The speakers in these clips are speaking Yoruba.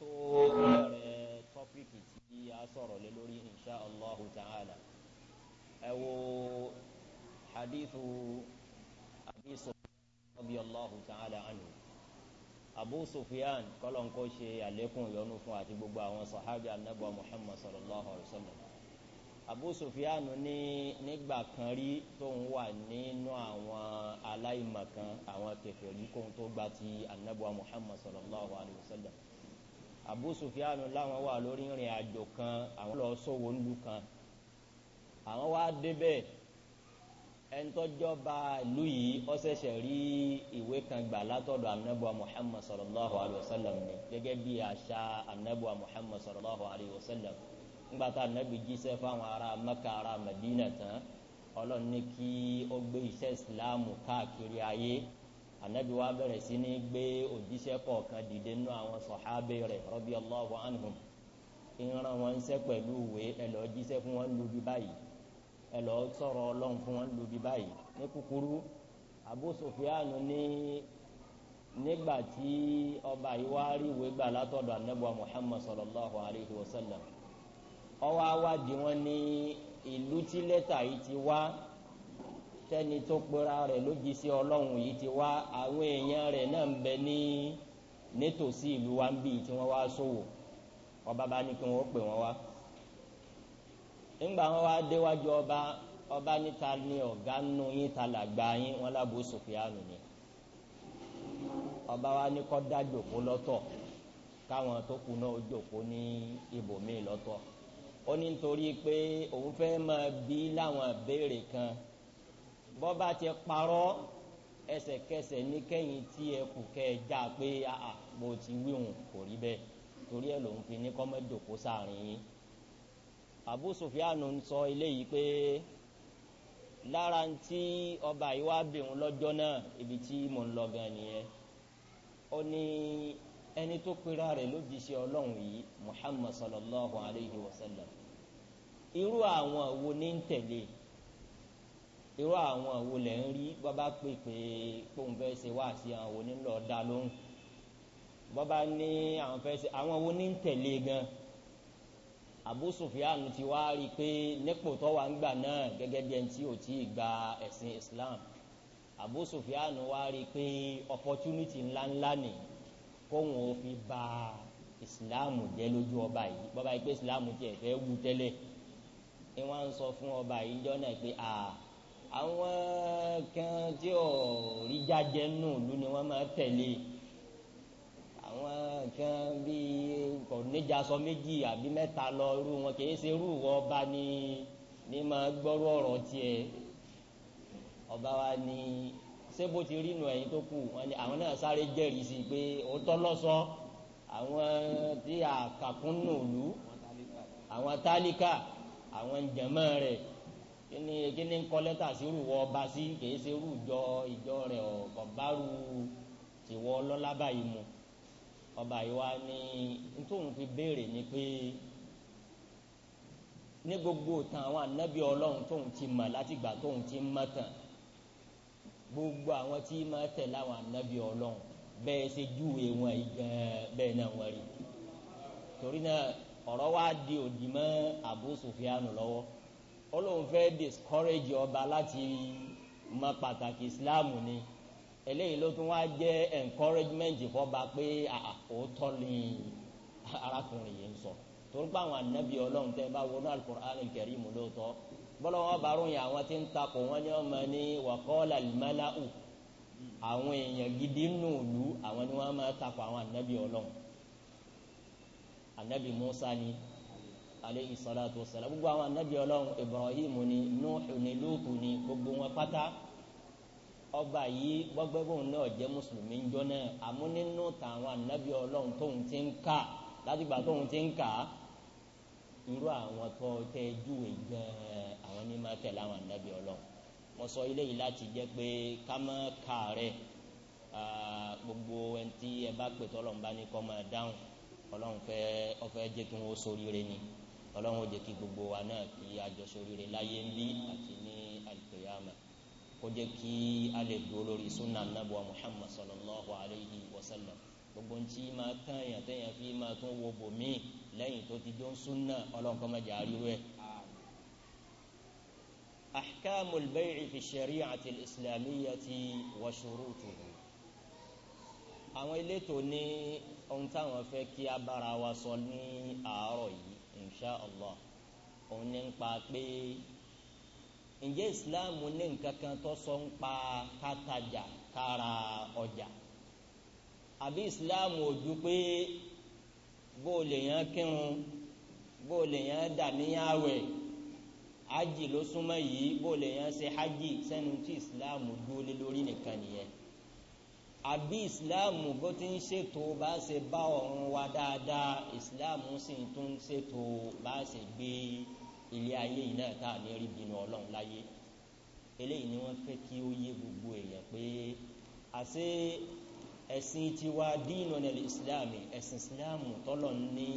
tó bẹ̀rẹ̀ tọ́pìkì tí a sọ̀rọ̀ lé lórí insha allah ta'ala ẹ wo hadithu abi sufyan rabi allah ta'ala anhu abu sufyan kọlọ́nkó ṣe àlékún ìyọnu fún àti gbogbo àwọn sahabi anabu muhammad sallallahu alayhi wa sallam abu sufyan ní nígbà kan rí tóun wà nínú àwọn aláìmọ̀kan àwọn kẹfẹ́ rí kóun tó gba ti anabu muhammad sallallahu alayhi wa sallam abu sufianu làwọn wà lórí ìrìn àjò kan àwọn lọ sọwọ ńlu kan àwọn wá débẹ̀ ẹnitọjọba ìlú yìí ó ṣẹ̀ṣẹ̀ rí ìwé kan gbà látọ̀dọ̀ anabuwa muhammad sallallahu alayhi wa sallam ni gẹ́gẹ́ bí àṣà anabuwa muhammad sallallahu alayhi wa sallam ńgbà tá anabi jíṣẹ́ fáwọn ará maka ará madina tán ọlọ́run ní kí ó gbé iṣẹ́ islam káàkiri ayé anabi wa bẹ̀rẹ̀ sí ní gbé òjíṣẹ́ kọ̀ọ̀kan dìde nínú àwọn sọ̀hábẹ́ rẹ̀ rọ́bí ọlọ́wọ́ anhum ìran wọn ń sẹ́ pẹ̀lú ìwé ẹlọ jíṣẹ́ fún wọn lu bí báyìí ẹlọ sọ̀rọ̀ ọlọ́run fún wọn lu báyìí ní kúkúrú abu sofianu ní nígbà tí ọba yìí ìwé gbà látọ̀dọ̀ anabi muhammad sallallahu alayhi wa sallam ọwọ́ awádìí wọn ní ìlú tí lẹ́tà yìí ti wá tẹ́ni tó pera rẹ̀ lójíṣẹ́ ọlọ́run yìí ti wá àwọn èèyàn rẹ̀ náà ń bẹ ní nítòsí ìlú wa ń bí tí wọ́n wá sòwò ọba bá ní kí wọ́n pè wọ́n wá. nígbà wọn wá déwájú ọba ọba níta ni ọ̀gá nù yín ta làgbà yín wọn lábò sòfìànù ni ọba wa ní kọ́ dá jòkó lọ́tọ̀ káwọn tó kù náà jòkó ní ibòmíì lọ́tọ̀ ó ní nítorí pé òun fẹ́ máa bí láwọn ìbéèrè kan bọ́ba ti parọ́ ẹsẹ̀kẹsẹ̀ ní kẹ́yìn tí ẹ kù kẹ́ ẹ já pé àà bó ti wíhùn kò rí bẹ́ẹ̀ torí ẹ lòun fi ní kọ́mẹ́dòkó sáàrin yín Abu Sufyanu ń sọ eléyìí pé lára ń tí ọba yìí wá bẹ̀ wọn lọ́jọ́ náà ibi tí mò ń lọ gan nìyẹn ó ní ẹni tó pera rẹ̀ lójíṣẹ́ ọlọ́run yìí Muhammad sallallahu alayhi wa sallam irú àwọn wo ní ń tẹ̀lé irú àwọn àwo lẹ̀ ń rí bọ́bá pè pé póun fẹ́ ṣe wá sí àwọn onílọ̀ dá lóhùn bọ́bá ní àwọn fẹ́ ṣe àwọn wo ní ń gan Abu Sufyan ti wá rí i pé nípò tó wà ń gbà náà gẹ́gẹ́ bí ẹni tí ò tí gba ẹ̀sìn Islam Abu Sufyan wá rí i pé opportunity ńláńlá ni kóun ò fi ba Islam jẹ́ lójú ọba yìí bọ́bá yìí pé Islam tiẹ̀ fẹ́ wú tẹ́lẹ̀ ni wọ́n sọ fún ọba yìí jọ́nà pé àà àwọn kan tí ò rí jájẹ nù lù ni wọ́n máa tẹ̀lé àwọn kan bíi kò níjà sọ méjì àbí mẹ́ta lọ irú wọn kì í ṣe irú ìwọ ọba ni ní máa gbọ́rú ọ̀rọ̀ tiẹ̀ ọba wa ni ṣé bó ti rí nu ẹ̀yin tó kù wọn ni àwọn náà sáré jẹ́rìí sí i pé òótọ́ lọ́sọ àwọn tí àkàkùn nù lù àwọn tálíkà àwọn jẹ̀mọ́ rẹ̀ kíni kíni ń kọ lẹ́tà sírù wọ ọba sí kìí ṣe irú ìjọ ìjọ rẹ̀ ọ̀kọ̀ bárù tìwọ ọlọ́lá báyìí mu ọba yìí wá ní nítorí fi béèrè ni pé ní gbogbo tán àwọn anábì ọlọ́run tóun ti mọ̀ láti gbà tóun ti mọ̀ tán gbogbo àwọn tí mọ̀ tẹ̀ láwọn anábì ọlọ́run bẹ́ẹ̀ ṣe júwe wọn yìí gan-an bẹ́ẹ̀ náà torí náà ọ̀rọ̀ wá di òdì mọ́ Abu Sufyan lọ́wọ́ ọlọ́run fẹ́ discourage ọba láti mọ pàtàkì ìsìláàmù ni eléyìí ló tún wá jẹ́ encouragement fọba pé òótọ́ ni arákùnrin yìí ń sọ torí pé àwọn ànábì ọlọ́run tẹ́ bá wọnú al-Qur'an al-Karim lóòótọ́ bọ́lá wọn bá ròyìn àwọn tí ń takò wọn ni wọn mọ ní waqala al àwọn èèyàn gidi nù lù àwọn ni wọn máa takò àwọn ànábì ọlọ́run ànábì Musa ni aleyhi salatu wa salam gbogbo àwọn anabi ọlọ́run ibrahim ni nuhu ni lutu ni gbogbo wọn pátá ọba yìí gbọgbẹ bóun náà jẹ mùsùlùmí ń jọ náà àmú nínú tàwọn anabi ọlọ́run tóun ti ń kà látìgbà tóun ti ń kà á irú àwọn tó tẹ júwe gan àwọn ní máa tẹ̀lé àwọn anabi ọlọ́run mo sọ ilé yìí láti jẹ́ pé ká má kà rẹ̀ gbogbo ẹni tí ẹ bá pè tọ́lọ̀ ń bá ní kọ́ máa dáhùn ọlọ́run fẹ́ ọ fẹ́ jẹ́ kí wọ́n sóríire ni ọlọ́run ó jẹ́ kí gbogbo wa náà kí àjọṣoríire láyé ń bí àti ní alìkèyàmà kó jẹ́ kí a lè dúró lórí súnà nàbọ̀ muhammad sallallahu alayhi wa sallam gbogbo ntí máa tán èèyàn téèyàn fi máa tún wo bòmí lẹ́yìn tó ti jó ń ọlọ́run kọ́ máa jà ríro ẹ̀. البيع في الشريعة الإسلامية وشروطه àwọn elétò وفكي ohun táwọn fẹ́ insha allah òun ní ń pa pé ǹjẹ́ islam ní nǹkan kan tó sọ ń pa kátajà kára ọjà àbí islam ò ju pé bó o lè yàn kírun bó o lè yàn dà hajj ló súnmọ́ yìí bó lè yàn ṣe hajj sẹ́nu tí islam dúró lé lórí nìkan nìyẹn àbí ìsìláàmù bó ti ń ṣètò bá ṣe bá ọ̀run wa dáadáa ìsìláàmù sì tún ń ṣètò bá ṣe gbé ilé ayé yìí náà tá à ní rí bínú ọlọ́run láyé eléyìí ni wọ́n fẹ́ kí ó yé gbogbo èèyàn pé àṣé ẹ̀sìn tiwa dínà nílẹ̀ ìsìláàmù ẹ̀sìn ìsìláàmù tọ́lọ̀ ní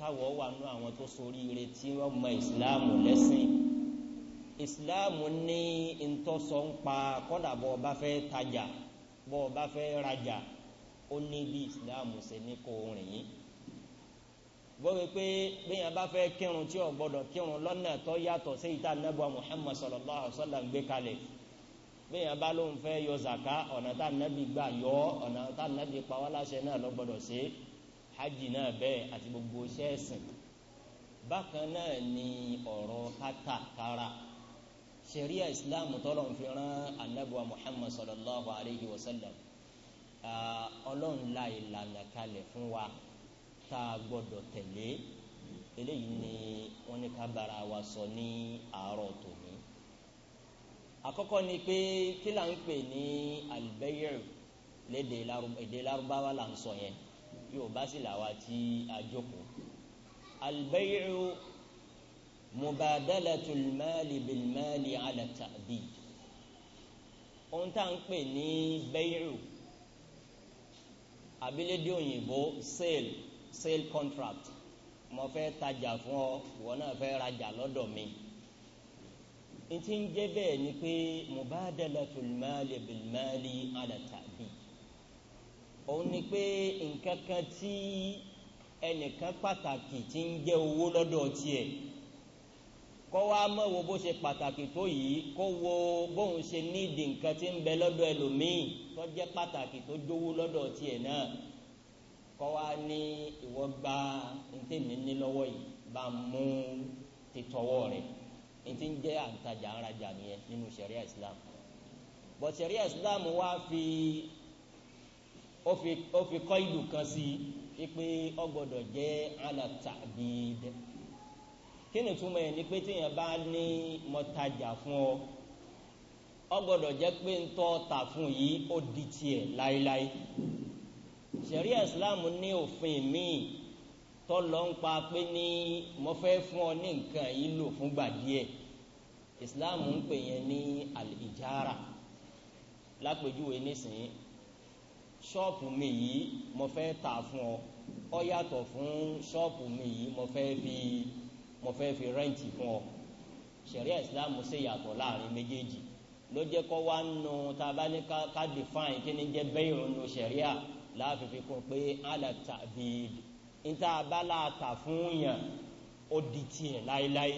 káwọ̀ wà nú àwọn tó sorí ire tí wọ́n mọ ìsìláàmù lẹ́sìn ìsìláàmù ní ntọ́sọ̀ ń pa kọ́dà bọ́ ọba fẹ́ tajà bọ́ ọ bá fẹ́ rajà ó ní bí islam ṣe ní kó rìn yín bọ́wé pé bẹ́yàn bá fẹ́ kírun tí ò gbọ́dọ̀ kírun lọ́nà tó yàtọ̀ sí ìta nẹ́bù muhammad sallallahu alaihi wa sallam gbé kalẹ̀ bẹ́yàn bá lóun fẹ́ yọ zaka ọ̀nà tá nẹ́bì gbà yọ ọ̀nà tá nẹ́bì pa wá láṣẹ náà lọ gbọ́dọ̀ sí hajj náà bẹ́ẹ̀ àti gbogbo iṣẹ́ bákan náà ni ọ̀rọ̀ kátàkárà ṣẹ̀ríà islam tọ́lọ̀ ń fi rán anábùwà muhammad sallallahu alayhi wa sallam ọlọ́run la ìlànà kalẹ̀ fún wa tá a gbọ́dọ̀ tẹ̀lé eléyìí ni wọ́n ní ká bára wa sọ ní àárọ̀ tòní. àkọ́kọ́ ni pé kí là ń pè ní albẹ́yẹ̀rù lédè èdè lárúbáwá ń sọ yẹn yóò bá sì làwa tí a jókòó albẹ́yẹ̀rù mubadalatul mali bil mali ala ta'bid ohun tá à ń pè ní bẹ́yìrù abilédé òyìnbó sale sale contract mo fẹ́ tajà fún ọ ìwọ náà fẹ́ rajà lọ́dọ̀ mi ntí ń jẹ́ bẹ́ẹ̀ ni pé mubadalatul mali bil ala ta'bid òun ni pé nǹkan tí ẹnìkan pàtàkì ti ń jẹ́ owó lọ́dọ̀ tiẹ̀ kọ́ wa mọ̀ wo bó ṣe pàtàkì tó yìí kó wo bóun ṣe nídìí nǹkan tí ń bẹ lọ́dọ̀ ẹlòmíì tó jẹ́ pàtàkì tó jówó lọ́dọ̀ tiẹ̀ náà kọ́ wa ní ìwọ gba ntẹ̀mí ní lọ́wọ́ yìí bá mú titọ́wọ́ rẹ̀ ntí ń jẹ́ àǹtajà arajà nìyẹn nínú sẹ̀ríà Islam bọ̀ sẹ̀ríà Islam wá fi ó fi kọ́ ìlú kan sí i pé ó gbọ́dọ̀ jẹ́ alàtàbídẹ́ kí ni túmọ̀ yẹn ni pé téèyàn bá ní mọ́tajà fún ọ ọ gbọ́dọ̀ jẹ́ pé ń tọ́ ta fún yìí ó di tiẹ̀ láéláé sẹ̀ríà islam ní òfin míì tọ́lọ́ ń pa pé ní mo fẹ́ fún ọ ní nǹkan yìí lò fúngbà díẹ̀ islam ń pè yẹn ní alìjára lápèjúwe nísìnyí ṣọ́ọ̀pù mi yìí mo fẹ́ ta fún ọ ọ yàtọ̀ fún ṣọ́ọ̀pù mi yìí mo fẹ́ fi mo fẹ́ fi rẹ́ǹtì fún ọ ṣẹ̀ríà ìsìláàmù ṣe yàtọ̀ láàrin méjèèjì ló jẹ́ kọ́ wá nù tá a bá ní ká define kí ni jẹ́ bẹ́ẹ̀ ìrònú ṣẹ̀ríà láàfífi kún pé alàtà bíi níta abala ta fún yàn ó di tiẹ̀ láéláé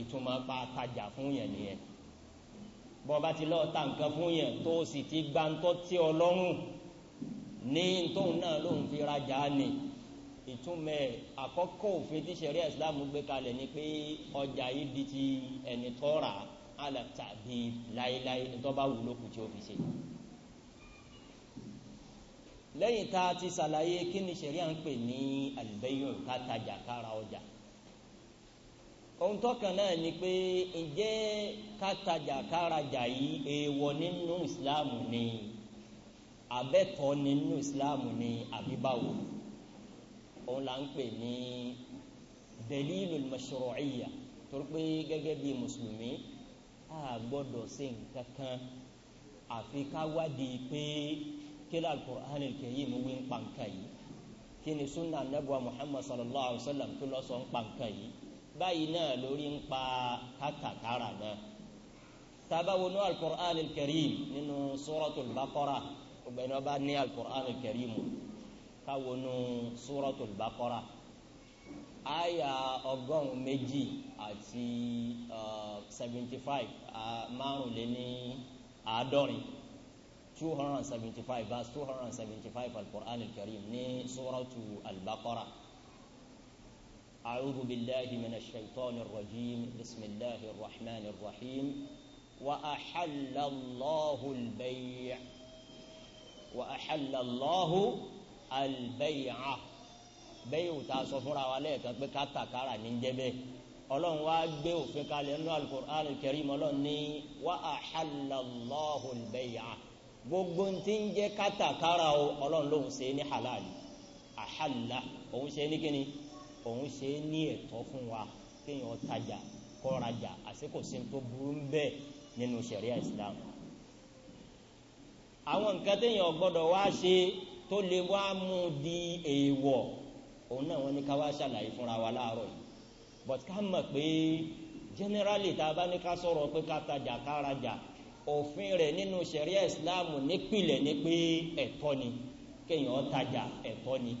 ìtumọ̀ pa tajà fún yàn nìyẹn bọ́ba ti lọ́ọ́ ta nǹkan fún yàn tó o sì ti gbàǹtọ́ tí ọ ní tóun náà lòun fi rajà ni ìtumẹ̀ àkọ́kọ́ òfin tí sẹ̀rí ìsìláàmù gbé kalẹ̀ ni pé ọjà yìí di ti ẹni tọ́ra alàtàbí láéláé tó bá wúlò kù tí ó fi ṣe lẹ́yìn tá a ti ṣàlàyé kí ni sẹ̀rí à ń pè ní àlùbẹ́yìn kátajà kára ọjà ohun tọ́kàn náà ni pé ǹjẹ́ kátajà kárajà yìí èèwọ̀ nínú ìsìláàmù ni àbẹ́tọ̀ nínú ìsìláàmù ni àbíbáwò òun là ń pè ní dalilul mashru'iyya torí pé gẹ́gẹ́ bí mùsùlùmí a gbọ́dọ̀ ṣe nǹkan kan àfi ká wádìí pé kí ló al-Qur'an al-Karim wí ń pa nǹkan yìí kí ni sunna anabuwa Muhammad sallallahu alaihi wa sallam kí ló sọ ń pa nǹkan yìí báyìí náà lórí ń pa kátàkárà náà tabawo nu al-Qur'an nínú suratul Baqarah ọgbẹ́ni ọba ní al-Qur'an mu káwọnú Suratul Baqara àyà ọgọ́rùn-ún méjì àti uh, seventy five márùnléní àádọ́rin two hundred and seventy five verse two hundred and seventy five al-Qur'an al-Karim ní Suratul Baqara. أعوذ بالله من الشيطان الرجيم بسم الله الرحمن الرحيم وأحل الله البيع وأحل الله albay'a bẹ́ẹ̀ ò ta sọ fúnra wa lẹ́ẹ̀kan pé kátàkárà ní jẹ́ bẹ́ẹ̀ ọlọ́run wá gbé òfin kalẹ̀ nínú al-Qur'an al-Karim ọlọ́run ní wa ahalla Allahu al-bay'a gbogbo tí ń jẹ́ kátàkárà o ọlọ́run lòun ṣe ní halali ahalla òun ṣe ní kíni òun ṣe ní ẹ̀tọ́ fún wa kéèyàn tajà kọ́rajà àsìkò sí burú bẹ́ẹ̀ nínú ṣẹ̀ríà Islam àwọn nǹkan téèyàn gbọ́dọ̀ wá ṣe tó lè wá mú di èèwọ̀ òun náà wọ́n ní ká wá ṣàlàyé fúnra wa láàárọ̀ yìí but ká mọ̀ pé generally tá a bá ní ká sọ̀rọ̀ pé ká tajà ká rajà òfin rẹ̀ nínú ṣẹ̀ríà ìsìláàmù nípìlẹ̀ ni pé ẹ̀tọ́ ni kéèyàn tajà ẹ̀tọ́ ni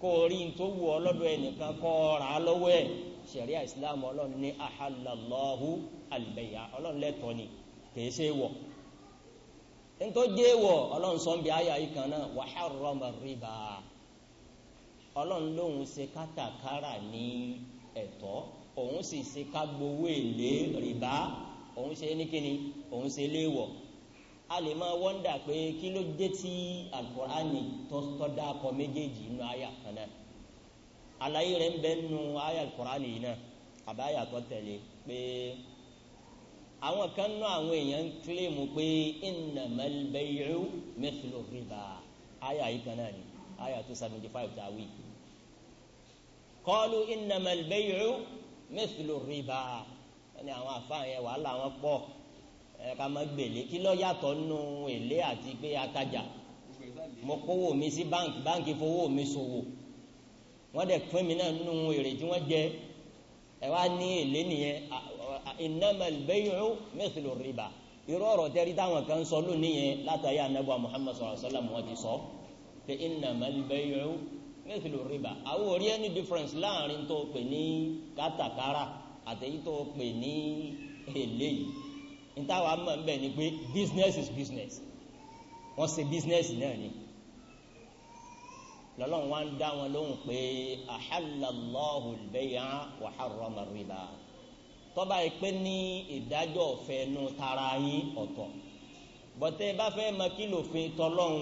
kó o rí tó wù ọ lọ́dọ̀ ẹnìkan kọ́ ọ rà á lọ́wọ́ ẹ̀ ṣẹ̀ríà ìsìláàmù ọlọ́run ní ahalallahu albay'a ọlọ́run lẹ́tọ́ ni kì ṣe wọ̀ nítorí jẹ́ wọ̀ ọlọ́run sọ ń bí ayé ayé kan náà wa harrama riba ọlọ́run lòun ṣe kátàkárà ní ẹ̀tọ́ òun sì ṣe ká gbowó èlé rìbá òun ṣe ní kíni òun ṣe léèwọ̀ a lè máa wọ́ndà pé kí ló dé tí alukur'ani tọ́dá akọ méjèèjì inú àyà kan náà àlàyé rẹ̀ ń bẹ nínú àyà alukur'ani yìí náà àbáyà tó tẹ̀lé pé àwọn kan náà àwọn èèyàn ń kílèmù pé innamal bay'u mithlu riba àyà yìí kan náà ni àyà tó seventy five ta wí. qalu innamal bay'u mithlu riba wọ́n ní àwọn àfáà yẹn wàhálà wọn pọ̀ ẹ̀ka máa gbèlè kí ló yàtọ̀ nù èlé àti pé atajà mo kówó mi sí báńkì báńkì fowó mi ṣòwò wọ́n dẹ̀ pín mi náà nù èrè tí wọ́n jẹ́ ẹ wá ní èlé nìyẹn innamal bay'u mithlu riba irú ọ̀rọ̀ tẹ́rí táwọn kan sọ lónìí yẹn látàrí anábọ̀ Muhammad sallallahu alaihi wasallam wọ́n ti sọ pé innamal bay'u mithlu riba àwọn orí ẹni difference láàrin tó pè ní kátàkárà àtẹ̀yí tó pè ní èlé yìí nítawà mọ̀ ń bẹ̀ ni pé business is business wọ́n ṣe business náà ni lọ́lọ́run wá ń dá wọn lóhùn pé ahallallahu al-bay'a wa harrama ar-riba tọ́ba yìí pé ní ìdájọ́ ọ̀fẹ́ nu tara yín ọ̀tọ̀ bọ́tẹ́ bá fẹ́ mọ kí lòfin tọ́lọ́run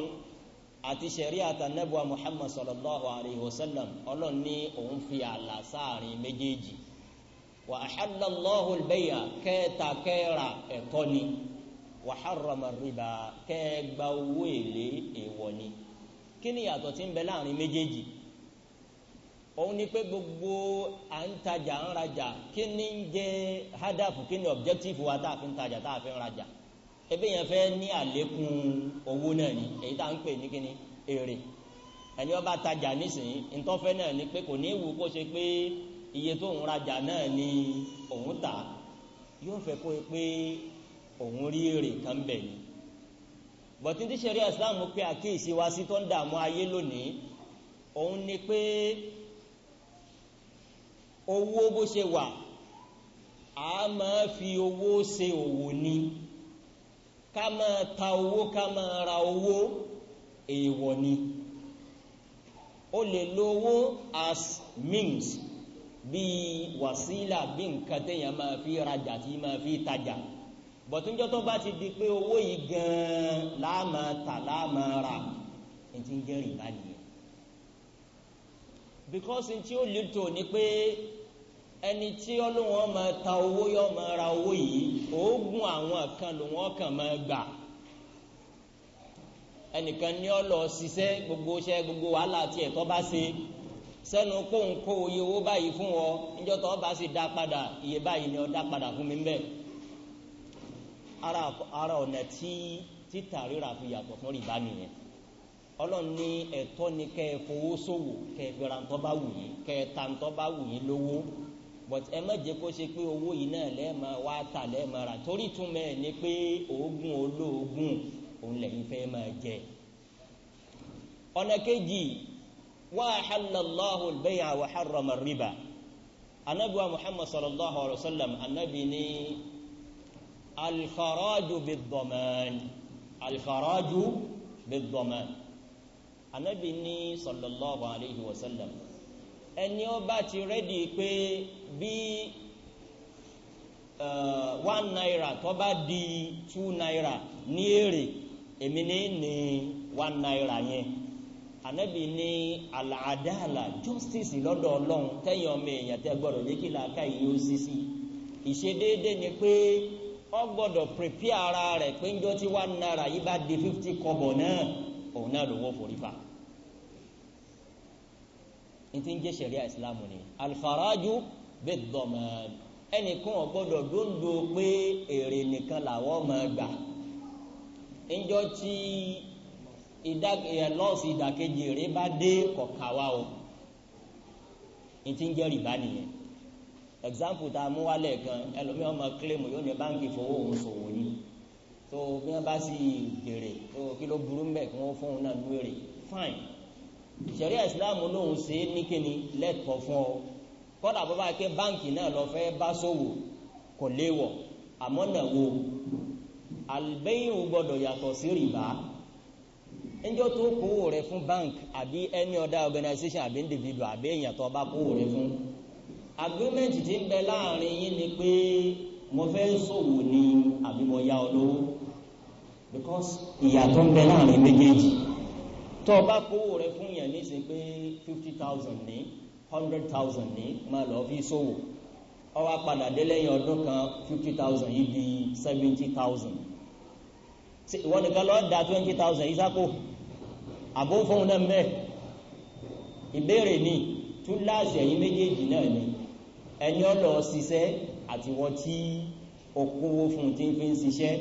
àti sẹ̀ríà tànẹ́bùà Muhammad sallallahu alayhi wa sallam ọlọ́run ní òun fi ààlà sáàrin méjèèjì wa ahallallahu al-bay'a kẹ́ẹ̀ta kẹ́ẹ̀ra ni wa harrama ar-riba kẹ́ẹ̀ gba owó kí ni ìyàtọ̀ tí ń bẹ láàrin méjèèjì òun ni pé gbogbo à ń tajà ń rajà kí ni ń jẹ hádàfù kí ni objective wa tá a fi ń tajà tá fi ń rajà ebi yẹn fẹ́ ní àlékún owó náà ni èyí tá à ń pè ní kíni èrè ẹni wọn bá tajà nísìnyí ntọ́fẹ́ náà ni pé kò ní wù kó ṣe pé iye tó ń rajà náà ni òun tà yóò fẹ́ kó pé òun rí èrè kan bẹ̀ ni bọ̀tún tí sẹ́rí islam pé àkíyèsí wa sí tó ń dààmú ayé lónìí òun ni pé owó bó ṣe wà a máa fi owó ṣe òwò ni ká máa ta owó ká máa ra owó èèwọ̀ ni o lè lo owó as means bíi wàsílà bí nǹkan téèyàn máa fi rajà tí máa fi tajà bọ̀túnjọ́ tó bá ti di pé owó yìí gan-an láàmà tà láàmà rà ẹ̀ ti ń jẹ́ rìbá nìyẹn because tí ó lè tó ni pé ẹni tí ọlọ́wọ́n máa ta owó yọ máa ra owó yìí oògùn àwọn kan ló wọ́n kàn máa gbà ẹnìkan ní ọlọ ṣiṣẹ́ gbogbo ṣẹ́ gbogbo wàhálà tí ẹ̀tọ́ bá ṣe sẹ́nu kó iye owó báyìí fún ọ níjọ́ tó bá ṣe dá padà iye báyìí ni ọ dá padà fún mi bẹ́ẹ̀ ara ọ̀nà tí títà ríra fi yàtọ̀ fún rìbá nìyẹn ọlọ́run ní ẹ̀tọ́ ni kẹ́ ẹ fowó ṣòwò kẹ́ ẹ fẹ́ra ńtọ́ bá wù yín kẹ́ ẹ ta ńtọ́ bá wù yín lówó but ẹ má kó ṣe pé owó yìí náà lẹ́ẹ̀ma wá tà lẹ́ẹ̀ma rà torí túmọ̀ ẹ̀ ni pé oògùn olóògùn òun lẹ́yìn fẹ́ máa jẹ. ọ̀nà kejì wa halallahu al-bay'a wa harrama ar-riba anabiwa muhammad sallallahu alayhi wa sallam anabi ni alfaraju bidọ̀mẹ́n alfaraju bidọ̀mẹ́n anabi ní sallallahu alayhi wa sallam ẹni ó bá ti rẹ́dí pé bí uh, one naira tó bá di two naira ní èrè èmi ní ní one naira yẹn anabi ní alaadala justice lọ́dọ̀ Ọlọ́run tẹ̀yìn ọmọ èèyàn tẹ gbọ́dọ̀ jẹ́ kí làákà yìí ó ìṣedéédé ni pé ọ gbọ́dọ̀ prepare ara rẹ̀ pé ńjọ́ tí wà náírà yìí bá di fifty kọ́bọ̀ náà òun náà lówó forí fa ntí ń jẹ́ sẹ̀ríà ìsìlámù ni alifaraju bẹ́ẹ̀ dọ̀mọ́ ẹnìkan ò gbọ́dọ̀ dóńdó pé èrè nìkan làwọn máa gbà ńjọ́ tí eh, lọ́ọ̀sì ìdàkejì rẹ̀ bá dé kọ̀ọ̀kà wa o ntí ń jẹ́ rìbá nìyẹn example tá a mú wálẹ̀ kan ẹlòmíì ọmọ claim yóò ní báńkì fowó òun ṣòwò ni tó bí wọ́n bá sì gèrè tó kí ló burú mbẹ̀ kí wọ́n fún náà lóore fine ìṣẹ̀rí ìsìláàmù lòun ṣe é ní kíni lẹ́tọ̀ọ́ fún ọ kọ́dà bó bá ké báńkì náà lọ fẹ́ bá ṣòwò kò léwọ̀ àmọ́ náà wo àlùbẹ́yìn ò gbọ́dọ̀ yàtọ̀ sí rìbá ẹjọ́ tó kówó rẹ fún bank àbí any other organization àbí individual àbí èèyàn tó bá kówó rẹ fún agreement ti ń bẹ láàrin yín ni pé mo fẹ́ ṣòwò ni àbí mo yá ọ lówó because ìyàtọ̀ ń bẹ láàrin méjèèjì tó o bá kówó rẹ fún yàn ní ṣe pé fifty thousand ní hundred thousand ní máa lọ fi ṣòwò ó wá padà dé lẹ́yìn ọdún kan fifty thousand yìí di seventy thousand ìwọ nìkan lọ da twenty thousand yìí sáko àbó fóun náà mẹ ìbéèrè ni túláàsì ẹ̀yìn méjèèjì náà ni ẹni ọ̀dọ̀ ṣiṣẹ́ àti wọ́n tí okòwò fún ti fi ń ṣiṣẹ́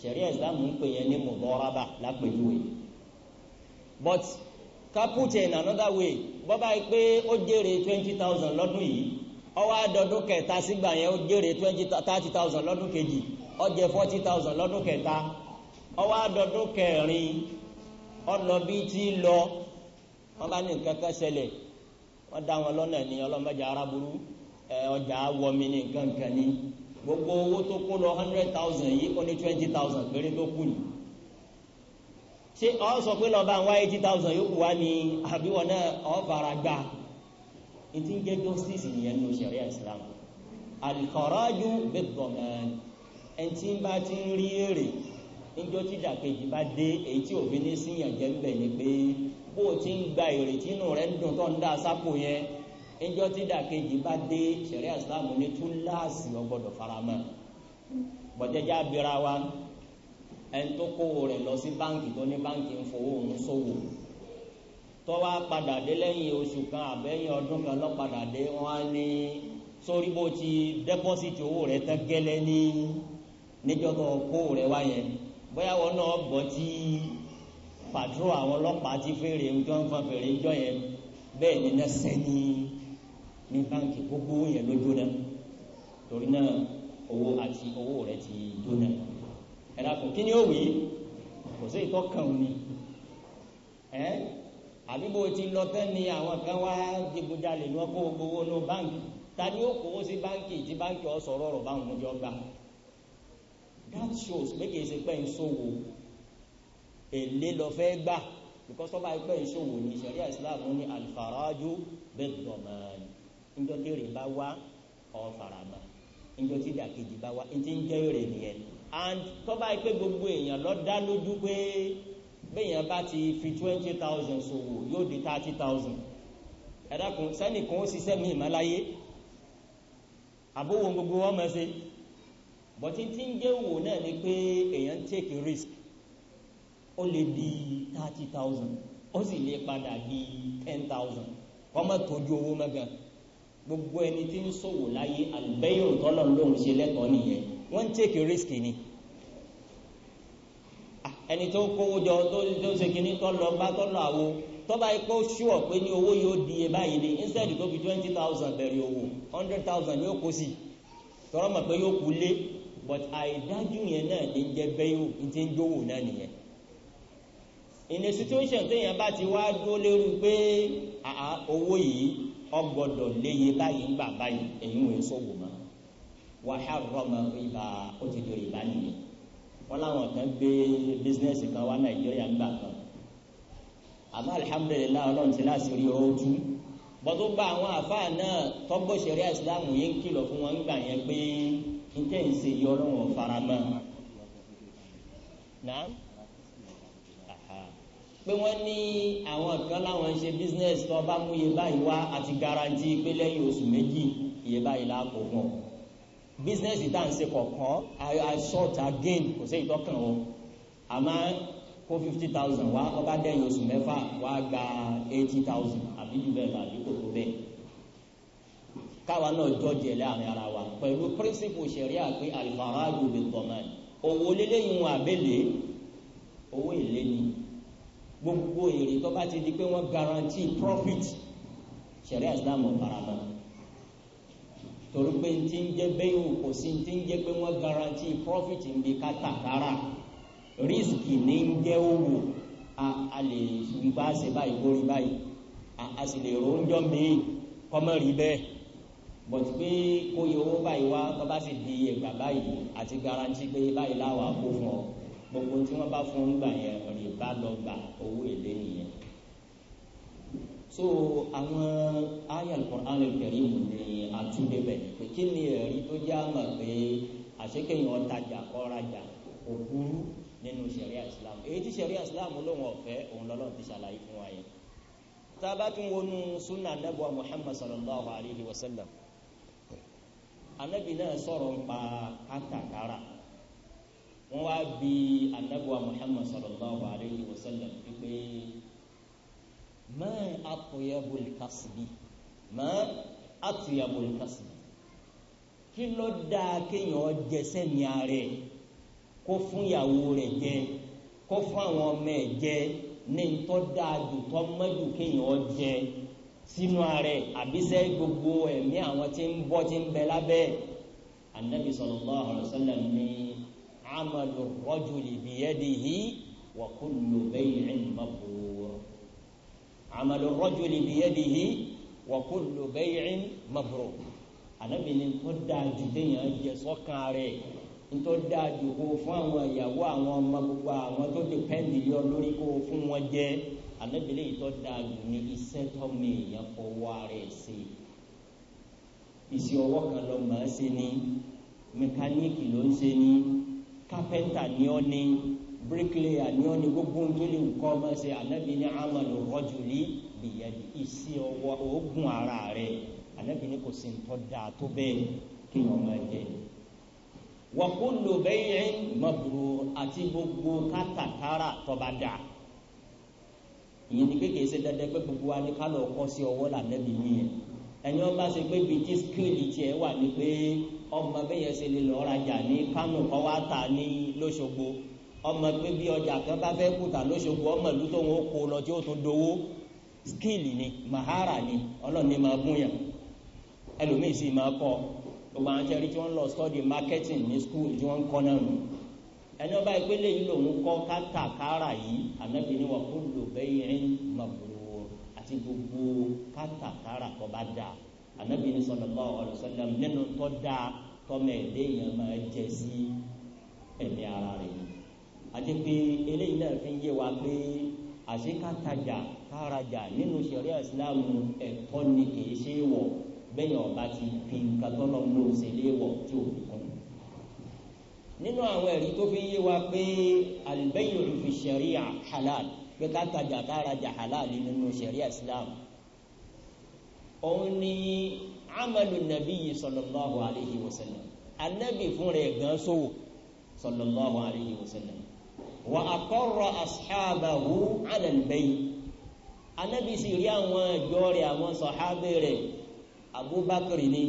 ṣẹ̀rí ẹ̀sìlámù ń pè yẹn ní mọ̀lọ́rábà lápèjúwe but ká put in another way bọ́ báyìí pé ó jèrè twenty thousand lọ́dún yìí ọwọ́ àdọ́dún kẹta sígbà yẹn ó jèrè twenty thirty thousand lọ́dún kejì ó forty thousand lọ́dún kẹta ọwọ́ àdọ́dún kẹrin ọlọ bí ti lọ wọn bá ní nǹkan kan ṣẹlẹ̀ wọn dá wọn lọ́nà ní ọlọ́mọdé aráburú ọjà wọmi ní nǹkankan ní gbogbo owó tó kó lọ hundred thousand yìí ó ní twenty thousand péré tó kù ní. ṣé ọ sọ pé lọ́ba àwọn eighty thousand yóò kù wá ní àbíwọ̀n náà ọ fara gbà ètí ń jẹ́ justice nìyẹn ní òṣèré Islam alikọ̀rọ̀jú bẹ́tọ̀mẹ́n ẹni tí ń bá ti ń rí èrè níjọ́ tí ìdàkejì bá dé èyí tí òfin ní síyàn jẹ́ ń bẹ̀ ni pé bó o ti ń gba ìrètí inú rẹ̀ ń dùn tó ń dá sápò yẹn ńjọ́ tí dàkejì bá dé sẹ̀rẹ́ ìsìláàmù ní túláàsì ọgbọ́dọ̀ farama bọ̀jẹ́jà abira wa ẹni tó kówó rẹ̀ lọ sí báǹkì tó ní báǹkì ń fowó òun ṣòwò tó wá padà dé lẹ́yìn oṣù kan àbẹ́yìn ọdún kan lọ́ padà dé wọ́n á ní sórí bó ti dẹ́pọ́sìtì owó rẹ̀ tán gẹ́lẹ́ ní níjọ́ tó kówó rẹ̀ wá yẹn bóyá wọn náà gbọ́ tí pàtró àwọn ọlọ́pàá ti fèrè ńjọ́ ń fọn fèrè ńjọ́ yẹn bẹ́ẹ̀ ni náà sẹ́ni ní báńkì gbogbo yẹn ló jóná torí náà owó àti owó rẹ̀ ti jóná ẹ̀dá kò kí ni ó wì í kò sí ìtọ́kàn ni ẹ́ àbí bó ti lọ tán ni àwọn kan wá digunjalè ní ọkọ̀ gbowó ní báńkì ta ni ó kówó sí báńkì tí báńkì ọ̀sọ̀rọ̀ ọ̀rọ̀ báwọn ọmọdé ọgbà that shows pé kìí ṣe pé ń ṣòwò èlé lọ fẹ́ gbà because tó bá ń ṣòwò ní sẹ̀ríà Islam ní alfaraju bẹ́ẹ̀ dọ̀mọ́ni njọ́ tí èrè bá wá ọ̀ farama njọ́ tí ìdàkejì bá wá ntí ń jẹ́ èrè nìyẹn and tọ́ba yìí pé gbogbo èèyàn lọ dá lójú pé béèyàn bá ti fi twenty thousand ṣòwò yóò di thirty thousand ẹ̀dàkùn sẹ́nìkan ó ṣiṣẹ́ mi ìmọ̀láyé àbówò gbogbo wọn mọ̀ ṣe bọ̀tí tí ń jẹ́ òwò náà ni pé èèyàn take risk ó lè di thirty thousand ó sì lè padà di ten thousand ọmọ tọ́jú owó mẹ́gàn gbogbo ẹni tí ń ṣòwò láyé àlùbẹ́yìn tọ́lọ̀ lóhun ṣe lẹ́tọ̀ọ́ nìyẹn wọ́n ń tèkì risk ni ah, ẹni tó kówó jọ tó ṣe kíní tọ́lọ bá tọ́lọ àwo tọ́ba ikọ́ ṣùọ̀ pé ní owó yóò di iye báyìí ni instead tó fi twenty thousand bẹ̀rẹ̀ owó hundred thousand yóò kó sí tọ́lọ́ mọ̀ pé yóò kú lé but àìdájú yẹn náà ní jẹ́ bẹ́yìn ní ti ń dówó náà nìyẹn in a situation téèyàn bá ti wá dúró lérú pé owó yìí ọgbọ́dọ̀ léye báyìí ń bà báyìí èyí wòye sọwọ mọ wàhálà rọmọ ìbá ó ti dòrò ìbá nìyẹn wọn làwọn kan gbé bísínẹsì kan wá nàìjíríà ń gbà kan àmọ́ alihamudulilayi Ọlọ́run ti láti rí ọ tú bọ́tú bá àwọn àfáà náà tọ́gbọ́ sẹ̀rí ìsìláàmù yìí ń kìlọ̀ fún wọn gbà yẹn pé n tẹ́ ń ṣe yọ fara mọ́ pé wọ́n ní àwọn kan láwọn ń ṣe business tó bá mú iye báyìí wá àti garanti pé lẹ́yìn oṣù méjì iye báyìí láàpò wọn business tá à ń ṣe kọ̀ọ̀kan i short again kò sí ìtọ́kàn wọn àmọ́ kó fifty thousand wá ọba dẹ́yìn oṣù mẹ́fà wá gba eighty thousand àbí jù bẹ́ẹ̀ lọ àbí kò tó bẹ́ẹ̀ káwa náà jọjẹ láàrin ara wa pẹ̀lú píríncípù ṣẹ̀ríà pé alifaraaju bẹ̀ tọ́mọ̀ owó lélẹ́yìn wọn àbẹ̀lẹ̀ owó ìlẹ́ni gbogbo èrè tó bá ti di pé wọ́n guarantee profit ṣẹ̀ríà Islam ọ̀parama torí pé ti ń jẹ́ bẹ́yìn òkò sí ti ń jẹ́ pé wọ́n guarantee profit ń bi kátàkárà risk ní ń jẹ́ owó a lè fi bá ṣe báyìí kórìí báyìí a sì lè ro oúnjẹ míì kọ́mọ́ rí bẹ́ẹ̀ but pé kó yẹ owó báyìí wá tó bá sì di ẹgbà báyìí àti guarantee pé báyìí láwàá kó fún ọ gbogbo tí wọ́n bá fún gbà yẹn rìbá lọ gbà owó èlé nìyẹn so àwọn aya Al-Qur'an Al-Karim ni àtúndébẹ̀ pé kí ni ẹ̀rí tó jẹ́ àmọ̀ pé àṣekẹ́yìn ọ̀tajà kọ́rajà kò burú nínú sẹ̀ríà Islam èyí tí sẹ̀ríà Islam lóun ọ̀fẹ́ òun lọ́lọ́run ti ṣàlàyé fún wa yẹn tába tún wọnú sunna anabi wa Muhammad sallallahu alayhi wa sallam anabi náà sọ̀rọ̀ ń pa kátàkárà wọ́n wá bi anabuwa muhammad sallallahu alayhi wa sallam pípé máa atuyabul kasbi máa atuyabul kasbi kí ló dáa kéèyàn jẹsẹ ní ààrẹ kó fún ìyàwó rẹ jẹ kó fún àwọn ọmọ ẹ jẹ ní ntọ́ dáa jù tọ́ mọ́jú kéèyàn jẹ sínú ààrẹ àbísẹ́ gbogbo ẹ̀mí àwọn tí ń bọ́ tí ń bẹ lábẹ́ anabi sallallahu alayhi wa sallam ní amalu rajuli biyadihi wa kullu bay'in mabrur amalu rajuli biyadihi wa kullu bay'in mabrur anabi ni tó dájú téèyàn jẹ sọ́kàn rẹ̀ tó dájú kó fún àwọn ìyàwó àwọn ọmọ gbogbo àwọn tó dìpẹ́ndì yọ lórí kó fún wọn jẹ anabi lè tó dájú ní iṣẹ́ tó mi èèyàn fọwọ́ rẹ̀ sí iṣẹ́ ọwọ́ kan lọ màá ṣe ni mẹkáníìkì ló ń ṣe ni kápẹ́ntà ni ọ́ ní bíríkìlẹ̀yà ni ọ́ ní gbogbo tó lè kọ́ ọmọ ṣe ànábì ní amalu rajuli bìyẹ̀dì ìsí ọwọ́ oògùn ara rẹ̀ ànábì ní kò sí ń tọ́ da tó bẹ́ẹ̀ kí ọmọ jẹ. wa kullu bay'in mabrur àti gbogbo kátàkárà tọ́ba dà ìyẹn ni kékeré ṣe dandan pé gbogbo wa ní kálọ̀ ọkọ sí ọwọ́ làǹdẹ́bì nìyẹn ẹni wọn bá ṣe pé bíi tí skili tiẹ̀ wà ní pé ọmọ bẹ́yẹn ṣe lè lọ́ọ́ rajà ní kánò kọ́ wá tà ní lóṣogbo ọmọ pé bí ọjà kan bá fẹ́ kùtà lóṣogbo ọmọ ìlú tó ń kó lọ tí ó tún dowó skili ni mahara ni ọlọ́ọ̀ni máa gún yàn ẹlòmíì sì máa kọ́ gbogbo àwọn tẹ́rí tí wọ́n lọ study marketing ní school tí wọ́n ń kọ́ náà nù ẹni ọba ìpínlẹ̀ yìí lòun kọ́ kátàkárà yìí àti gbogbo kátàkárà tó bá dà ànábì ní sallallahu alaihi wasallam nínú tó dà tọmọ ẹdẹ yẹn máa jẹ sí ẹ̀mí ara rẹ̀ yìí àti pé eléyìí náà fi ń yé wa pé àṣekátajà kárajà nínú sẹ̀ríà ìsìláàmù ẹ̀tọ́ ni kìí ṣe é wọ̀ bẹ́yìn ọba ti fi nǹkan tó lọ́n ló ṣe lé wọ̀ tí ò fi kún. nínú àwọn ẹ̀rí tó fi ń yé wa pé al-bay'u halal pé ká tajà ká rajà halali nínú sẹ̀ríà islam òun ni amalu nabi yi sallallahu alayhi wa sallam anabi fúnra ẹ̀ gan sówò sallallahu alayhi wa sallam wa aqarra ashabahu ala al anabi sì rí àwọn ìjọ àwọn sọ̀hábẹ̀ abubakar ni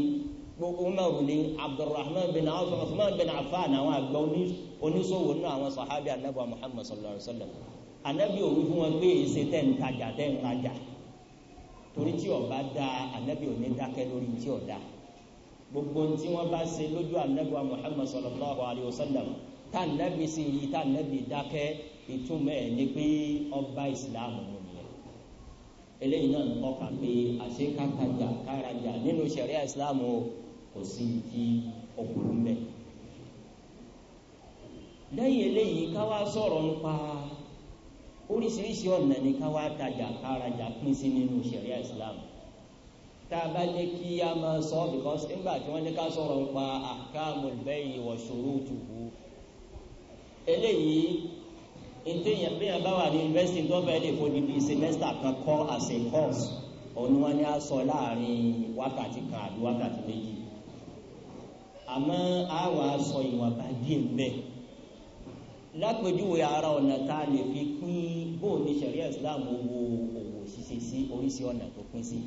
umaru ni abdulrahman bin awf bin affan àwọn àgbà oníṣòwò nínú àwọn sọ̀hábẹ̀ anabi muhammad sallallahu alayhi wa sallam anabi òwú fún wọn pé èsè tẹ̀ ń tajà tẹ̀ ń rajà torí tí ọba da anabi òní dákẹ́ lórí tí ọ̀dà gbogbo tí wọ́n bá ṣe lójú anabi wa muhammad sallallahu alayhi wa sallam tá anabi sì yí tá anabi dákẹ́ ìtumọ̀ ẹ̀ ni pé ọba islam mu nìyẹn eléyìí náà ń tọ́ka pé àṣẹ kátajà kárajà nínú sẹ̀ríà islam o kò sí ti ọkùnrin bẹ́ẹ̀ lẹ́yìn eléyìí ká wá sọ̀rọ̀ nípa oríṣiríṣi ọ̀nà ni ká wá tajà kárajà pín sí nínú sẹ̀ríà islam tá a bá ní kí a máa sọ ọ́ because nígbà tí wọ́n ní ká sọ̀rọ̀ ń pa ahkamul bay'i wa shurutuhu eléyìí ìtẹ̀yìn bí wọ́n bá wà ní university tó fẹ́ lè fojú bíi semester kan kọ́ as a course òun wọn ni a sọ láàrin wákàtí kan àbí wákàtí méjì àmọ́ a wà sọ ìwọ̀nba díẹ̀ bẹ́ẹ̀ lápèjúwe ara ọ̀nà tá a lè fi pín bóò ní sẹ̀ríà islam owó òwò ṣíṣe sí oríṣi ọ̀nà tó pín sí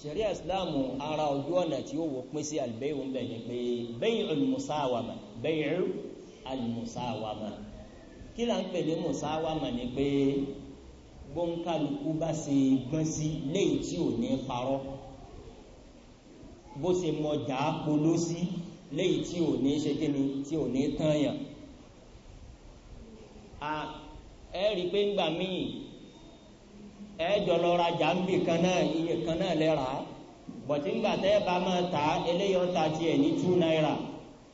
sẹ̀ríà islam ara ojú ọ̀nà tí ó wò pín sí àlùbẹ́yìn ń bẹ̀ ni pé bẹ́yìn olùmùsáwàmà bẹ́yìn olùmùsáwàmà kí là ń pè ní mùsáwàmà ni pé gbóǹkálukú bá ṣe gbọ́n sí léyìí tí ò ní parọ́ bó ṣe mọjà polósí léyìí tí ò ní ṣe kí ni tí ò ní tán yàn a ẹ rí i pé ńgbà míì ẹ jọ lọ rajà ń bì kan náà iye kan náà lẹ́ra bọ̀tí ńgbà tẹ́ ẹ bá máa ta eléyìí ọ̀tá tiẹ̀ ní two naira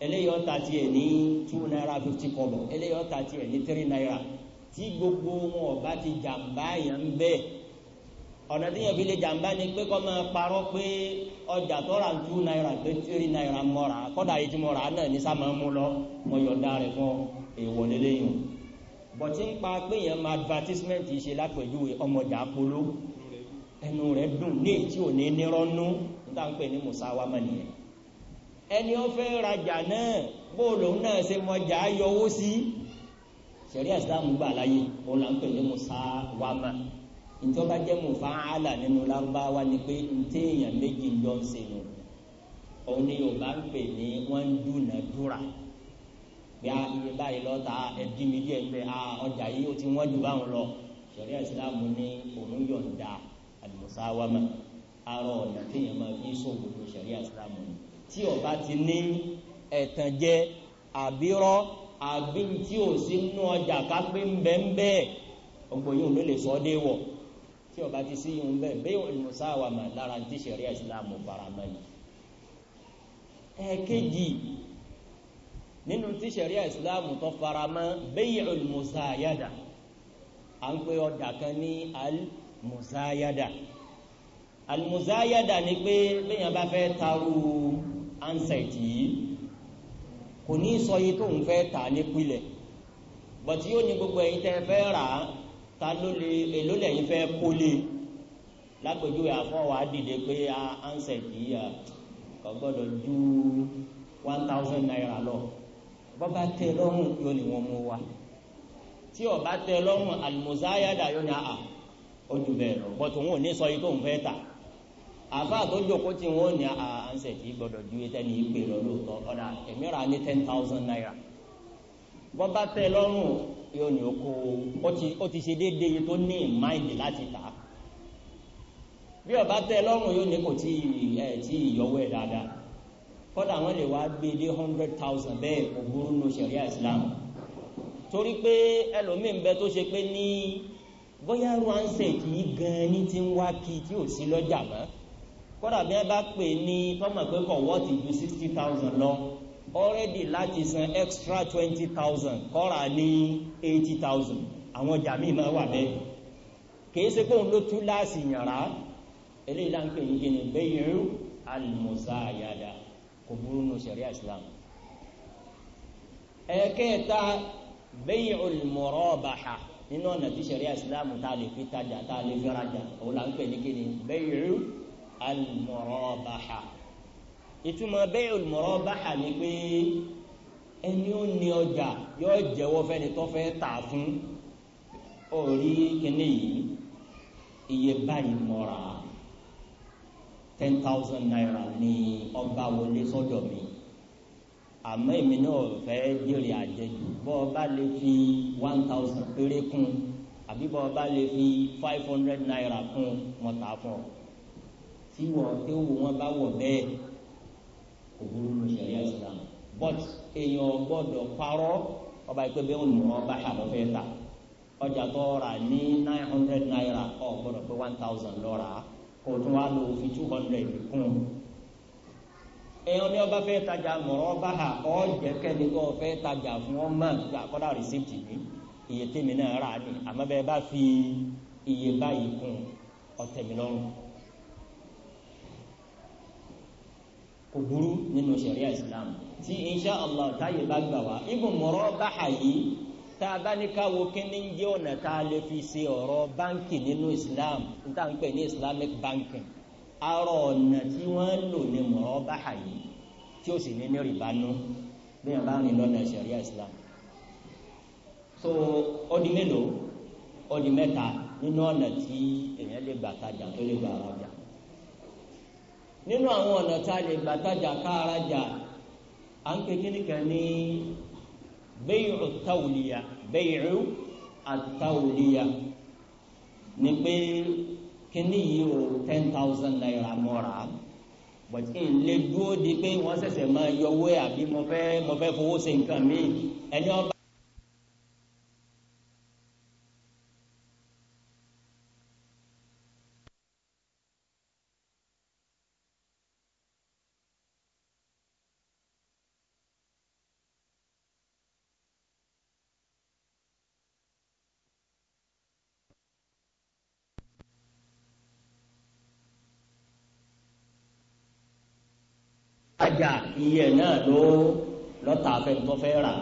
eléyìí ọ̀tá tiẹ̀ ní two naira fifty kọ̀bọ̀ eléyìí ọ̀tá tiẹ̀ ní three naira tí gbogbo wọn ọba ti jàǹbá yẹn ń bẹ́ẹ̀ ọ̀nà tí yẹn fi lè jàǹbá ni pé kọ́ máa parọ́ pé ọjà tó ra two naira pé three naira mọ́ra kọ́dà yìí ti mọ́ra náà ní sá máa mú lọ mọ́ yọ̀ọ̀dá rẹ̀ fún èèwọ̀ lélẹ́yìn bọ̀ tí ń pa péyàn ma advertisement ṣe lápẹ̀júwe ọmọdà polo ẹnu rẹ̀ dùn ní ètí ò ní nírọ́nú níta ń pè ní musawa mọ̀nìyàn ẹni ó fẹ́ rajà náà bóòlù náà ṣe mọjà yọwó sí ṣẹ̀rí àsìlámù gbà láyé òun là ń pè ní musawa mọ̀ ìjọba jẹ́ mùfá àlà nínú lárúbáwá ni pé ntẹ́ èèyàn méjì ń jọ ń ṣe òun ni Yorùbá ń pè ní wọ́n ń dúnàdúrà pé a iye báyìí lọ́ta ẹbí mi díẹ̀ pé a ọjà yìí o ti wọ́n jù báwọn lọ sẹ̀rí ìsìlámù ní òun yọ̀ǹda àlùmọ̀sáwámà arọ ọ̀nà téèyàn máa fi ṣòwò ní sẹ̀rí ìsìlámù ni tí ọba ti ní ẹ̀tàn jẹ àbírọ́ àbí tí ò sí nú ọjà kápé ńbẹ́ńbẹ́ ọgbọ̀n yìí ló lè sọ ọ́ déwọ̀ tí ọba ti sí ìhun bẹ́ẹ̀ bẹ́ẹ̀ àlùmọ̀sáwámà lára ti sẹ̀rí ìsìlámù faramẹ́ yìí. ẹ̀ẹ́kejì nínú tí sẹ̀ríà ìsìláàmù tó fara mọ́ bay'ul musayada à ń pè ọjà kan ní al-musayada al-musayada ni pé bẹ́yàn bá fẹ́ taru ansẹ̀t yìí kò ní sọ yìí tó ń fẹ́ tà nípìnlẹ̀ bọ̀tí yóò ní gbogbo ẹ̀yin tẹ́ fẹ́ rà á ta ló lè èló lẹ́yìn fẹ́ kólé lápèjúwe àfọwọ́ àdìde pé ah, ansẹ̀t yìí kò gbọ́dọ̀ ju one thousand naira lọ bọ́ba tẹ lọ́rùn yóò ní wọn mú wa tí ọba tẹ lọ́rùn alimusayada yóò ní a ojú bẹ́ẹ̀ lọ bọ́tù wọn ò ní sọ yìí tó ń fẹ́ ta àfa tó jókòó tí wọn ní a ànsẹ̀ tí gbọdọ̀ ju ẹtẹ́ni ìpè lọ lóòótọ́ ọ̀dà èmi rà ní ten thousand naira bọ́ba tẹ lọ́rùn yóò ní oko ó ti ṣe déédéé tó ní ìmáìlì láti tà á bí ọba tẹ lọ́rùn yóò ní kò tí ì yọwọ́ ẹ̀ dáadáa kọ́dà wọ́n lè wá gbé dé hundred thousand bẹ́ẹ̀ kò burú nù sẹ̀ríà islam torí pé ẹlòmíì ń bẹ tó ṣe pé ní bóyá ránṣẹ́ kì í gan ní ti ń wá kí tí ò sí lọ́jà mọ́ kọ́dà bí wọ́n bá pè ní tọ́mọ̀ pé kọ̀ wọ́ọ̀tì ju sixty thousand lọ already láti san extra twenty thousand kọ́ra ní eighty thousand àwọn ọjà míì máa wà bẹ́ẹ̀ kìí ṣe kóun ló tú láàsì yàrá eléyìí là ń pè ní kíni bẹ́yìí almusaayada kò burú nù sẹ̀ríà islam ẹ̀kẹta bẹ́yìn olùmọ̀rọ́bàhà nínú ọ̀nà tí sẹ̀ríà islam tá a lè fi tajà tá a lè fi rajà òun là ń pè ní kíni bẹ́yìn olùmọ̀rọ́bàhà ìtumọ̀ bẹ́yìn olùmọ̀rọ́bàhà ni pé ẹni ó ní ọjà yóò jẹ́wọ́ fẹ́ni tó fẹ́ tà fún orí kíní yìí iye báyìí mọ́ra ten thousand naira ni ọba wọlé sọ́dọ̀ mi àmọ́ èmi náà fẹ́ bèrè àjẹjù bọ́ ọ lè fi one thousand péré kún àbí bọ́ ọ lè fi five hundred naira kún wọn tà fún ọ tí wọ́n tí wò bá wọ̀ bẹ́ẹ̀ kò burú ní sẹ̀ríà ìsìlámù but èèyàn gbọ́dọ̀ parọ́ ọba ìpè bẹ́ẹ̀ ònà ọba àlọ́fẹ́ ta ọjà tó rà ní nine hundred naira ọ̀ gbọ́dọ̀ pé one thousand lọ́ra. kò tún wá lò fi two hundred kún un. ní ọba fẹ́ tajà mọ̀rọ́ tajà fún ọ mọ̀ nígbà rìsíìtì mi iye tèmi náà rà ní àmọ́ bẹ́ẹ̀ bá fi iye báyìí kún ọ̀tẹ̀mí lọ́rùn. kò burú nínú sẹ̀ríà ìsìlámù tí insha Allah táyé bá gbà wá ibùn mọ̀rọ́ bá tá a bá ní ká wo kíní ń jẹ́ fi ṣe ọ̀rọ̀ báńkì nínú islam n tá pè ní islamic banking arọ ọ̀nà tí wọ́n lò ní murabaha yìí tí ó sì ní ní rìbá bí wọ́n bá rìn lọ́nà islam so ó mélòó ó mẹ́ta nínú ọ̀nà tí èèyàn lè gbà tajà tó lè gbà rajà nínú àwọn ọ̀nà tá a lè gbà tajà ká bẹ́yìí àtàwùlíyà bẹ́yìí àtàwùlíyà ni pé kíní yìí o ten thousand naira mọ́ra bọ̀tí ìlé dúró di pé wọ́n ṣẹ̀ṣẹ̀ máa yọwọ́ àbí mo fẹ́ mo fẹ́ fowó ṣe nǹkan mi ẹni ọba. rajà iye náà ló lọ́tà afẹ́ntọ́ fẹ́ rà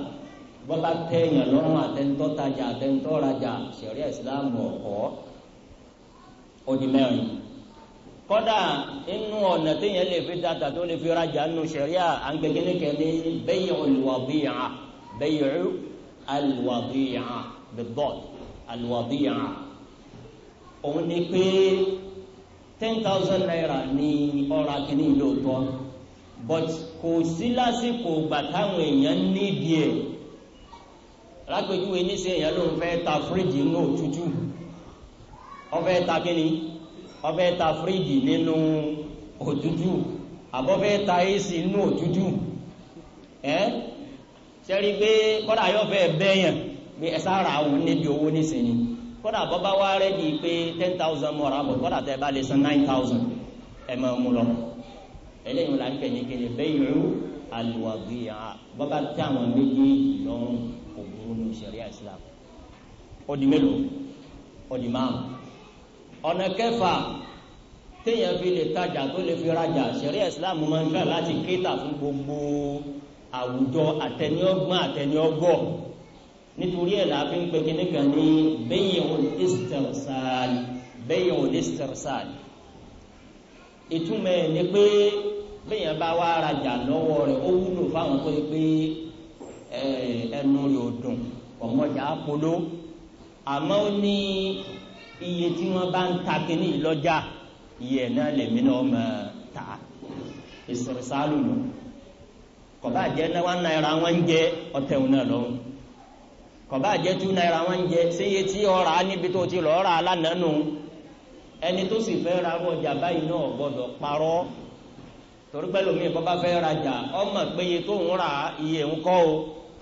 bọ́bá tẹ̀yàn lọ́rùn àtẹ̀ntọ́ tajà àtẹ̀ntọ́ rajà sẹ̀rí ìsìláàmù ọ̀kọ́ ó di mẹ́rin kọ́dà inú ọ̀nà téèyàn lè fi dáta tó lè fi rajà nù sẹ̀ríà à ń gbẹ́gẹ́ nìkẹ́ ní bẹ́yì olùwàbíyà bẹ́yì alùwàbíyà bẹ́bọ̀ òun ni pé ten thousand naira ni ọ̀rọ̀ akínní lóòótọ́ but kò sí lásìkò ìgbà táwọn èèyàn níbi ẹ̀ lápẹjúwe níṣẹ́ èèyàn ló ń fẹ́ ta fíríjì nínú òtútù ó fẹ́ ta kíni ó fẹ́ ta fíríjì nínú òtútù àbó fẹ́ ta ac nínú òtútù ẹ́ sẹ́rí pé kọ́dà yóò fẹ́ bẹ́yàn pé ẹ sára òun níbi owó nísìnyí kọ́dà bọ́ bá wá rẹ́ di pé ten thousand mọ́ra bọ̀ kọ́dà tẹ́ bá lè san nine thousand ẹ̀ máa mú lọ eléyìí la ń pè ní kele bẹ́yìí aliwabiya bàbá tí àwọn méjèèjì lọ́rùn òwúrò ní sẹ̀ríà islam ọdí mélòó ọdí márùn ọ̀nà kẹfà téèyàn fi lè tajà tó lè fi rajà sẹ̀ríà islam máa ń fẹ́ láti kéta fún gbogbo àwùjọ àtẹniọgbọ́n àtẹniọgọ́ nítorí ẹ̀ la fi ń pe kíní kan ní bẹ́yìí olùdíṣtẹ̀rsáàlì bẹ́yìí olùdíṣtẹ̀rsáàlì ìtumọ̀ ni pé bẹ́ẹ̀ bá wá rajà lọ́wọ́ rẹ̀ ó wúlò fáwọn pé pé ẹnu rẹ̀ ò dùn ọmọjà polo àmọ́ ó ní iye tí wọ́n bá ń ta kínní lọ́jà iye náà lèmi náà mọ̀ ta ìsọ̀rọ̀sálù lọ kọ̀bá jẹ́ náà one naira wọ́n ń jẹ́ ọ̀tẹ̀wọ̀n náà lọ́wọ́ kọ̀bá jẹ́ two naira wọ́n ń jẹ́ séye tí ọ̀rà níbi tó ti lọ́ọ́ rà á lánàá nù ẹni tó sì fẹ́ ra ọjà báyìí náà gbọ́dọ̀ parọ́ torí pẹ́ lómi ìkọ́ bá fẹ́ rajà ọmọ péye tó ń ra iye ń kọ́ o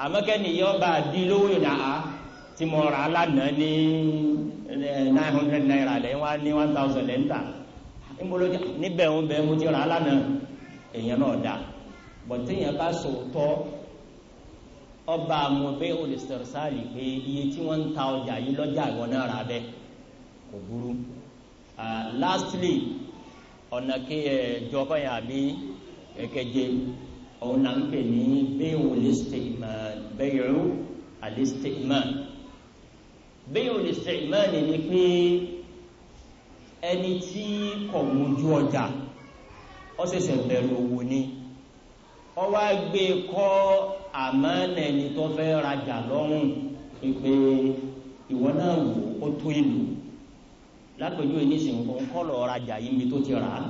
àmọ́kẹ́ni yọ bá di lówó ìdá a tí mo rà á lánàá ní nine hundred naira lẹ́yìn wá ní one thousand lẹ́yìn tà níbolójà níbẹ̀ ń bẹ mo ti rà á lánàá èèyàn náà bọ̀tẹ́yìn bá sòótọ́ ọba olùsọ̀rọ̀sáàlì pé iye tí wọ́n ń ta ọjà yìí lọ́jà ìwọ náà rà bẹ́ẹ̀ kò burú. ọ̀nà kí ẹ̀jọ kọ́yà àbí ẹ̀kẹjẹ òun là ń pè ní bẹ́ẹ̀wò lẹ́sítẹ̀ìmán bẹ́ẹ̀rù àlẹ́sítẹ̀ìmán ni pé ẹni tí kò mójú ọjà ó ṣẹ̀ṣẹ̀ bẹ̀rù òwò ni ó wá gbé kọ́ àmánà ẹni tó fẹ́ rajà lọ́rùn pé ìwọ náà wò ó tó ìlú lápẹjú ìnísìn òun kọ́ lọ rajà yìí mi tó ti rà á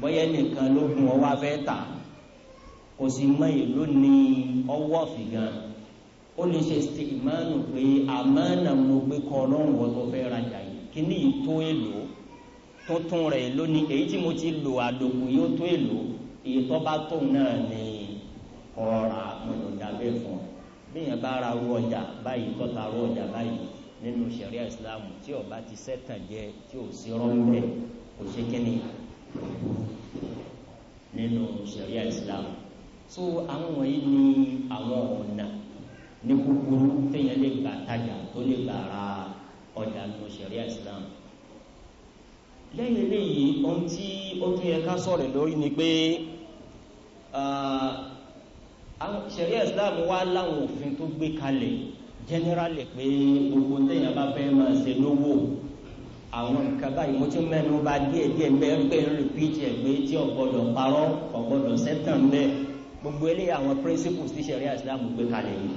bọ́yẹ́ nìkan ló gun ọwọ́ afẹ́ tà kò sì mọ èlò ní ọwọ́ fìgàn ó lè ṣe ṣe ìmánu pé àmánà mo gbé kọ ọlọ́run wọ́n tó fẹ́ rajà yìí kí ní ìtó èlò tuntun rẹ̀ lónìí èyí tí mo ti lò àlòkù yóò tó èlò èyí tó bá tóun náà ní ọ̀rà mọ̀lọ́dà bẹ́ẹ̀ fún bí yẹn bá ra ọjà báyìí tó ta ọjà báyìí nínú sẹ̀ríà ìsìláàmù tí ó bá ti sẹ́tàn jẹ tí ò sí rọ́ńbẹ́ kò ṣe kíni nínú sẹ̀ríà ìsìláàmù so àwọn wọ̀nyí ni àwọn ọ̀nà ní kúkúrú téèyàn lè gbà tajà tó lè gbà ra ọjà nínú sẹ̀ríà ìsìláàmù lẹ́yìn eléyìí ohun tí ó tún yẹ sọ̀rọ̀ lórí ni pé ah, sẹ̀ríà ìsìláàmù wá láwọn òfin tó gbé kalẹ̀ yìí generally pé gbogbo téèyàn bá fẹ́ máa ṣe lówó àwọn nǹkan báyìí mo ti mẹ́nu bà díẹ̀ díẹ̀ mẹ́rin repeat ẹ̀ pé tí o gbọ́dọ̀ parọ́ o gbọ́dọ̀ sẹ́tàn mẹ́ gbogbo eléyìí àwọn principles tí sẹ̀ríà ìsìlámù gbé kalẹ̀ yìí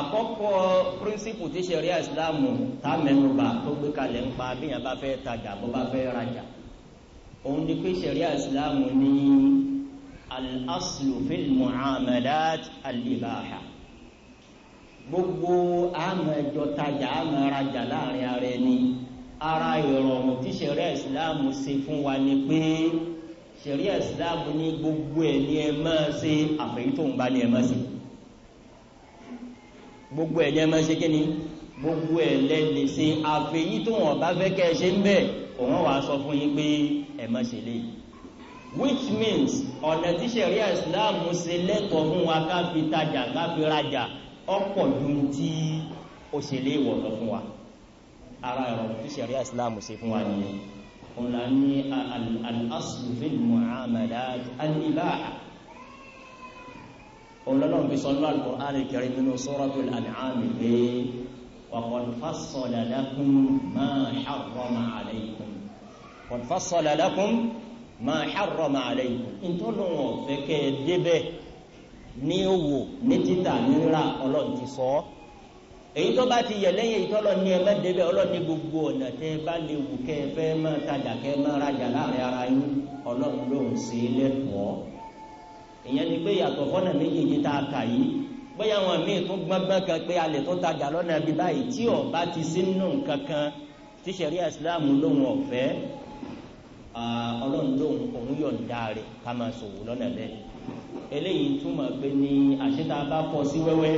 àkọ́kọ́ principle tí sẹ̀ríà ìsìlámù tá mẹ́nu bà tó gbé kalẹ̀ ń pa bíyàn bá fẹ́ tajà bó bá fẹ́ rajà òun ni pé sẹ̀ríà ìsìlámù ní al-aslu fil mu'amalat al-ibaha gbogbo àmọ́ ẹjọ́ tajà àmọ́ láàrin ara ẹni ara ìrọ̀rùn tí sẹ̀rí ìsìláàmù ṣe fún wa ni pé sẹ̀rí ìsìláàmù ní gbogbo ẹ̀ ẹ máa ṣe àfẹ́yí ń bá ní ẹ máa ṣe gbogbo ẹ̀ ẹ máa ṣe kí ni gbogbo ẹ̀ lẹ́lẹ̀ ṣe àfẹ́yí tó bá fẹ́ kẹ́ ṣe ń bẹ̀ òun wàá sọ fún yín pé ẹ máa ṣe lè which means ọ̀nà tí sẹ̀rí ìsìláàmù ṣe lẹ́tọ̀ọ́ fún wa ká fi tajà ká fi rajà ọ̀pọ̀ ju tí ó ṣe lé ìwọ̀ lọ fún wa ara ẹ̀rọ tí sẹ̀rí islam ṣe fún wa nìyẹn ọ̀nà ní al-asùfin mu'amalat al-ibaha ọlọ́lọ́run fi sọ́lọ́ al-Qur'an nínú suratul An'am pé wa qad fassala lakum ní òwò ní títà ní rírà ọlọ́run ti sọ ọ́ èyí tó bá ti yẹ lẹ́yìn èyí tọ́lọ ní ẹgbẹ́ débẹ̀ ọlọ́run ní gbogbo ọ̀nà tẹ́ bá lè wù kẹ́ ẹ fẹ́ máa tajà kẹ́ ẹ máa rajà láàrin ara yín ọlọ́run ló ń ṣe lẹ́kọ̀ọ́ ìyẹn ni pé yàtọ̀ fọ́nà méjèèjì tá a kà yìí bóyá àwọn míì tún gbọ́ngbọ́n kan pé a lè tajà lọ́nà ibi báyìí tí ọba ti sínú nǹkan kan tí sẹ̀rí islam lóun ọ̀fẹ́ ọlọ́run lóun òun yọ̀ǹda rẹ̀ ká máa ṣòwò lọ́nà bẹ́ẹ̀ eléyìí túmọ̀ pé ní àṣetà bá pọ̀ sí wẹ́wẹ́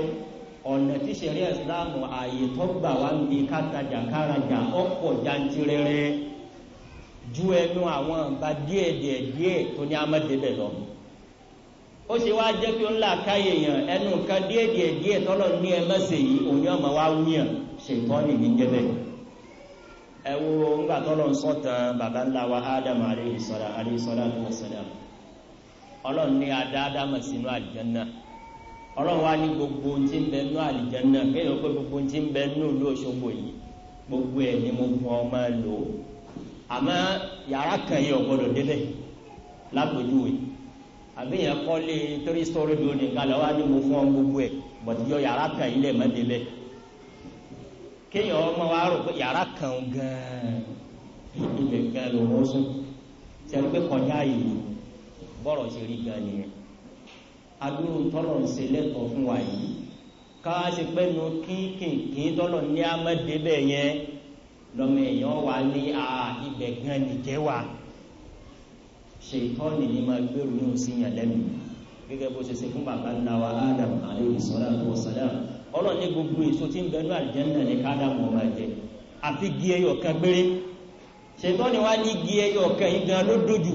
ọ̀nà tí sẹ̀rí ẹ̀sìláàmù ààyè tó gbà wá ń bi kátajà kárajà ọ̀pọ̀ jantirẹrẹ ju ẹnu àwọn nǹkan díẹ̀ díẹ̀ díẹ̀ tó ní amẹ́dẹ́bẹ̀ lọ. ó ṣe wá jẹ́ pé ńlá káyè yàn ẹnu nǹkan díẹ̀ díẹ̀ díẹ̀ tọ́lọ̀ ní ẹ mẹ́sẹ̀ yìí òní ọmọ wa wúyàn ṣètọ́ nìyí jẹ́bẹ̀. ẹ wo ńgbà tọ́lọ̀ ń sọ̀tàn bàbá ńlá wa ádámù alayhi salatu wassalam ọlọ́run ní adáadáma sínú àlìjánná ọlọ́run wá ní gbogbo tí ń bẹ nú àlìjánná kéèyàn pé gbogbo tí ń bẹ nú ìlú yìí gbogbo ẹ̀ ni mo fún ọ máa lò ó àmọ́ yàrá kan yìí ọ̀gbọ́dọ̀ délẹ̀ lápòjúwe àbí yẹn wá ní gbogbo ẹ̀ yàrá kan yìí lẹ̀ kéèyàn ọmọ wa rò pé yàrá kan gan-an gan-an ló pé kọjá bọ́rọ̀ ṣe rí gan nìyẹn agbóró tọ́lọ̀ ń ṣe lẹ́tọ̀ọ́ fún wa yìí ká ṣe pẹ́nu kínkìnkì tọ́lọ̀ ní amẹ́dẹ́bẹ̀ yẹn lọ́mọ èèyàn wà ní ibẹ̀ gan nìjẹ́ wa ṣètọ́ nìyí máa gbèrú ní òsìyàn lẹ́nu gẹ́gẹ́ bó ṣe ṣe fún bàbá ńlá wa Adam alayhi salatu wa salam ọlọ́run ní gbogbo èso tí ń bẹnu àlùjànnà ní kádàmù ọmọ ẹ̀jẹ̀ àfi gí ẹyọ kan gbére ṣètọ́ ni wá ní gí ẹyọ kan yìí gan ló dojú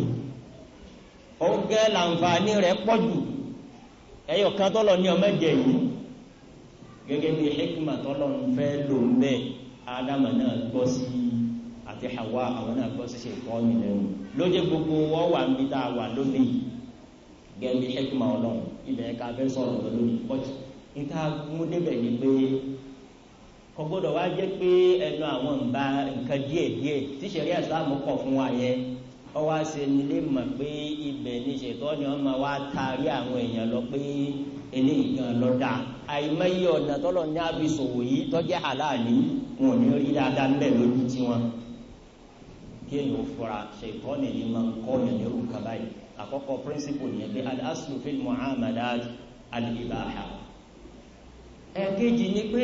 òun gẹ́ làǹfààní rẹ̀ pọ̀jù ẹyọ kan tọ́lọ̀ ní ọmọ ẹ̀jẹ̀ yìí gẹ́gẹ́ bí hikma tọ́lọ̀ ń fẹ́ lò ń bẹ́ adama náà gbọ́ sí àti hawa àwọn náà gbọ́ sí ṣe kọ́ mi lẹ́nu lójú gbogbo wọ́n wà níbi tá a wà lónìí gẹ́gẹ́ bí hikma ọlọ́run ibẹ̀ ká fẹ́ sọ̀rọ̀ lónìí pọ̀jù níta mú débẹ̀ ni pé kò gbọ́dọ̀ wá jẹ́ pé ẹnu àwọn nǹkan díẹ̀ díẹ̀ tíṣẹ̀rí ẹ̀sán àmúkọ̀ fún wa yẹn ọwọ́ àṣẹ nílé mọ̀ pé ibẹ̀ ní ṣètọ́ ni wọ́n máa wá taari àwọn èèyàn lọ pé eléyìí gan lọ́dà àìmọye ọ̀nà tọ́lọ̀ ní abisòwò yìí tọ́jẹ́ àláàlí wọn ò ní rí dáadáa ńbẹ̀ lójú tiwọn kí ni ò fura ṣètọ́ ni ni máa ń kọ́ ọ̀nà ní orúkọ báyìí àkọ́kọ́ píríncípù nìyẹn pé al-aslu fil ẹ̀kejì ni pé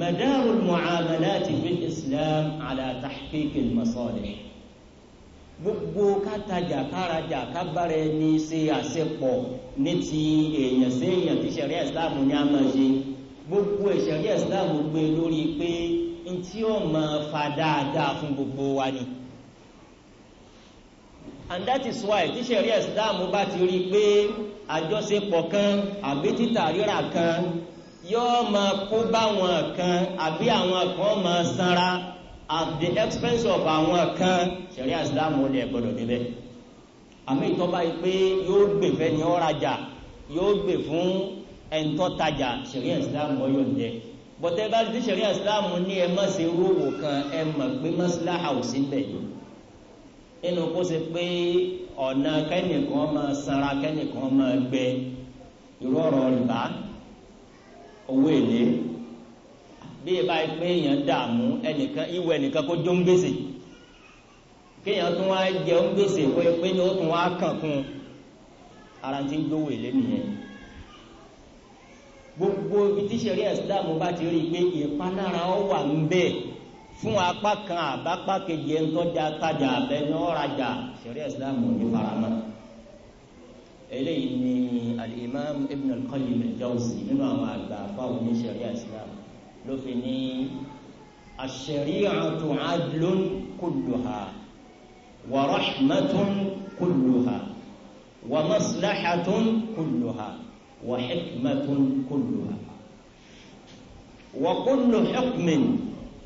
madarul mu'amalat fil islam ala tahqiq al gbogbo kátajà kárajà kábàárà ẹni ṣe àṣepọ̀ ní ti èèyàn sí èèyàn tí sẹ̀rí ẹ̀sìláàmù ní a máa ṣe gbogbo ìsẹ̀rí ẹ̀sìláàmù gbé lórí pé n tí ó máa fa dáadáa fún gbogbo wa ni and that is why tí sẹ̀rí ẹ̀sìláàmù bá ti rí i pé àjọṣepọ̀ kan àbí títà ríra kan yóò máa kó báwọn kan àbí àwọn kan máa sanra at the expense of àwọn kan ṣẹ̀rí àsìlámù olè gbọ́dọ̀ níbẹ̀ àmì ìtọ́ba yìí pé yóò gbè fẹ́ ni ó rajà yóò gbè fún ẹ̀ńtọ́ tajà ṣẹ̀rí àsìlámù ọyọ̀ ń jẹ bọ́tẹ́ bá ti ṣẹ̀rí àsìlámù ní ẹ má ṣe rówó kan ẹ mọ̀ pé mọ́sílá àwòsí bẹ̀ nínú kó ṣe pé ọ̀nà kẹ́nìkan máa sanra kẹ́nìkan máa gbẹ irú rìbá owó èlé bí ẹ báyìí pé èèyàn dààmú ẹnìkan ìwọ ẹnìkan kó jó ń gbèsè kéèyàn tún wá jẹ ń gbèsè kó ẹ pé ní ó tún wá kàn kún ara ti ń gbówó èlé nìyẹn gbogbo ibi tí sẹ̀rí ẹ̀sìláàmù bá ti rí i pé ìpalára ọ wà ń bẹ̀ fún apá kan àbápá kejì ẹ̀ ń tọ́jà tajà abẹ náà rajà sẹ̀rí ẹ̀sìláàmù ní faramọ́ eléyìí ni al-imam ibn al-qayyim al-jawzi nínú àwọn àgbà fáwọn oníṣẹ̀rí ẹ̀sìláàmù. لفني الشريعة عدل كلها ورحمة كلها ومصلحة كلها وحكمة كلها وكل حكم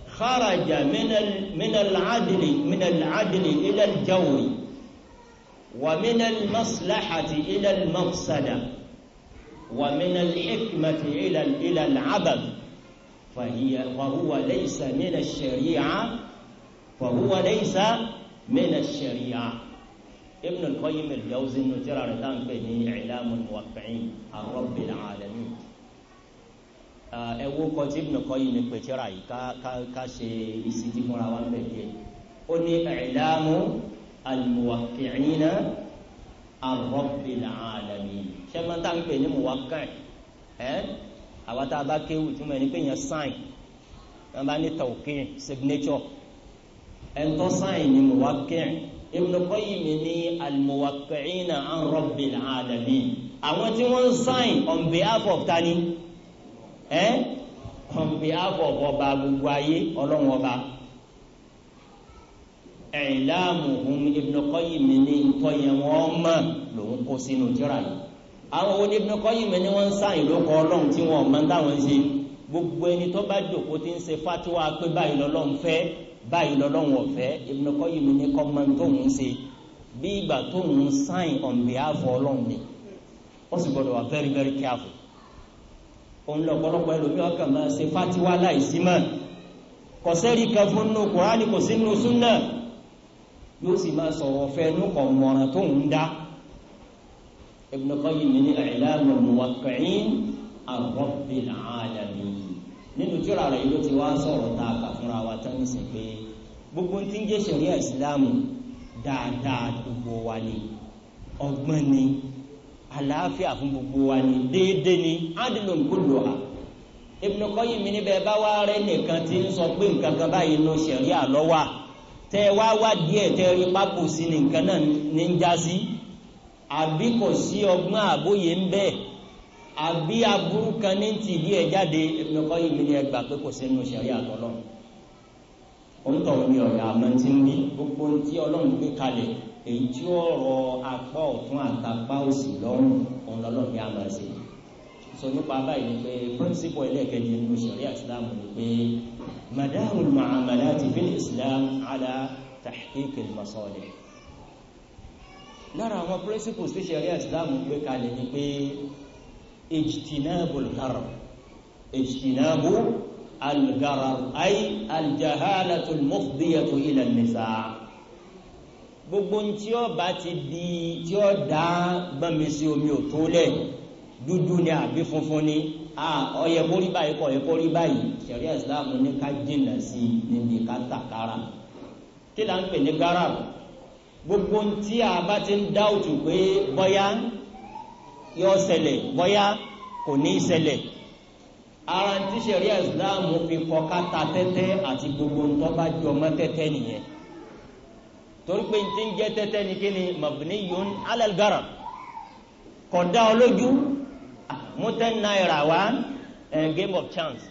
خرج من من العدل من العدل إلى الجور ومن المصلحة إلى المفسدة ومن الحكمة إلى إلى العبث fàhúwà lẹ́yìnsà mẹ́nà ṣẹ̀ríà fàhúwà lẹ́yìnsà mẹ́nà ṣẹ̀ríà ibn al-qayyim al-jawzi nu tírà rẹ̀ tá n pè ní i'lamul muwaqqi'in ar-rabbil alamin ẹwọ́ kọ́ tí ibn al-qayyim pè tírà yìí ká ṣe ìsìtì fúnra wa bẹ̀ díẹ̀ ó ní i'lamul muwaqqi'in ar-rabbil alamin ṣé máa tá n pè ní muwaqqi'in àwọn tá a bá kéwù túmọ̀ ní pé èèyàn sign wọn bá ní tawqi signature ẹ̀ńtọ́ sign ni muwaqqi' Ibn Qayyim ní al-muwaqqi'ina an rabbil alamin àwọn tí wọ́n ń sign on behalf of tani ẹ́ on behalf of ọba gbogbo ayé ọlọ́run ọba i'lamuhum Ibn Qayyim ní ntọ́yẹ̀ wọ́n mọ̀ lòun kó sínú jìrà yìí àwọn owó níbi kọ́ yìí mẹ́ni wọ́n ń sáyìn ló kọ́ ọlọ́run tí wọ́n mọ̀ ń dáwọn ṣe gbogbo ẹni tó bá jòkó ti ń ṣe fatiwa pé báyìí lọ́lọ́run fẹ́ báyìí lọ́lọ́run ọ̀fẹ́ Ibn Qayyim ní kọ́ mọ́ tóun ṣe bí ìgbà tóun sáyìn on behalf ọlọ́run ni ó sì gbọ́dọ̀ wà very very careful òun lọ ọ̀pọ̀lọpọ̀ ẹlòmíràn kan máa ṣe fatiwa láìsí mọ́ kò sẹ́rí kan fún nù Kùránì kò sínú súnà yóò sì máa sọ̀rọ̀ ọ̀fẹ́ nù kọ̀ mọ̀ràn tóun dá Ibn Qayyim ní I'lam al-Muwaqqi'in ar-Rabbil 'Alamin nínú tíra rẹ̀ ló ti wá sọ̀rọ̀ ta kàfúnra wa tán ní sìn pé gbogbo tí ń jẹ́ ṣẹ̀ríà ìsìláàmù dáadáa gbogbo wa ni ọgbọ́n ni àlàáfíà fún gbogbo wa ni déédéé ni adìlọ̀ gbòdò wa Ibn mi níbẹ̀ bá wá rẹ̀ nìkan tí ń sọ pé nǹkan kan báyìí ló ṣẹ̀ríà lọ́wọ́ tẹ wá wá díẹ̀ tẹ rí pápò sí nìkan náà ní ń já sí àbí kò sí ọgbọ́n àbóyè ń bẹ́ẹ̀ àbí aburú kan ní ti ìdí ẹ̀ jáde ẹ̀mẹ́kọ́ yìí mi ni ẹgbà pé kò sínú ìṣẹ̀rí àtọ́lọ́ òǹtọ̀ ni ọ̀rẹ́ àmọ́ ti ń bí gbogbo tí ọlọ́run gbé kalẹ̀ èyí tí ó rọ apá ọ̀tún àtàpá òsì lọ́rùn òun lọ́lọ́run ní àmọ́ sí sọ nípa báyìí ni pé píríncípù ẹlẹ́ẹ̀kejì nínú ìṣẹ̀rí àtìlámù ni pé madahul mu'amalat fil islam ala tahqiq al lára àwọn principles tí ṣẹ̀ríà ìsìláàmù gbé kalẹ̀ ni pé ejtinabul gharar ejtinabu al-gharar ay al-jahalatul mufdiyatu ila an-nisa gbogbo tí ó bá ti di tí ó dá gbọ́nmesi omi ò tó lẹ̀ dúdú ni àbí funfun ni ọyẹ kórí báyìí kọ̀ ọyẹ kórí báyìí ṣẹ̀ríà ìsìláàmù ní ká jìnnà sí níbi ká tàkárà kí là ń pè ní gharar gbogbo tí a bá ti ń dáwùtù pé bọ́yá yóò ṣẹlẹ̀ bọ́yá kò ní í ṣẹlẹ̀ ara tí sẹ̀rí ẹ̀sìláàmù fi kọ́ka ta tẹ́tẹ́ àti gbogbo nǹkan bá jọ mọ́ tẹ́tẹ́ nìyẹn torí pé tí ń jẹ́ tẹ́tẹ́ ni kí ni mabini yun alẹ́gàrà kọ̀dá olójú ah, mú ten naira eh, game of chance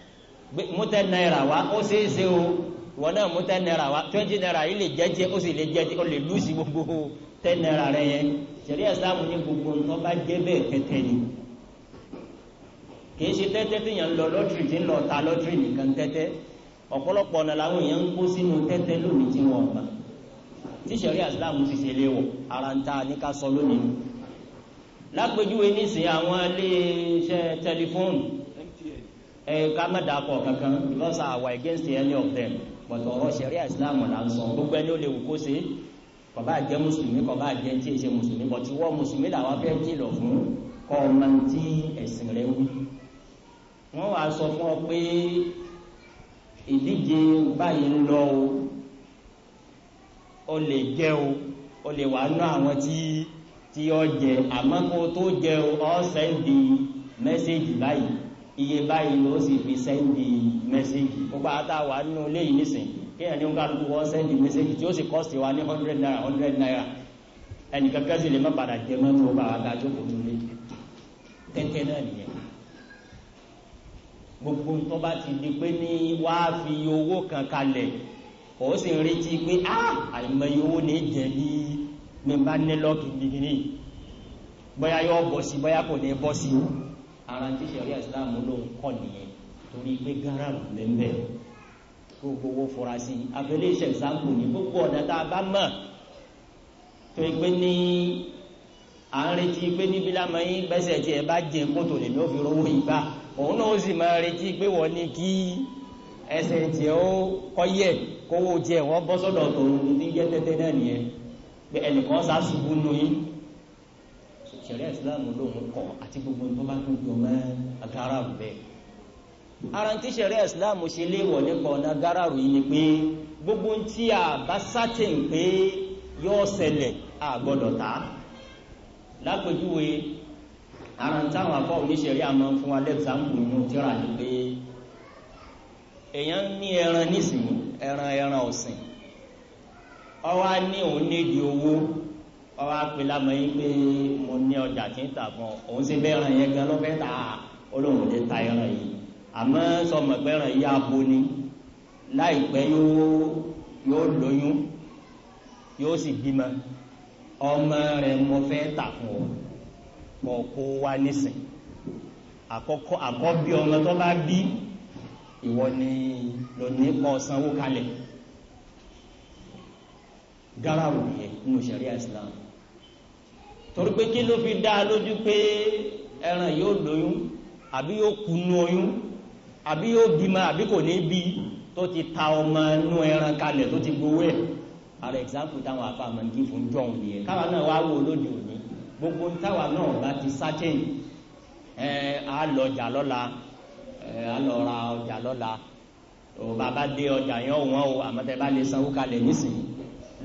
mú ten naira wá ó ṣeé ṣe o wọn náà mú ten naira wa twenty naira yìí lè jẹ́jẹ́ ó sì lè jẹ́jẹ́ ó lè lùsì gbogbo ten naira rẹ yẹn sẹ̀rí ẹ̀sìlámù ní gbogbo nǹkan bá jẹ́ bẹ́ẹ̀ tẹ́tẹ́ ni kì í ṣe tẹ́tẹ́ tí yẹn ń lọ lọ́tìrì tí ń lọ ta lọ́tìrì nìkan tẹ́tẹ́ ọ̀pọ̀lọpọ̀ ọ̀nà làwọn èèyàn ń kó sínú tẹ́tẹ́ lónìí tí wọ́n gbà tí sẹ̀rí ẹ̀sìlámù ti ṣe léwọ̀ ara ń ta ní ká sọ lónìí lápèjúwe nísìnyí àwọn iléeṣẹ́ tẹlifóònù ẹ̀ ká má dàpọ̀ kankan because I against any of them pọ̀tọ̀rọ̀ sẹ̀ríà ìsìláàmù là ń sọ gbogbo ẹni ó lè wù kó ṣe kọ̀bá jẹ́ mùsùlùmí kọ̀bá jẹ́ tí èṣe mùsùlùmí bọ̀ tí wọ́n mùsùlùmí làwọn fẹ́ kìlọ̀ fún kọ́ ọmọ tí ẹ̀sìn rẹ̀ wù. wọ́n wàá sọ fún ọ pé ìdíje báyìí ń lọ o ó lè jẹ́ o ó lè wàá ná àwọn tí tí ọ jẹ àmọ́ kó tó jẹ o ọ́ sẹ́ndì mẹ́sẹ́jì báyìí iye báyìí ni ó sì fi sẹ́ndì mẹ́sẹ́gì gbogbo àtàwà nínú ilé yìí nìsìn kí ẹni ń kálukú wọ́n sẹ́ndì mẹ́sẹ́gì tí ó sì kọ́sì wa ní 100 naira 100 naira ẹnì kankan sì lè má padà jẹ mọ́ tó bá wàtá tó kò tó lé kẹ́kẹ́ náà nìyẹn gbogbo tó bá ti di pé ní wá fi owó kan kalẹ̀ ó sì ń retí pé á ah, àìmọye owó ní jẹ ní mi ní lọ́ọ̀kì nìyí bóyá yóò bọ̀ sí bóyá kò ní bọ́ sí o ara tí sẹ̀ríà islam ló ń kọ́ nìyẹn torí pé gáràmù lẹ́ńbẹ̀ gbogbo owó fura sí i abẹ́lẹ́sẹ̀ sáàpù ní gbogbo ọ̀nà tá a bá mọ̀ tó pé ní à ń retí pé níbi lámọ́ yín bẹ́sẹ̀ tí ẹ bá jẹ kótó lèmi ò fi rówó ìgbà òun náà ó sì máa retí pé wọ́n ní kí ẹsẹ̀ tiẹ̀ ó kọ́yẹ̀ kówó tiẹ̀ wọ́n bọ́ sọ́dọ̀ tòun ní jẹ́ tẹ́tẹ́ náà nìyẹn ẹnìkan sá ṣubú nù yín ṣẹ̀rẹ́ ìsìláàmù lóhun kọ̀ àti gbogbo tó bá tún jọ mọ́ agáràrù bẹ́ẹ̀ ara tí ṣẹ̀rẹ́ ìsìláàmù ṣe léwọ̀ nípa ọ̀nà agáràrù yìí ni pé gbogbo tí a bá sátìn pé yóò ṣẹlẹ̀ a gbọ́dọ̀ ta lápèjúwe ara táwọn afọ oníṣẹ̀rẹ́ àmọ́ fún wa lẹ́gbàmù inú tíra ni pé èèyàn ní ẹran nísìnyí ẹran ẹran ọ̀sìn ọwọ́ á ní òun nídìí owó ọwọ́ apè lámọ̀ yín pé mo ní ọjà tí ń tà fún ọ òun sì bẹ́ẹ̀ ràn yẹn gan ló fẹ́ tà á olóhùn lè ta ẹran yìí àmọ́ sọmọ pé ẹran yìí abo ni láìpẹ́ yóò yóò lóyún yóò sì bímọ ọmọ rẹ̀ mo fẹ́ tà fún ọ kọ̀ kó wá nísìn àkọ́kọ́ àkọ́bí ọmọ tó bá bí ìwọ ni lónìí kọ́ sanwó kalẹ̀ gáràrò yẹn nínú sẹ̀ríà Islam torí pé kí ló fi dá a lójú pé ẹran yóò lóyún àbí yóò kunu oyún àbí yóò bímọ àbí kò ní bí tó ti ta ọmọ inú ẹran kalẹ̀ tó ti gbowó ẹ̀ ara example táwọn afa máa ń kí fún jọ òun nìyẹn káwa náà wá wò lóde òní gbogbo táwa náà bá ti sátẹ̀yìn ẹ á lọ ọjà lọ́la ẹ á lọ ra ọjà lọ́la ò bàbá dé ọjà yẹn òun o àmọ́ bá lè sanwó kalẹ̀ nísìnyí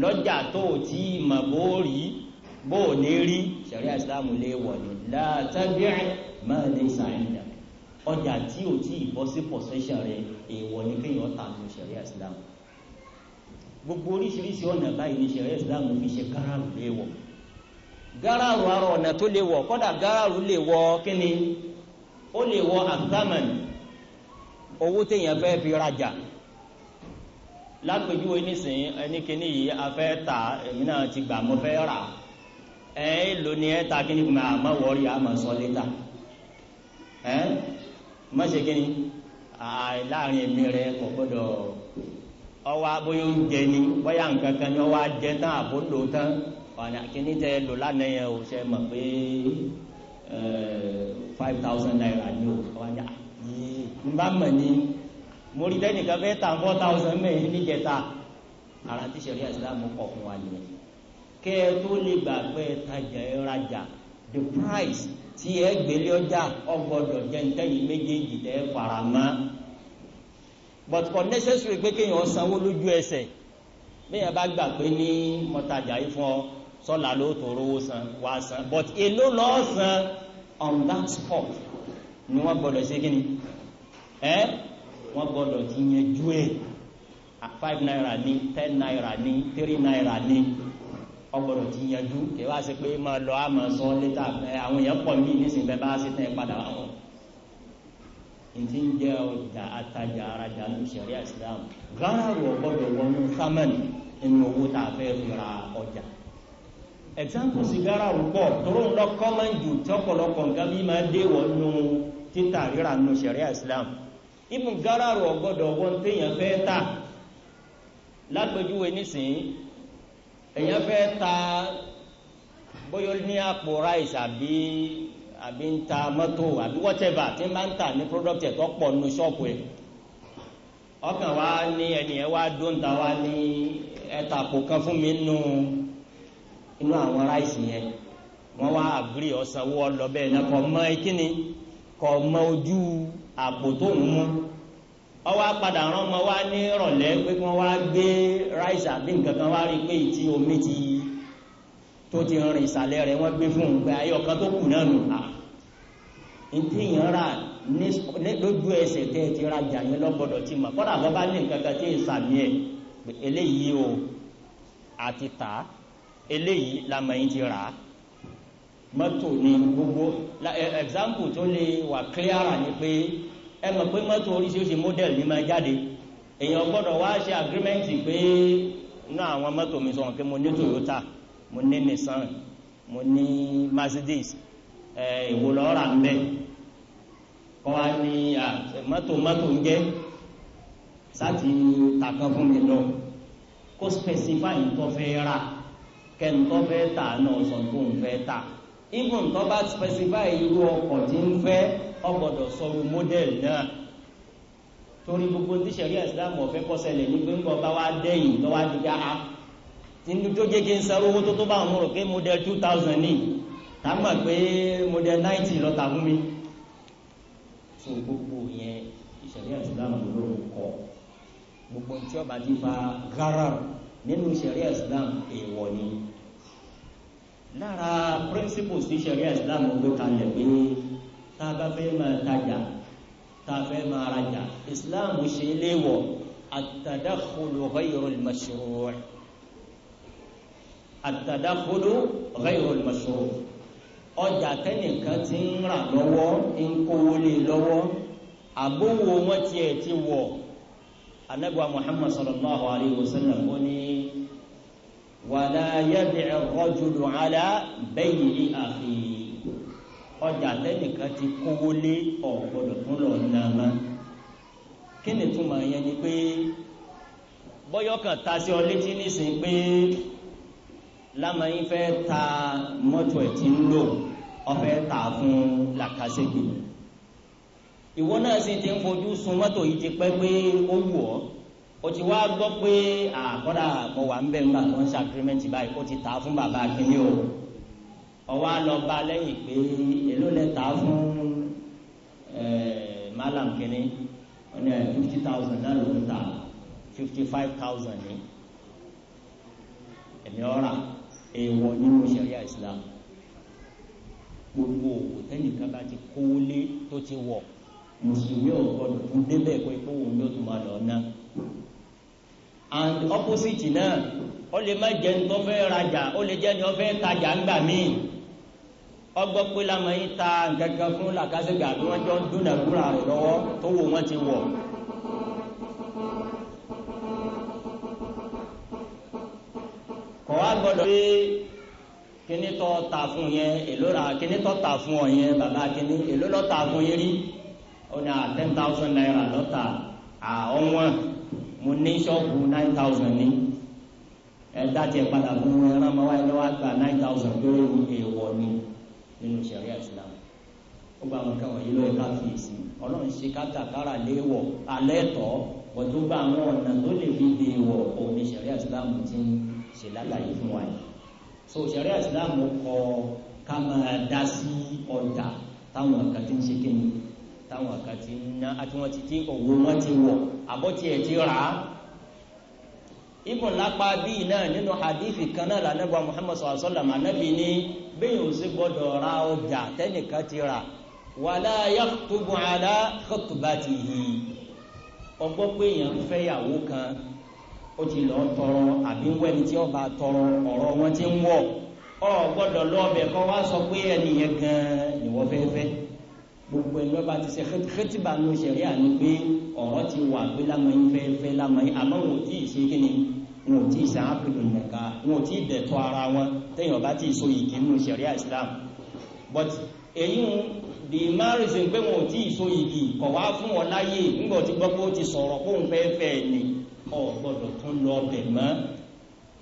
lọ́jà tó o ti mọ̀ bó rí i bó o ní rí sẹ̀ríà ìsìláàmù lè wọ̀ ní látàbíẹ̀ máa lè sàrìndà ọjà tí ò tí ì bọ́ sí possession rẹ̀ èèwọ̀ ní kéèyàn tà ní sẹ̀ríà ìsìláàmù gbogbo oríṣiríṣi ọ̀nà báyìí ní sẹ̀ríà ìsìláàmù fi ṣe gáràrù lè wọ̀ gáràrù ara ọ̀nà tó lè wọ̀ kọ́dà gáràrù lè wọ̀ kíni ó lè wọ̀ àgbàmọ̀n owó téèyàn fẹ́ fi rajà lápèjúwe nísìnyí ẹnikẹ́ni yìí afẹ́ ta èmi náà ti gbà mo fẹ́ rà á ẹ lò ní ẹ ta kíni kùmẹ àmọ́ wọrí àmọ́ sọ létà ẹ má ṣe kíni ah, láàrin èmi rẹ kò gbọ́dọ̀ ọwọ́ abóyó ń jẹ ni bóyá nǹkan kan ni ọwọ́ ajẹ tán àbó lò tán ọ̀nà kíní tẹ lò lánàá yẹn o ṣe mọ̀ pé five thousand naira ni o ọwọ́ ah, yìí n bá mọ̀ ni mo rí tẹ́nìkan fẹ́ tà four thousand mẹ́rin níjẹta ara tí sẹ́rí àìsàn mọ́ pọ̀ fún wa nìyẹn kẹ́ ẹ tó lè gbà pé ẹ tajà ẹ rajà the price tí ẹ gbélé ọjà ọgbọ́dọ̀ jẹ́ ntẹ́yìn méjèèjì tẹ́ ẹ fara mọ́ but for necessary pé kéèyàn sanwó lójú ẹsẹ̀ bẹ́ẹ̀ bá gbà pé ní mọ́tajà yìí fún ọ sọ́là ló tó rówó san wá san but èló lọ́ọ́ san on that spot ni wọ́n gbọ́dọ̀ ṣe kí ni ẹ́ wọ́n gbọ́dọ̀ ti yẹn ju ẹ̀ five naira ni ten naira ni three naira ni ọgbọ̀dọ̀ ti yanjú kẹwà sí pé ma lọ a ma sọ létà àwọn èèyàn pọ̀ mí nísìn bẹ bá sí tẹ́ padà wọn ìtí ń jẹ́ ọjà àtajà arajà ní ìṣẹ̀rí islam gáàrù ọgbọ́dọ̀ wọnú sámẹ́n nínú owó tá a fẹ́ ra ọjà example sí gáàrù pọ̀ tóró ń lọ common jù tí ọ̀pọ̀lọpọ̀ nǹkan bí máa dé wọnú títà ríra ní ìṣẹ̀rí islam ibùn gáàrù ọgbọ́dọ̀ wọn téèyàn fẹ́ tà lágbèjúwe nísìnyí èèyàn fẹ́ ta bóyá ní àpò rice àbí àbí ń ta mọ́tò àbí wọ́tẹ́bà tí ń bá ń tà ní product ẹ̀ tó pọ̀ nínú ṣọ́ọ̀pù ẹ̀ ọkàn wa ní ẹnìyẹn wá dóńtà wa ní ẹta àpò kan fún mi nínú inú àwọn rice yẹn wọ́n wá àgírí ọ̀sánwó mọ́ ọwọ́ apàdà rán ọmọ wa ní ìrọ̀lẹ́ pé kí wọ́n wá gbé ráìsì àbí nǹkan kan wá rí pé ìtí omi ti tó ti rìn ìsàlẹ̀ rẹ̀ wọ́n gbé fún un pé ayé ọ̀kan tó kù náà nù à ntí yẹn rà lójú ẹsẹ̀ tẹ́ ti ra jà yẹn lọ́gbọ́dọ̀ ti mọ̀ kọ́dà bọ́ bá ní nǹkan kan tí ì sàmì ẹ̀ eléyìí o àti tà eléyìí lamọ̀ yín ti rà á mọ́tò ni gbogbo e, example tó lè wà clear ni pé ẹ mọ̀ pé mọ́tò oríṣiríṣi mọ́dẹ̀lì ni máa jáde èèyàn gbọ́dọ̀ wá ṣe agírímẹ́ǹtì pé inú àwọn mọ́tò mi sọ̀rọ̀ pé mo ní Toyota mo ní Nissan mo ní Mercedes èwo lọ́ọ́ rà ń bẹ̀ kọ́ wa ní mọ́tò mọ́tò ń jẹ́ sáti tàkan fún mi lọ kó specify tó fẹ́ rà kẹ́ni tó fẹ́ tà náà sọ fẹ́ tà even tó bá specify irú ọkọ̀ tí ń fẹ́ ọgbọ́dọ̀ sọ̀rọ̀ mọ́dẹ̀lì náà torí gbogbo tí sẹ̀rí ẹ̀sìlámù ọ̀fẹ́ kọ́sẹ̀lẹ̀ ní pé ń bọ̀ bá wá dẹ́yìn lọ́wọ́ adigun a ti ń tó jẹ́ kí n sanwó owó tó tó bá àwọn ọmọ rò pé model two thousand ní tá a mọ̀ pé model ninety lọ́ta fún mi. tó gbogbo yẹn ìṣẹ̀rí ẹ̀sìlámù ló ń kọ gbogbo tí ọba ti fa gara nínú ìṣẹ̀rí ẹ̀sìlámù èèwọ̀ ni lára principles ti ìṣẹ̀rí ẹ̀sìlámù gbé kalẹ̀ pé ní tá a bá fẹ́ máa tajà tá a fẹ́ máa rajà islam ṣe léwọ̀ àtàdákòlò ọ̀gáyọ̀rọ̀ ìmọ̀ṣòro rẹ̀ àtàdákòlò ọ̀gáyọ̀rọ̀ ìmọ̀ṣòro ọjà tẹ́nìkan ti ń rà lọ́wọ́ ń kówó lé lọ́wọ́ àbówó wọn tiẹ̀ ti wọ̀ anagba muhammad sallallahu alayhi wa sallam ó wàlá yẹ́bìrì rọ́jùlù alá bẹ́yìí àfihàn ọjà tẹ́nìkan ti kówó lé ọ̀gbọ́dọ̀ tó lọ nàmá kí ni túmọ̀ yẹn ni pé bọ́yọ̀kan ta sí ọ létí nísìnyí pé lámàyín fẹ́ ta mọ́tò ẹ̀ tí ń lò ọfẹ́ ta fún làkàṣẹ́gbè ìwọ náà sì ti ń fojú sun mọ́tò yìí ti pẹ́ pé ó wù ọ́ o ti wá gbọ́ pé àkọ́dà mo wà ń bẹ̀ ń bà tó ń ṣe agreement báyìí ó ti ta fún bàbá akíní o ọwọ́ àlọ́ba lẹ́yìn pé èló lẹ fún malam kínní wọ́n ní fifty thousand náà ló ń ta fifty five thousand ní ẹ̀mí ọ̀rà èèwọ̀ nínú sẹ̀ríà Islam gbogbo òwò tẹ́nìkan bá ti kówó lé tó ti wọ̀ mùsùlùmí ò gbọdọ̀ tún débẹ̀ pé kówó ló tún máa lọ náà and opposite náà ó lè má jẹ́ ní tó fẹ́ rajà ó lè jẹ́ ní ó fẹ́ tajà ńgbà míì ọgbọ́ pé lámọ̀ yí ta gẹ́gẹ́ fún làkásígbà bí wọ́n jọ ń dúnàkúrà rẹ̀ lọ́wọ́ tó wò wọ́n ti wọ̀ kọ̀ wá gbọ́dọ̀ pé kíní tọ́ ta fún yẹn èló ra kíní tọ́ ta fún ọ yẹn bàbá kíní èló lọ́ ta fún yẹn rí ó ní à ah, ten thousand naira lọ́ta à ọ̀wọ́n mo ní ṣọ́ọ̀bù nine thousand ní ẹ̀dá tiẹ̀ padà fún ẹran máa wáyé lọ́wọ́ àgbà nine thousand lórí èèwọ̀ ni nínú sẹ̀ríà islam ó gba àwọn kan wọ̀nyí lọ́wọ́ káfíìsì ọlọ́run ṣe kátàkárà léwọ̀ alẹ́ tọ́ wọ́n tó gba àwọn ọ̀nà tó lè fi dè wọ̀ òun ní sẹ̀ríà islam ti ń ṣe lálàyé fún wa yìí so sẹ̀ríà islam kọ ká máa dá sí ọjà táwọn kan ti ń ṣe kí ni táwọn kan ti ń ná àti wọn ti ti òwò wọn ti wọ̀ àbọ̀tì ẹ̀ ti rà á ibùn lápá bíi náà nínú hadithi kan náà lànàbà muhammad wa sallam anabi ní bẹ́ẹ̀ ò sí gbọ́dọ̀ ra ọjà tẹ́nìkan ti rà wàlá yàtúbù àlá khutbatihi ọgbọ́ pé èèyàn fẹ́yàwó kan ó ti lọ tọrọ àbí wẹ́ni tí ó bá tọrọ ọ̀rọ̀ wọn ti ń wọ̀ ọ gbọ́dọ̀ lọ́ọ̀bẹ̀ kan wá sọ pé ẹnìyẹn gan-an ni wọ́n fẹ́ fẹ́ gbogbo ẹni ọba ti ṣe khutba ló ṣẹ̀rí àní pé ọ̀rọ̀ ti wà pé lámọ̀ yín fẹ́ fẹ́ lámọ̀ yín àmọ́ wò tí ì ṣe kí ni wọn ò tí ì sàákùlù nìka wọn ò tí ì ara wọn téèyàn bá tí so yìgì nù sẹ̀ríà islam but èyí ń di márùsìn pé wọn ò tí ì so yìgì fún wọn láyè ńgbọ̀ tí gbọ́ ti sọ̀rọ̀ kó ń fẹ́ fẹ́ ni ọ̀ gbọ́dọ̀ tún lọ bẹ̀ mọ́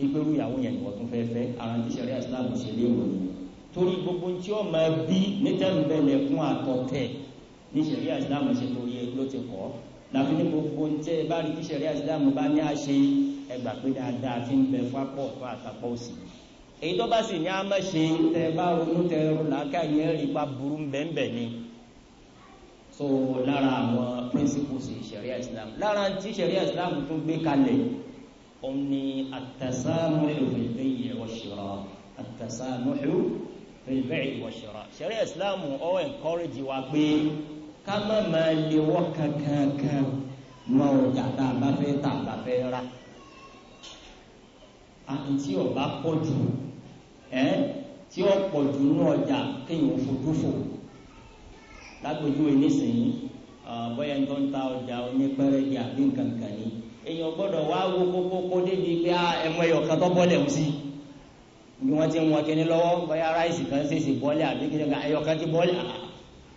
ìgbérú ìyàwó yẹn ìwọ̀ tún fẹ́ fẹ́ ara ti sẹ̀ríà islam ṣe léwu torí gbogbo tí ó máa bí nítẹ̀m̀bẹ̀lẹ̀ fún àtọ̀tẹ̀ ní sẹ̀ríà islam ṣe torí ló ti kọ́ làfi ní gbogbo tí ẹ bá rí sẹ̀ríà islam bá ní àṣeyí ẹgbà pé dáadáa ti ń bẹ fápọ̀ fún àtàpọ̀ òsì èyí tó bá sì ní a má ṣe tẹ bá ronú tẹ làákà yẹn rí burú bẹ́ẹ̀ ni so lára àwọn principles ìṣẹ̀ríà Islam lára tí ìṣẹ̀ríà Islam tún gbé kalẹ̀ òun ni àtàsámúhù fil-bay'i wash-shira' àtàsámúhù fil-bay'i wash Islam ó encourage wa pé ká má máa lewọ́ kankan kan mọ́ ọjà tá a bá fẹ́ tà a bá fẹ́ rà àǹtí ọba pọ̀ jù ẹ́ tí ó pọ̀ jù ní ọjà kéèyàn ò fojú fò lágbèjú ìnísìnyí bóyá tó ń ta ọjà onípẹ́rẹ́ di àbí nǹkan kan ni èèyàn gbọ́dọ̀ wá wo kókókó débi pé ẹmọ ẹyọ kan tó bọ́lẹ̀ ń sí bí wọ́n ti ń wọn kíní lọ́wọ́ bóyá ráìsì kan ṣèṣì bọ́lẹ̀ àbí kíní kan ẹyọ kan ti bọ́lẹ̀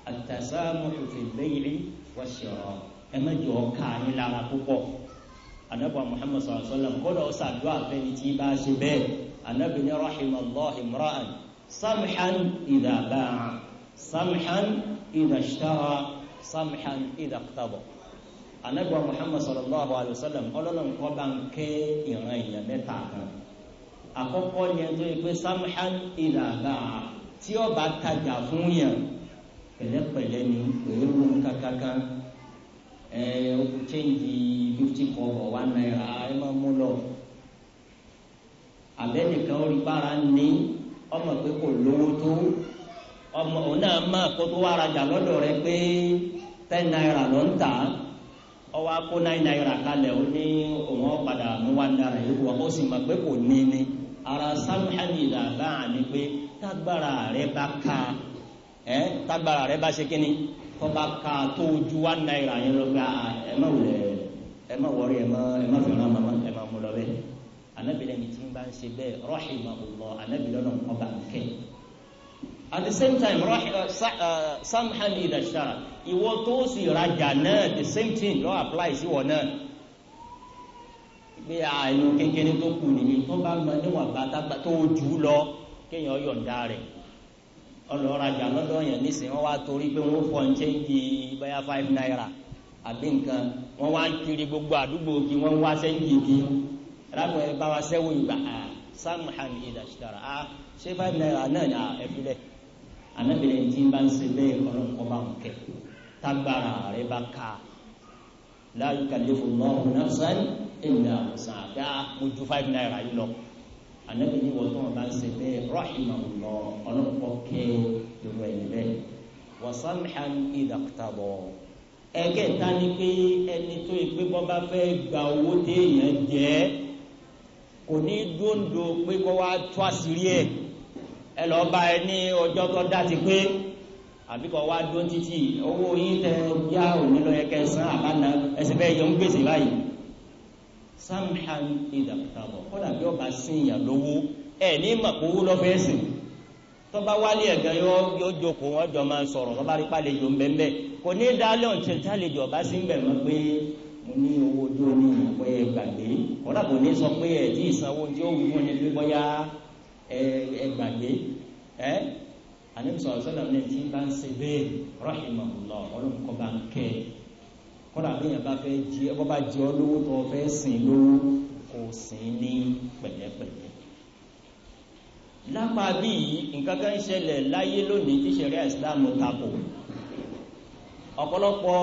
àtàsámù òfin bẹ́yìí wọ́n ṣe ọ̀rọ̀ ẹmẹ́jọ anabuwa muhammad sallallahu alaihi wasallam kódà ó sàdúrà fẹ́ni tí bá ṣe bẹ́ẹ̀ anabi ní rahimallah imra'an samhan idha ba'a samhan idha ishtara samhan idha iqtada anabuwa muhammad sallallahu alaihi wasallam ọlọ́run kọ́ bá ń kẹ́ ìran èèyàn mẹ́ta kan àkọ́kọ́ ni ẹni tó yẹ pé samhan idha ba'a tí ó bá tajà fún yàn pẹ̀lẹ́pẹ̀lẹ́ ni pẹ̀lú kankankan. ẹ o kò change fifty kọ̀ọ̀bọ̀ one naira ẹ máa lọ. àbẹ́nìkan ọmọ pé kò lówó tó ọmọ òun náà máa kó tó wá rẹ pé ten naira ló ń tà á akó nine kalẹ̀ ó ní òun ọ̀padà mú one naira ara ìdàgbà ni pé tágbára rẹ bá ẹ́ tágbára rẹ̀ bá ṣe kí ni kọ́ bá ka tó ju wá náírà yẹn lọ gba ah, ah, ẹ má wulẹ̀ ẹ má wọrí ẹ má ẹ má fẹ́ràn mama ẹ má mú lọ bẹ́ẹ̀ anábìlẹ̀ ni tí ń bá ń ṣe bẹ́ẹ̀ rahimahullah anábìlẹ̀ náà kọ́ bá ń kẹ́ at the same time uh, uh, samhan idashara ìwọ tó sì rajà náà the same thing lọ apply sí wọ náà pé àìyàn ah, kékeré tó kù nìyí tó bá mọ níwọ̀n bá tó jù lọ kéèyàn yọ̀ǹda rẹ̀ ọlọ́rajà lọ́dọ̀ yẹn nísìnyí wọ́n wá torí pé wọ́n fọ́ ń chẹ́ǹjì bẹ́yà five naira àbí nǹkan wọ́n wá ń kiri gbogbo àdúgbò kí wọ́n wá sẹ́ǹjì kí rábọ̀ ẹ bá wa sẹ́wọ̀n ìgbà à samhan ìdàṣítara à ṣé five naira náà ni à ẹ̀fílẹ̀ ànábìrin tí bá ń ṣe bẹ́ẹ̀ ọlọ́nkọ́ bá ń kẹ́ tágbára rẹ bá ká la yukallifu Allahu nafsan illa wus'aha àdá mojú five naira yìí lọ anabi ni wọ́n tó wọn bá ń ṣe bẹ́ẹ̀ rahimahullah ọlọ́pọ̀ kẹ́ irú ẹni bẹ́ẹ̀ wasamhan idaktabọ ẹgẹta ni pé ẹni tó yẹ pé bọ́ bá fẹ́ gba owó téèyàn jẹ́ kò ní dóńdó pé kó wá tó àṣírí ẹ̀ ẹ lọ́ọ́ bá ẹ ní ọjọ́ tó dá pé àbí kọ́ wá dó owó yín tẹ yá òní lọ́yẹ kẹsàn-án àbáná ẹsẹ̀ bẹ́ẹ̀ yẹ ń gbèsè báyìí samhan ìdàkùtàbọ̀ kódà bí ọba sínyà lówó ẹ ní màkówó lọ́fẹ́ sìn tọba wálé ẹ̀gán yóò jókòó wọn jọ máa sọ̀rọ̀ tọba rí palẹ̀jọ ńbẹ́ńbẹ́ kò ní dálẹ́ ọ̀tí tálẹ̀jọ ọba sí ńbẹ̀ mọ́ pé mo ní owó tó ní ìyàpẹ́ ẹ gbàgbé kódà kò ní sọ pé ẹ tí ìsanwó tí ó wù wọn ní pé bọ́yá ẹ gbàgbé ẹ àníbi sọ̀rọ̀ sọ́dọ̀ ní ti bá ń ṣe bẹ́ẹ̀ rọ́ọ̀hìn mọ̀ kọ́dà bí yẹn bá fẹ́ jí ẹ bọ́ bá jí ọ lówó tó o fẹ́ sìn lówó kò sìn ní pẹ̀lẹ́pẹ̀lẹ́. lápá bíi nǹkan kan ṣẹlẹ̀ láyé lónìí tí ṣẹ̀ríà Islam takò ọ̀pọ̀lọpọ̀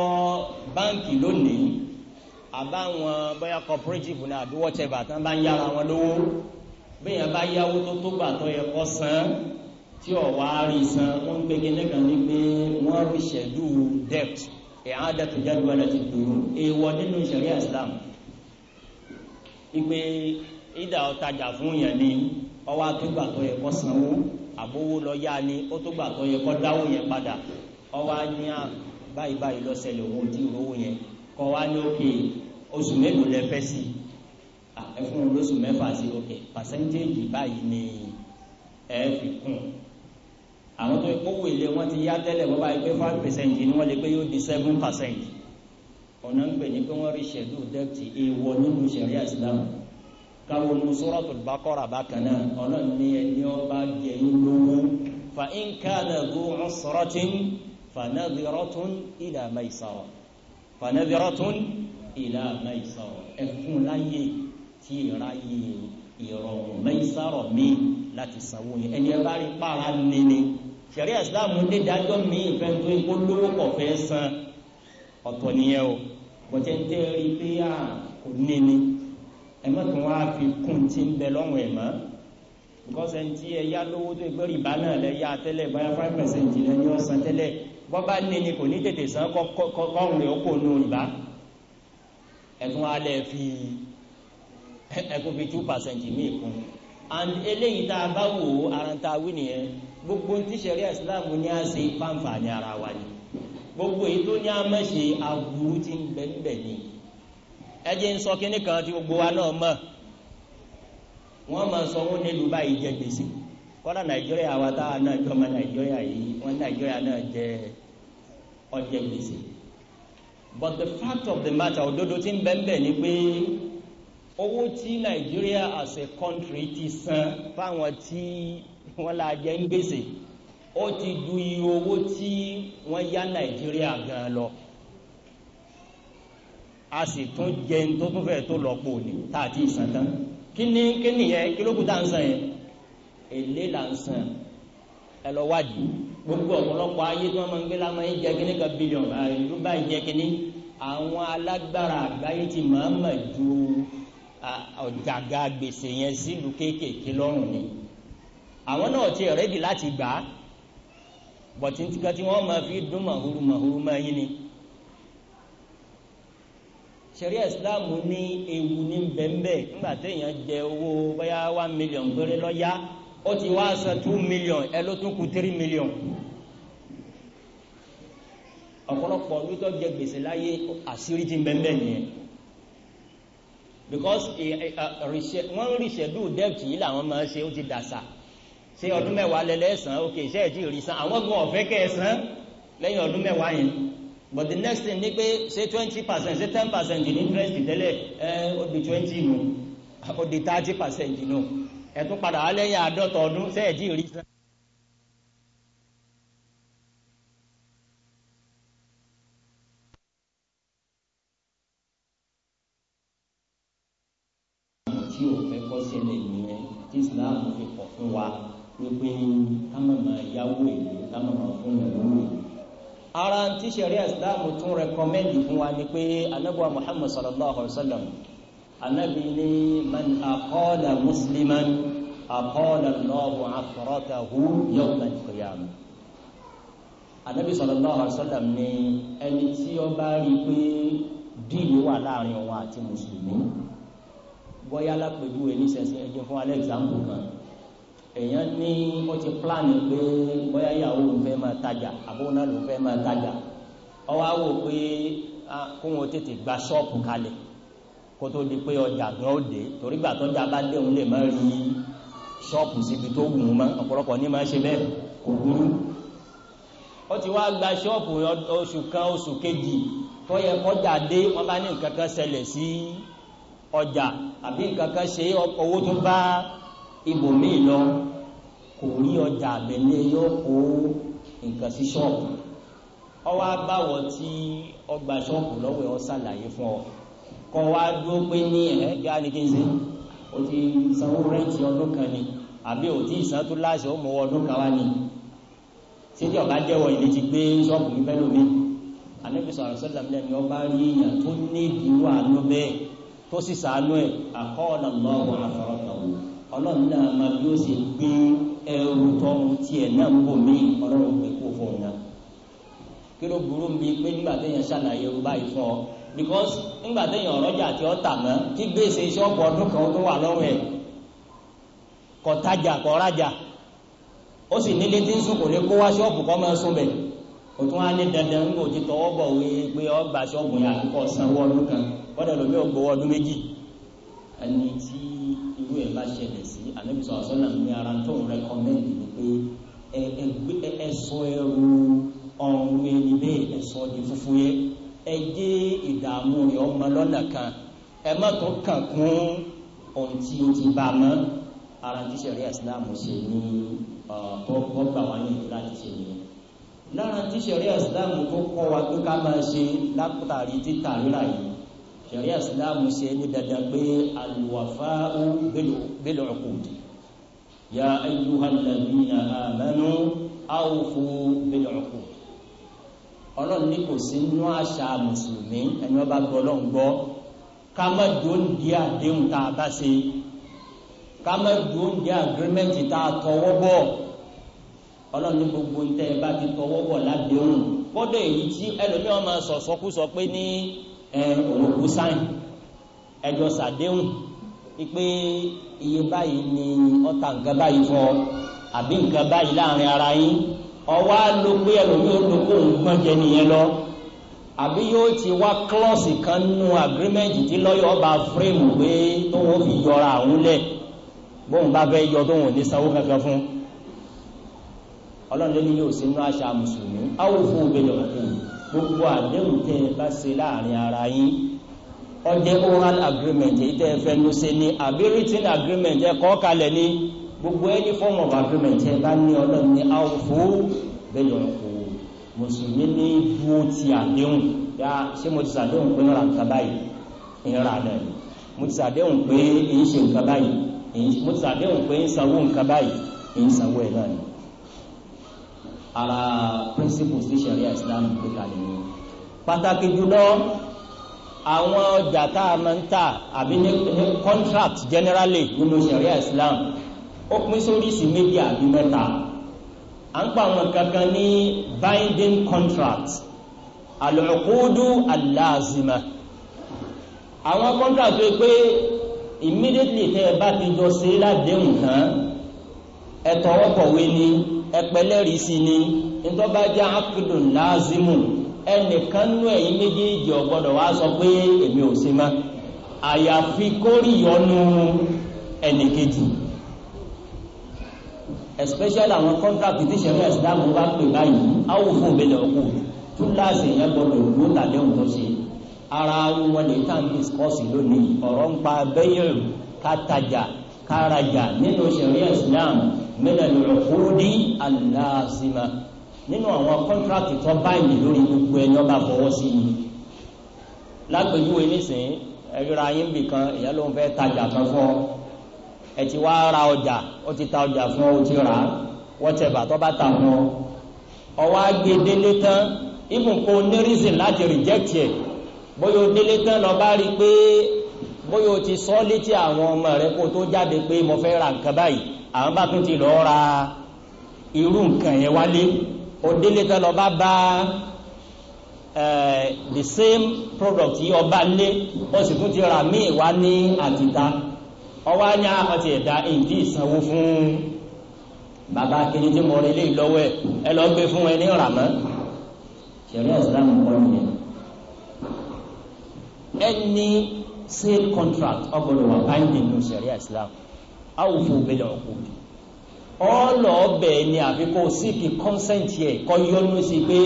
báǹkì lónìí àbáwọn bóyá cooperative ní àdúgbò tẹ̀bà tán bá ń yára wọn lówó bí yẹn bá yáwó tó tó gbà tó yẹ kó san tí ọ̀wá rí san wọ́n ń gbégé nìkan ní pé wọ́n rí ṣẹ̀dú debt i'adatu jadwalati durur èèwọ̀ nínú sharia Islam ìpè ìdá ọ̀tajà fún yẹn ni ọwọ́ àtúgbà tó yẹ kó sanwó àbówó lọ yá ni ó tó gbà tó yẹ kó dáwó yẹn padà ọwọ́ á ní ah, báyìí báyìí lọ ṣẹlẹ̀ owó tí ìrówó yẹn kọ́ wá ní òkè oṣù mélòó lẹ fẹ́ sí ah, ẹ fún olóṣù mẹ́fà sí òkè pàṣẹ́ńtéèjì báyìí ni ẹ fi kún un àwọn tó kó wèlé wọn ti yá tẹ́lẹ̀ wọ́n bá yẹ pé five percent ni wọ́n lè pé yóò di seven percent ọ̀nà ń pè ní pé wọ́n rí ṣẹ̀dú dẹ́pìtì èèwọ̀ nínú ṣẹ̀ríà Islam káwọn ní Suratul Baqara bákan náà ọ̀nà ní ẹni ọba gẹ̀yìn lówó fa in kana dhu usratin fa nadhiratun ila maysara fa nadhiratun ila maysara ẹ̀fún láyé tí ìráyè ìrọ̀rùn mẹ́sàrọ̀ mi láti sanwó yẹn ẹni ẹ bá rí pààrà nínú ṣẹ̀rí ìsìláàmù lè dájọ́ mi ìfẹ́ tó ikú lówó kọ̀ fẹ́ san ọ̀tọ̀ nìyẹn o bọ̀tẹ́ ń tẹ́ rí pé à ah, kò ní ni ẹ̀mọ́ tó wá fi kún tí ń bẹ lọ́wọ́ ẹ̀mọ́ because ẹni tí ẹ yá lówó tó ìgbé rìbá náà lẹ yá tẹ́lẹ̀ báyá five percent lẹ ní ọ̀sán tẹ́lẹ̀ bọ́ bá ní ni kò ní tètè san kọ́rùn rẹ̀ ó kò nù rìbá ẹ̀tún alẹ́ fi ẹ̀kún fi two percent míì kún and eléyìí tá a bá wò ó ara nìyẹn gbogbo tí sẹ̀rí ìsìláàmù ní a ṣe pàǹfà ara wa ni gbogbo èyí tó ní a mọ̀ ṣe aburú ti ń bẹ níbẹ̀ ni ẹ jẹ́ ń sọ kínní kan tí gbogbo wa náà mọ̀ ma máa sọ wọ́n nílùú báyìí jẹ gbèsè kọ́dà nàìjíríà wa tá a náà jọmọ nàìjíríà yìí wọ́n nàìjíríà náà jẹ ọjẹ gbèsè but the fact of the matter òdodo ti ń bẹ́ẹ̀ ni pé owó tí nàìjíríà as a country ti san fáwọn tí. wọ́n la jẹ ń gbèsè ó ti du iye owó tí wọ́n yá nàìjíríà gan lọ a sì tún jẹ ń tó tún fẹ́ tó lọ́pọ̀ ní tá a ti sàn tán kí ni kí ni yẹn kí ló kú tá à ń sàn yẹn èlé là ń sàn ẹ lọ wádìí gbogbo ọ̀pọ̀lọpọ̀ ayé tí wọ́n máa ń gbé lámọ́ yín jẹ kíní kan bílíọ̀nù àìlú báyìí jẹ kíní àwọn alágbára àgbáyé ti máa ń mọ̀ ju ọ̀jàgà gbèsè yẹn sílùú kéékèèké lọ́rùn ni àwọn náà ti rẹ́dì láti gbà á bọ̀tí nǹkan tí wọ́n máa fi dún màhúrú màhúrú máa yín ni ṣẹ̀ríà ìsìláàmù ní ewu ní bẹ́ńbẹ́ nígbà téèyàn jẹ owó bóyá one million péré lọ́yá ó ti wá san two million ẹ ló tún kù three million ọ̀pọ̀lọpọ̀ lótọ́ jẹ gbèsè láyé àṣírí ti bẹ́ńbẹ́ nìyẹn because eh, eh, eh, wọ́n ń rí ṣẹ́dúù dẹ́ẹ̀tì yìí làwọn máa ń ṣe ó ti dàsà ṣé ọdún mẹ́wàá lẹ́lẹ́sàn ok ṣé ẹ̀jì rí san àwọn gan ọ̀fẹ́ kẹsàn lẹ́yìn ọdún mẹ́wàá yẹn but the next thing ni pé ṣé twenty percent ṣé ten percent ní interest tẹ́lẹ̀ ẹ ó di twenty nù ó di thirty percent nù ẹ̀ tún padà wá lẹ́yìn àádọ́ta ọdún ṣé ẹ̀jì rí san. tí o fẹ́ kọ́ sílẹ̀ nìyẹn tí Islam fi pọ̀ fún wa wípé káma máa yáwó èlé káma máa fún ìlú èlé. ara tí sẹ̀rí ẹ̀sìláàmù tún rẹkọmẹ́ndì fún wa ni pé anábíwá muhammad sallallahu alayhi wa sallam anábì ní man akọ́ọ̀dà musliman akọ́ọ̀dà lọ́wọ́ àkọ́rọ́tà hu yóò máa kọ̀yàmù anabi sallallahu alaihi wasallam ni ẹni tí ó bá rí pé díìlì wà láàrin òun àti mùsùlùmí bóyá lápẹjú ẹni sẹsẹ ẹjẹ fún alẹ ìsàmù kan èèyàn ní ó ti pláàni pé bóyá ìyàwó òun fẹ́ máa tajà àbóhùn náà lòun fẹ́ máa tajà ó wá wò pé ah, kó wọn tètè gba ṣọ́ọ̀pù kalẹ̀ kó tó di pé ọjà gan ó dé torí gbà tọ́jà bá dé òun lè má rí ṣọ́ọ̀pù síbi tó wù ú mọ́ ọ̀pọ̀lọpọ̀ ní máa ṣe bẹ́ẹ̀ kò burú ó ti wá gba ṣọ́ọ̀pù oṣù kan oṣù kejì tó yẹ kọjá dé wọn bá ní nǹkan kan ṣẹlẹ̀ sí ọjà àbí nǹkan kan ṣe owó tó bá ibòmíì lọ kò rí ọjà àbẹ̀lẹ̀ yóò kó nǹkan sí ṣọ́ọ̀bù ọwọ́ abáwọ̀ tí ọgbà ṣọ́ọ̀bù lọ́wọ́ ẹ̀ ọ́ ṣàlàyé fún ọ kọ́ wa dúró pé ní ẹ̀ bí a o ti sanwó rẹ́ǹtì ọdún kan ni àbí ò tí ìsan tó láṣẹ ó mọ ọdún kan wá ni ṣé tí ọ̀gá jẹ́wọ́ ilé ti gbé ṣọ́ọ̀bù mi fẹ́ lómi ànábì sọ̀rọ̀ sọ́dà mílẹ̀ ni ọba rí èèyàn tó ní ìdíwọ́ àánú bẹ́ẹ̀ tó sì sàánú ẹ̀ àkọ́ ọ̀nà lọ́wọ́ àfọ̀rọ̀tọ̀ ọlọ́run náà máa bí ó ṣe gbé ẹrù tó ti tiẹ̀ náà ń bò mí ọlọ́run pé kó fún un náà kí ló burú bíi pé nígbà téèyàn ṣàlàyé ọba yìí ọ because nígbà téèyàn ọ̀rọ̀jà àti ọ̀tà mọ́ kí gbèsè ṣọ́ọ̀bù ọdún kan tó wà lọ́rùn ẹ̀ kọ̀ tajà kọ̀ rajà ó sì nílé tí ń sùn kò lè kó wá ṣọ́ọ̀bù kọ́ máa sún bẹ̀ ó tún ya ní dandan ń tọwọ́ bọ̀ wí pé ọgbà ṣọ́ọ̀bù yà kọ́ irú ẹ̀ bá ṣẹlẹ̀ sí ànábì sọ àṣọlá ní ara tó ń rẹkọmẹ́ndì ni pé ẹ̀sọ́ ẹrù ọ̀run ẹni bẹ́ẹ̀ ẹ̀sọ́ di fúfú yẹ ẹ jẹ́ ìdààmú rẹ̀ ọmọ lọ́nà kan ẹ má tó kàn kún ohun tí ó ti bá mọ́ ara tí sẹ̀rí ìsìláàmù ṣe ní ọgbà wa ní ìlú láti ṣe nìyẹn lára tí sẹ̀rí ìsìláàmù tó kọ́ wa tó ká máa ṣe lápútàrí títà rírà yìí ṣẹ̀rí àsìláàmù ṣe ní dada pé alwafa'u bil uqudi ya ayyuhal ladina amanu awfu bil uqudi ọlọ́run ní kò sí inú àṣà mùsùlùmí ẹni ọba gbọ́ ọlọ́run gbọ́ ká má dùn di àdéhùn tá a bá ṣe ká má dùn di àgírímẹ́ǹtì tá a tọwọ́ bọ̀ ọlọ́run ní gbogbo ń tẹ́ ẹ bá ti tọwọ́ bọ̀ ládéhùn kódà èyí tí ẹlòmíràn máa sọ̀sọ́kú sọ pé ní òun kú sáyìn ẹjọ́ sàdéhùn wípé iye báyìí ni ọta nǹkan báyìí fọ àbí nǹkan báyìí láàrin ara yín ọwọ́ á lo pé ẹlòmíì ó lo kóun gbọ́n jẹ nìyẹn lọ àbí yóò ti wá klọ́ọ̀sì kan nínú agirímẹ́ǹtì tí lọ́yọ̀ ọba fúrẹ́mù pé tóun ó fi yọra àwọn lẹ̀ bóun bá fẹ́ yọ tóun ò ní sanwó kankan fún ọlọ́run ló ní yóò sínú àṣà mùsùlùmí áwòfó obìnrin ọ̀hún gbogbo àdéhùn tẹ́ ẹ bá ṣe láàrin ara yín ọjẹ́ oral agreement èyí tẹ́ ẹ fẹnu ṣe ni àbí written agreement ẹ kọ́ kalẹ̀ ni gbogbo ẹni form of agreement ẹ bá ní ọlọ́run ní àwòfó bẹ́ẹ̀ ọ̀pọ̀ mùsùlùmí ní dúró ti àdéhùn yá ṣé mo ti ṣàdéhùn pé ra nǹkan báyìí ìran rẹ̀ mo ti ṣàdéhùn pé èyí ṣe nǹkan báyìí mo ti ṣàdéhùn pé ń sanwó nǹkan báyìí èyí sanwó ẹ̀ náà ni ara principles ní sẹ̀ríà islam gbé kalẹ̀ ni pàtàkì jùlọ àwọn ọjà tá a máa ń tà àbí ní contract generally nínú sẹ̀ríà islam ó pín sóríṣi méjì àbí mẹ́ta à ń pa àwọn kankan ní binding contract al-uqudu al-lazima àwọn contract tó pé immediately tẹ́ ẹ bá ti jọ ṣe ládéhùn tán ẹ tọwọ́ kọ̀wé ni ẹ̀pẹ̀lẹ́rìí sí ni ntọ́ba jẹ́ akidun lazimu ẹnìkan nú ẹ̀yin méjèèjì ọ̀gbọ́dọ̀ wá sọ pé èmi ò ṣe má àyàfi kórìyọnu ẹnìkejì especially àwọn contract tí sẹ́fẹ̀ islam bá pè báyìí áwò fún òbẹ̀lẹ̀ ọkọ̀ túláàsì yẹn gbọdọ̀ ìlú tàbí òun tó ṣe ara wọn lè tàn discourse lónìí ọ̀rọ̀ ń pa bẹ́yẹ̀ kátajà kárajà nínú sharia islam mílẹ̀lù ọ̀kúrúdí aláàzìmá nínú àwọn kọ́ńtrákì tó báyìí lórí gbogbo ẹni ọba fọwọ́ sí ni lápèjúwe nísìnyí ẹ̀ríra yín bì kan ìyá ló ń fẹ́ tajà kan fún ọ ẹ ti wá ra ọjà ó ti ta ọjà fún ọ ó ti rà á wọ́n tẹ̀ bàtọ́ bá ta fún ọ ọwọ́ agbe délé tán ibùn kò láti reject ẹ̀ bóyá o délé tán lọ bá rí i pé bóyá o ti sọ létí àwọn ọmọ rẹ kó o tó jáde pé mo fẹ́ ra nǹkan báyìí àwọn bá tún ti lọ ra irú nǹkan yẹn wálé o délé tán lọ bá bá eh, the same product yìí ọba lé o sì tún ti ra míì wá ní àtìta ọwọ́ á ní àkọsí ah, ẹ̀dá èyí ìsanwó fún bàbá kejì tí mo rí lé lọ́wọ́ ẹ̀ ẹ lọ gbé fún ẹ ní ràmọ́ ṣẹlẹ̀ ìsìlámù kọ́ nìyẹn ẹni sale contract ọgbọ̀dọ̀ wà binding ní sẹ̀rí islam awùfò bẹ̀lẹ̀ ọkùnrin ọlọ ọbẹ̀ ni àfikọ́ síkì consent yẹ kọ́ yọnu sí pé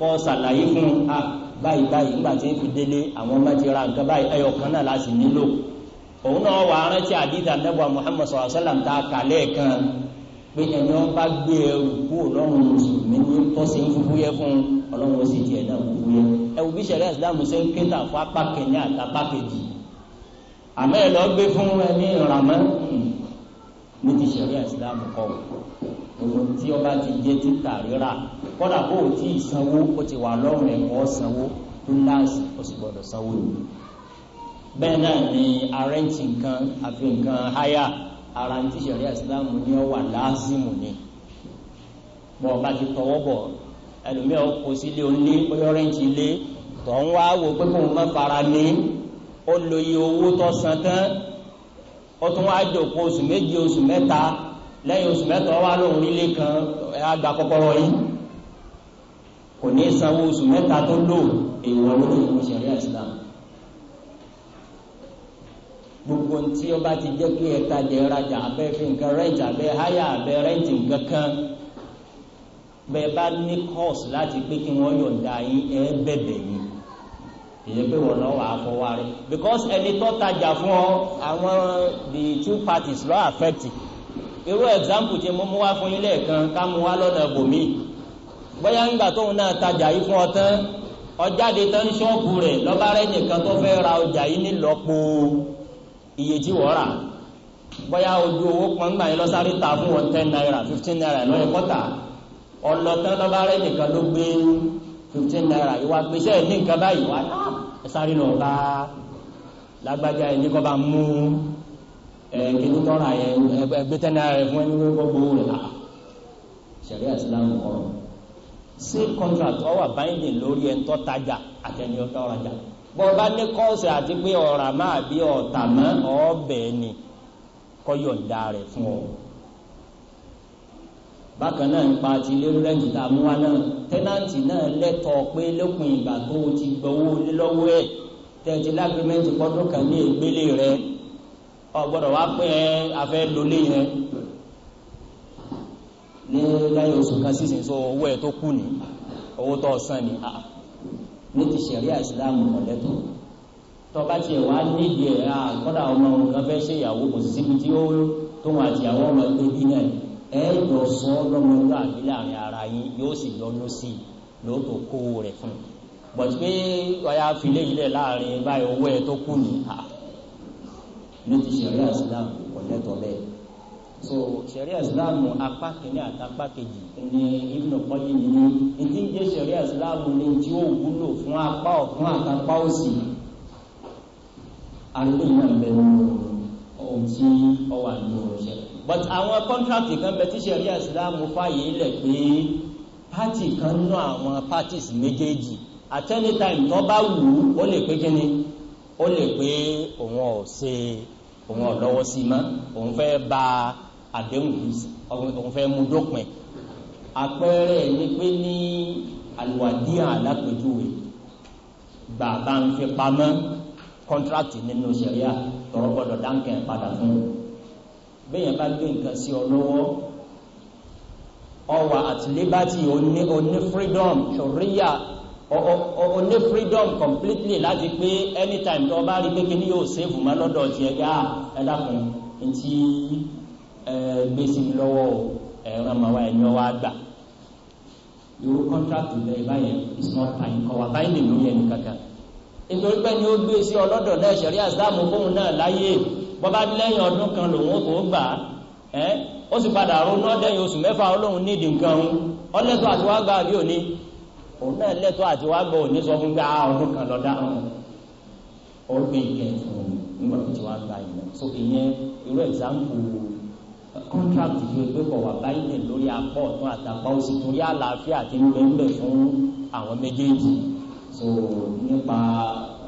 kọ́ sàlàyé fún a ah, báyìí báyìí nígbà tí ń fi délé àwọn ọmọ ti ra nǹkan báyìí ẹyọ kan náà láti nílò òun náà wà á rántí àdìdà nẹ́bà muhammed sọ̀rọ̀ sẹ́làm tá a kà lẹ́ẹ̀kan pé ẹni wọn bá gbé ẹrù kú ọlọ́run mùsùlùmí ní tọ́sí fúfú yẹ fún ọlọ́run ó sì tiẹ̀ náà fúfú yẹ ẹ̀wù bí sẹ̀rẹ̀ islam ṣe fún apá kẹ̀yìn àtàpá kejì àmọ́ ẹ̀ lọ gbé fún ẹni ìrànmọ́ ní ti ṣẹ̀rí ìsìlámù kọ́ òun tí ọba ti jẹ́ títà rírà kọ́dà bó o tí sanwó ó ti wà lọ́rùn ẹ̀kọ́ sanwó tó láàsì ó sì gbọ́dọ̀ sanwó yìí bẹ́ẹ̀ náà ni arẹ́ǹtì nǹkan àfi nǹkan háyà ara ní ti ṣẹ̀rí ìsìlámù ni ó wà láàzìmù ni bọ́ ọba ti tọwọ́ bọ̀ ẹlòmíràn kò sílé onílé bóyá ọ̀rẹ́ǹtì ilé tọ̀ ń wá wo pé kóun má fara ní ó lo iye owó tó san tán ó tún wá jòkó oṣù méje oṣù mẹ́ta lẹ́yìn oṣù mẹ́ta wá lóun nílé kan àgbà kọ́kọ́rọ́ yìí kò ní sanwó oṣù mẹ́ta tó lò èèwọ̀ lórí ìṣẹ̀rí islam gbogbo ntí ó bá ti jẹ́ pé ẹ̀ka jẹ́ rajà abẹ́ fi nǹkan rẹ́ǹtì abẹ́ háyà abẹ́ rẹ́ǹtì nǹkan kan bẹ́ẹ̀ bá ní kọ́ọ̀sì láti pé kí wọ́n yọ̀ǹda yín ẹ bẹ̀bẹ̀ yín ìyẹn pé wọn náà wà á fọwọ́ rẹ because ẹni tó tajà fún ọ àwọn the two parties lọ affect irú example tí mo mú wá fún yín lẹ́ẹ̀kan ká mú wá lọ́nà bòmí bóyá ńgbà tóun náà tajà yìí fún ọ tán ọjáde tán ṣọ́ọ̀bù rẹ̀ lọ́ba rẹ̀ nìkan tó fẹ́ ra ọjà yìí nílọ́po iye tí wọ́n rà bóyá ojú owó pọ́ngbà yẹn lọ́sáré ta fún wọn ten naira fifteen naira lọ́yẹ̀kọ́ta ọlọ́tán lọ́ba rẹ̀ nìkan ló gbé fifteen naira ìwà gbèsè ní nǹkan báyìí wà ah, ẹ sáré nù bá lágbájá ẹni kọ́ bá mú ẹ kìíní tọ́ra ẹ ẹgbẹ́ ten naira rẹ fún ẹni wọ́n gbowó rẹ̀ là ah. sẹ̀rí àsìlámù ọ̀rọ̀ sí contract ọ binding lórí ẹni tó tajà àtẹni ọ̀tọ̀ ọ̀rajà bọ́ ọ bá ní kọ́ọ̀sì àti pé ọ̀rà máa bí ọ̀tà ọ̀ọ́bẹ̀ ni kọ́ yọ̀ǹda rẹ̀ fún ọ bákan náà nípa ti ilé rẹ́ǹtì tá a mú wa náà tẹ́nàǹtì náà lẹ́tọ̀ọ́ pé lópin ìgbà tó o ti gbowó lé ẹ̀ tẹ̀tí lágbèmẹ́ntì pọ́dún kan ní ìgbélé rẹ ọ̀gbọ́dọ̀ wá pé ẹ afẹ́ lólé yẹn ní lẹ́yìn oṣù kan sísìn so owó ẹ̀ tó kù ní owó tó san ní a ní ti ṣẹ̀ríà ìsìláàmù ọ̀lẹ́tọ̀ tọba tiẹ̀ wá nídìí ẹ̀ àkọ́dà ọmọ òun kan fẹ́ ṣe ìyàwó kò sí síbi tí ó tó wọn àtìyàwó ọmọ ẹgbẹ́ bí náà ẹ̀ẹ́dọ̀ sọ lọ́mọlúwà bí láàrin ara yín yóò sì lọ́nú sí i ló tó kó rẹ̀ fún un bọ̀dé pé ọ̀yà filẹ̀ yìí lẹ̀ láàrin báyìí owó ẹ̀ tó kù ní à ní ti sẹ̀ríà islam kò lẹ́tọ̀ bẹ́ẹ̀ so sẹ̀ríà islam apá kìíní àtàpá kejì ní ibùdó kọ́jú yìí ní ìdí ń jẹ́ sẹ̀ríà islam ní tí ó wúlò fún apá ọ̀fún àtàpá òsì àlùyìn náà bẹ̀rù ohun tí ọ wà nínú ìṣẹ̀lẹ̀ but àwọn contract kan bẹ tí sẹ̀ríà ìsìlámù fààyè lẹ̀ pé party, kan nú àwọn parties méjèèjì at any time tó bá wù ú ó lè pé kíni ó lè pé òun ò ṣe òun ò lọ́wọ́ sí mọ́ òun fẹ́ ba àdéhùn òun fẹ́ mú dópin àpẹẹrẹ ni pé ní àlùwàdíà alápèjúwe bàbá ń fi pamọ́ kọ́ńtrákì nínú sẹ̀ríà tọ̀rọ̀ gbọ́dọ̀ dáńkẹ́ padà fún un bẹ́yẹn bá gbé nǹkan sí ọ lọ́wọ́ ọwà at liberty oní oní freedom ṣòríyà oní freedom completely láti pé anytime tó bá rí pé kí ni yóò save mọ́ lọ́dọ̀ tiẹ̀ gá ẹ̀dàkùn ah, ntí gbèsè mi lọ́wọ́ ẹ̀ràn màwa ẹ̀yìn ọwọ́ àgbà irú contract bẹ́ẹ̀ báyẹn is not binding kọ́ wa báyìí lè lóye ẹnì kankan nítorí pé ni ó gbé sí ọlọ́dọ̀ náà ṣẹ̀rí àzámù fóun náà láyé bọ́bá lẹ́yìn ọdún kan lòun kò gbà ẹ́ ó sì padà ronú ọdẹ́yìn oṣù mẹ́fà olóhùn nídìí nǹkan òun ọlẹ́tọ̀ àti wá gbà bí òní òun náà lẹ́tọ̀ àti wá gbà òní sọ fún gbà ah, ọdún kan lọ dáhùn ó gbé ìkẹyìn nígbà tó ti wá gbà yìí so ìyẹn irú ẹ̀sáǹpù contract yìí pé kọ̀ wà báyìí lórí apá ọ̀tún àtàpá òsì torí àlàáfíà àti ńlẹ́ńlẹ̀ fún àwọn méjèèjì so nípa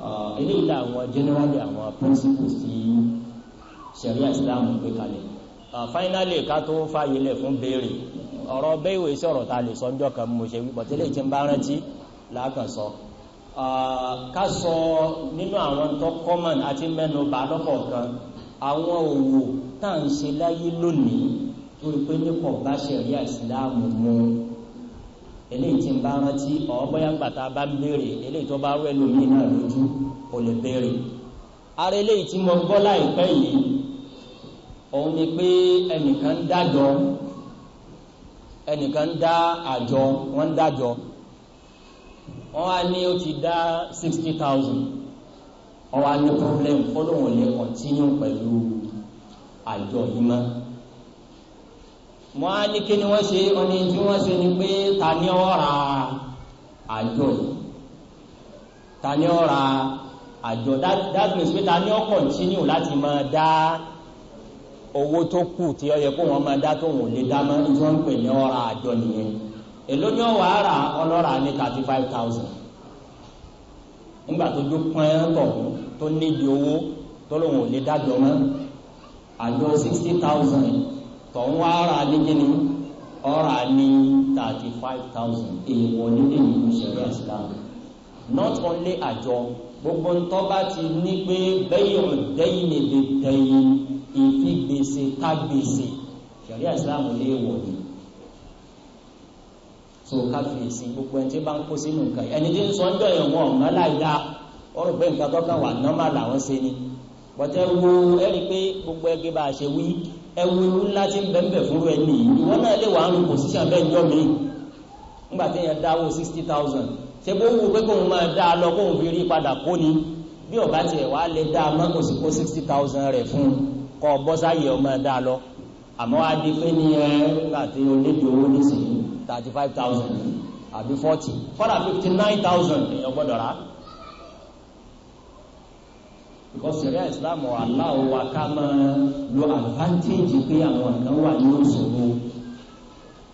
uh, eléyìí làwọn generally àwọn principles ti sẹ̀ríà ìsìlámù gbé kalẹ̀ uh, finally ká tó fàyè lẹ̀ fún béèrè ọ̀rọ̀ bẹ́ẹ̀wé sọ̀rọ̀ ta lè sọ ọjọ́ kan mo ṣe wípọ̀ tẹ́lẹ̀ tí ń bá rántí láàkàn sọ uh, ká sọ nínú àwọn tó common àti mẹ́nu bá lọ́kọ̀ọ̀kan àwọn òwò tá à ń ṣe láyé lónìí tó rí pé nípò bá sẹ̀ríà ìsìlámù mu eléyìí tí ń bá rántí ọ̀ bóyá gbàtà bá ń béèrè eléyìí tó bá rú ẹlòmíì náà lójú kò lè béèrè ara eléyìí tí mo gbọ́ láìpẹ́ yìí òun ni pé ẹnìkan dájọ́ ẹnìkan dá àjọ wọ́n dájọ́ wọ́n wá ní ó ti dá sixty thousand wọ́n wá ní problem fọ́lọ́wọ́n lè continue pẹ̀lú àjọ yìí mọ́ wọ́n á ní kí ni wọ́n ṣe ọni tí wọ́n ṣe ni pé ta ni ó ra àjọ ta ni ó ra àjọ that that means pé ta ni ó continue láti máa dá owó tó kù tí ó yẹ kó wọn máa dá tó wọn ò lè dá mọ́ tí wọ́n pè ní ọ̀rà àjọ nìyẹn èló ni ọ̀wà ara ọlọ́ra ní thirty five thousand nígbà tó dún pọ́n tọ̀ tó níbi owó tó lóun ò lè dájọ́ mọ́ àjọ sixty thousand tọ̀hún wá ara ní kíni ní thirty five thousand èèwọ̀ nílé ìlú ṣẹlẹ̀ Islam not only àjọ gbogbo ntọ́ bá ti ní pé bẹ́yìn ọ̀dẹ́yìn lè dẹ́yìn ìfi gbèsè ká gbèsè ṣàríà ìsìláàmù lè wọ̀ ni tó ká fèsì gbogbo ẹni tí bá ń kó sínú nǹkan ẹni tí ń sọ ń dọ̀yìn wọn ọ̀nà láìda wọ́n rò pé nǹkan tó kàn wà nọ́mà làwọn ṣe ni bọ́tẹ́ wo ẹni pé gbogbo ẹgbẹ́ bá a ṣe wí ẹwu ńlá ti ń bẹ̀m̀bẹ̀ fúnru ẹni ìwọ náà lè wà ń kò sí ṣàbẹ̀ ńjọ́ mi nígbà tí yẹn dáwó sixty thousand ṣé bó wù pé kóun máa dá a lọ kóun fi rí padà kó ni bí ọ̀gá tiẹ̀ wá lè dá a mọ́ kò sí kó sixty thousand rẹ̀ fún un kọ́ bọ́ sáyé ọmọ ẹ̀dá lọ àmọ́ wá di pé ní ẹ àti onídìí owó nísìnyí thirty five thousand àbí forty kọ́dà fifty nine thousand èèyàn gbọ́dọ̀ rà because ṣẹ̀ríà islam aláwọ wa ká máa lo advantage pé àwọn nǹkan wà ní òṣòro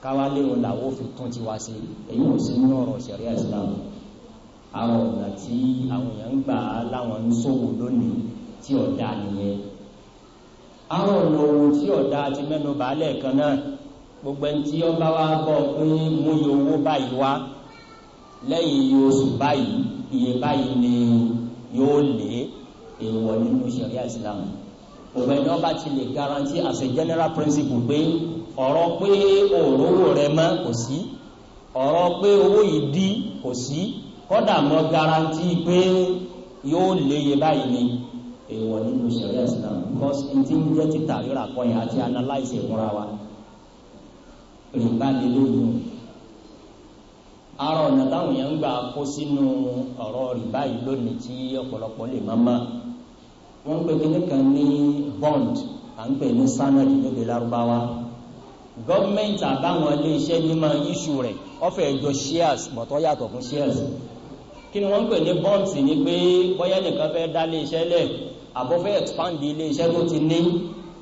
káwá léwu fi tún ti wá sí èyí ò sí ní ọ̀rọ̀ ṣẹ̀ríà islam àwọn ọ̀nà tí àwọn èèyàn gbà láwọn ń ṣòwò lónìí tí ọ̀dà nìyẹn àwọn ọ̀nà ohun tí ọ̀dà àti mẹ́nu bàálẹ̀ kan náà gbogbo ẹni tí ọba wa bọ̀ pé mú iye owó báyìí wá lẹ́yìn iye oṣù báyìí iye báyìí ni yóò lé èèwọ̀ nínú sẹ̀ríà ìsìlámù gbogbo ẹni ọba ti lè garanti as a general principle pé ọ̀rọ̀ pé òróró rẹ mọ́ kò sí ọ̀rọ̀ pé owó yìí dí kò sí kọ́dà mọ́ garanti pé yóò lé iye báyìí ni èèwọ̀ nínú ìṣẹ̀lẹ̀ islam because n ti ń jẹ́ títà rírà kọyìn àti analyse ìmúra wa rìbá lè lóyún ara ọ̀nà táwọn èèyàn ń gbà kó sínú ọ̀rọ̀ rìbá yìí lónìí tí ọ̀pọ̀lọpọ̀ lè má má wọ́n ń pè kíní kan ní bond à ń pè ní sanad níbi lárúbáwá gọ́ọ̀mẹ̀ntì àbáwọn iléeṣẹ́ ní máa issue rẹ̀ ọ̀fẹ́ ẹ̀jọ shares bọ̀tọ̀ yàtọ̀ fún shares kí ni wọ́n ń pè ní bonds ni pé bóyá nìkan fẹ́ dá iléeṣẹ́ lẹ̀ àbọ̀fẹ́ expand ilé iṣẹ́ tó ti ní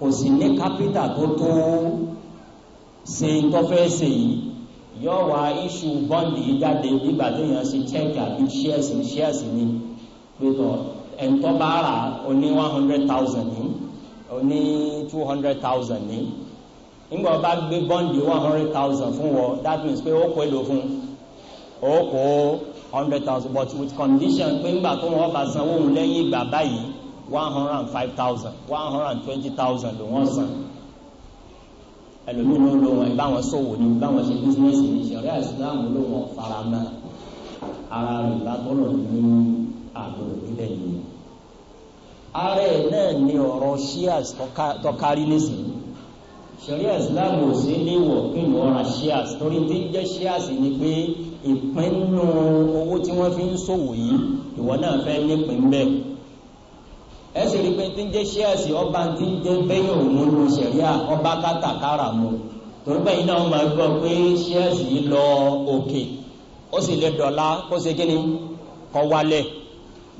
kò sì ní kápítà tó tó ṣe tọ́fẹ́ ṣe yìí yóò wá iṣu bọ́ǹdì yìí jáde nígbà téèyàn ṣe chẹ́ẹ̀kì àbí ṣẹ́ẹ̀sì ṣẹ́ẹ̀sì ni pẹ̀tọ̀ ẹ̀ńtọ́ bá rà ní one hundred thousand ní ó ní two hundred thousand ní nígbà bá gbé bọ́ǹdì one hundred thousand fún wọ that means pé ó kó èlò fún ó kó hundred thousand but with condition pé nígbà tó wọn bá sanwó òun lẹ́yìn ìgbà báyìí one hundred and five thousand one hundred and twenty thousand ló wọ́n san ẹlòmínú ló wọn ìbáwọn sòwò ní ìbáwọn ṣe bísíǹsì ní ìṣẹ̀rí àìsíláàmù ló wọn fara mọ́ ara rẹ̀ lágbọ́nà ní àgbọ̀n ìbílẹ̀ yìí ara ẹ̀ náà ni ọ̀rọ̀ shears tọkárí nísìnyí ṣẹ̀rí àìsíláàmù ò sí léwọ̀ kí ni ọ̀rọ̀ shears torí tí ń ẹ sì rí i pé tí ń jẹ́ ṣíẹ̀sì ọba tí ń jẹ́ bẹ́yìn òun ló ṣẹ̀ríà ọba kátàkárà mu torí bẹ́ẹ̀ iná wọn máa gbọ́ pé ṣíẹ̀sì lọ òkè ó sì lè dọ̀la kó ṣe kí ni kọ́ wálẹ̀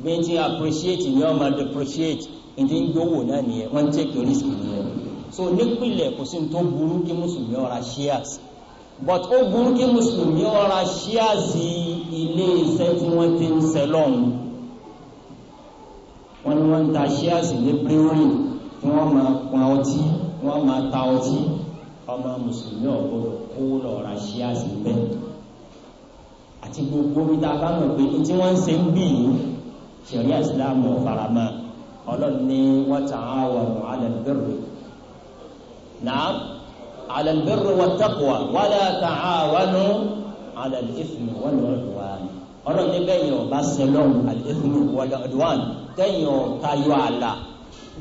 bí ti appreciate ni wọ́n máa depreciate ní ń gbówó náà nìyẹn wọ́n ń tẹ̀kì risk nìyẹn so nípìnlẹ̀ kò sí tó burú kí mùsùlùmí ọ̀ra ṣíẹ̀sì but ó burú kí mùsùlùmí ọ̀ra ṣíẹ̀sì ilé iṣẹ́ tí wọ́n ti ń ṣe lọ́hùn wọ́n ní wọ́n ń ta shares ní brewery tí wọ́n máa pọn ọtí wọ́n máa ta ọtí ọmọ mùsùlùmí ọ̀gbọ́dọ̀ kówó lọ ra shares bẹ́ẹ̀ àti gbogbo bí tá bá mọ̀ pé ní tí wọ́n ń ṣe ń bì yìí ṣẹ̀rí islam ọ̀farama ọlọ́run ní wọ́n ta àwọn ọ̀rọ̀ náà alẹ́ wọ́n tẹ̀kọ̀ wọ́n lẹ́ ta àwọn ọ̀rọ̀ alẹ́ ìfìmọ̀ wọ́n lọ́rọ̀ wá ni ọlọ́run bẹ́yìn ọba sẹlọ́run àlẹ́fúnmi wọ́dọ̀dọ̀wọ́n tẹ́yìn ọ̀tayọ àlà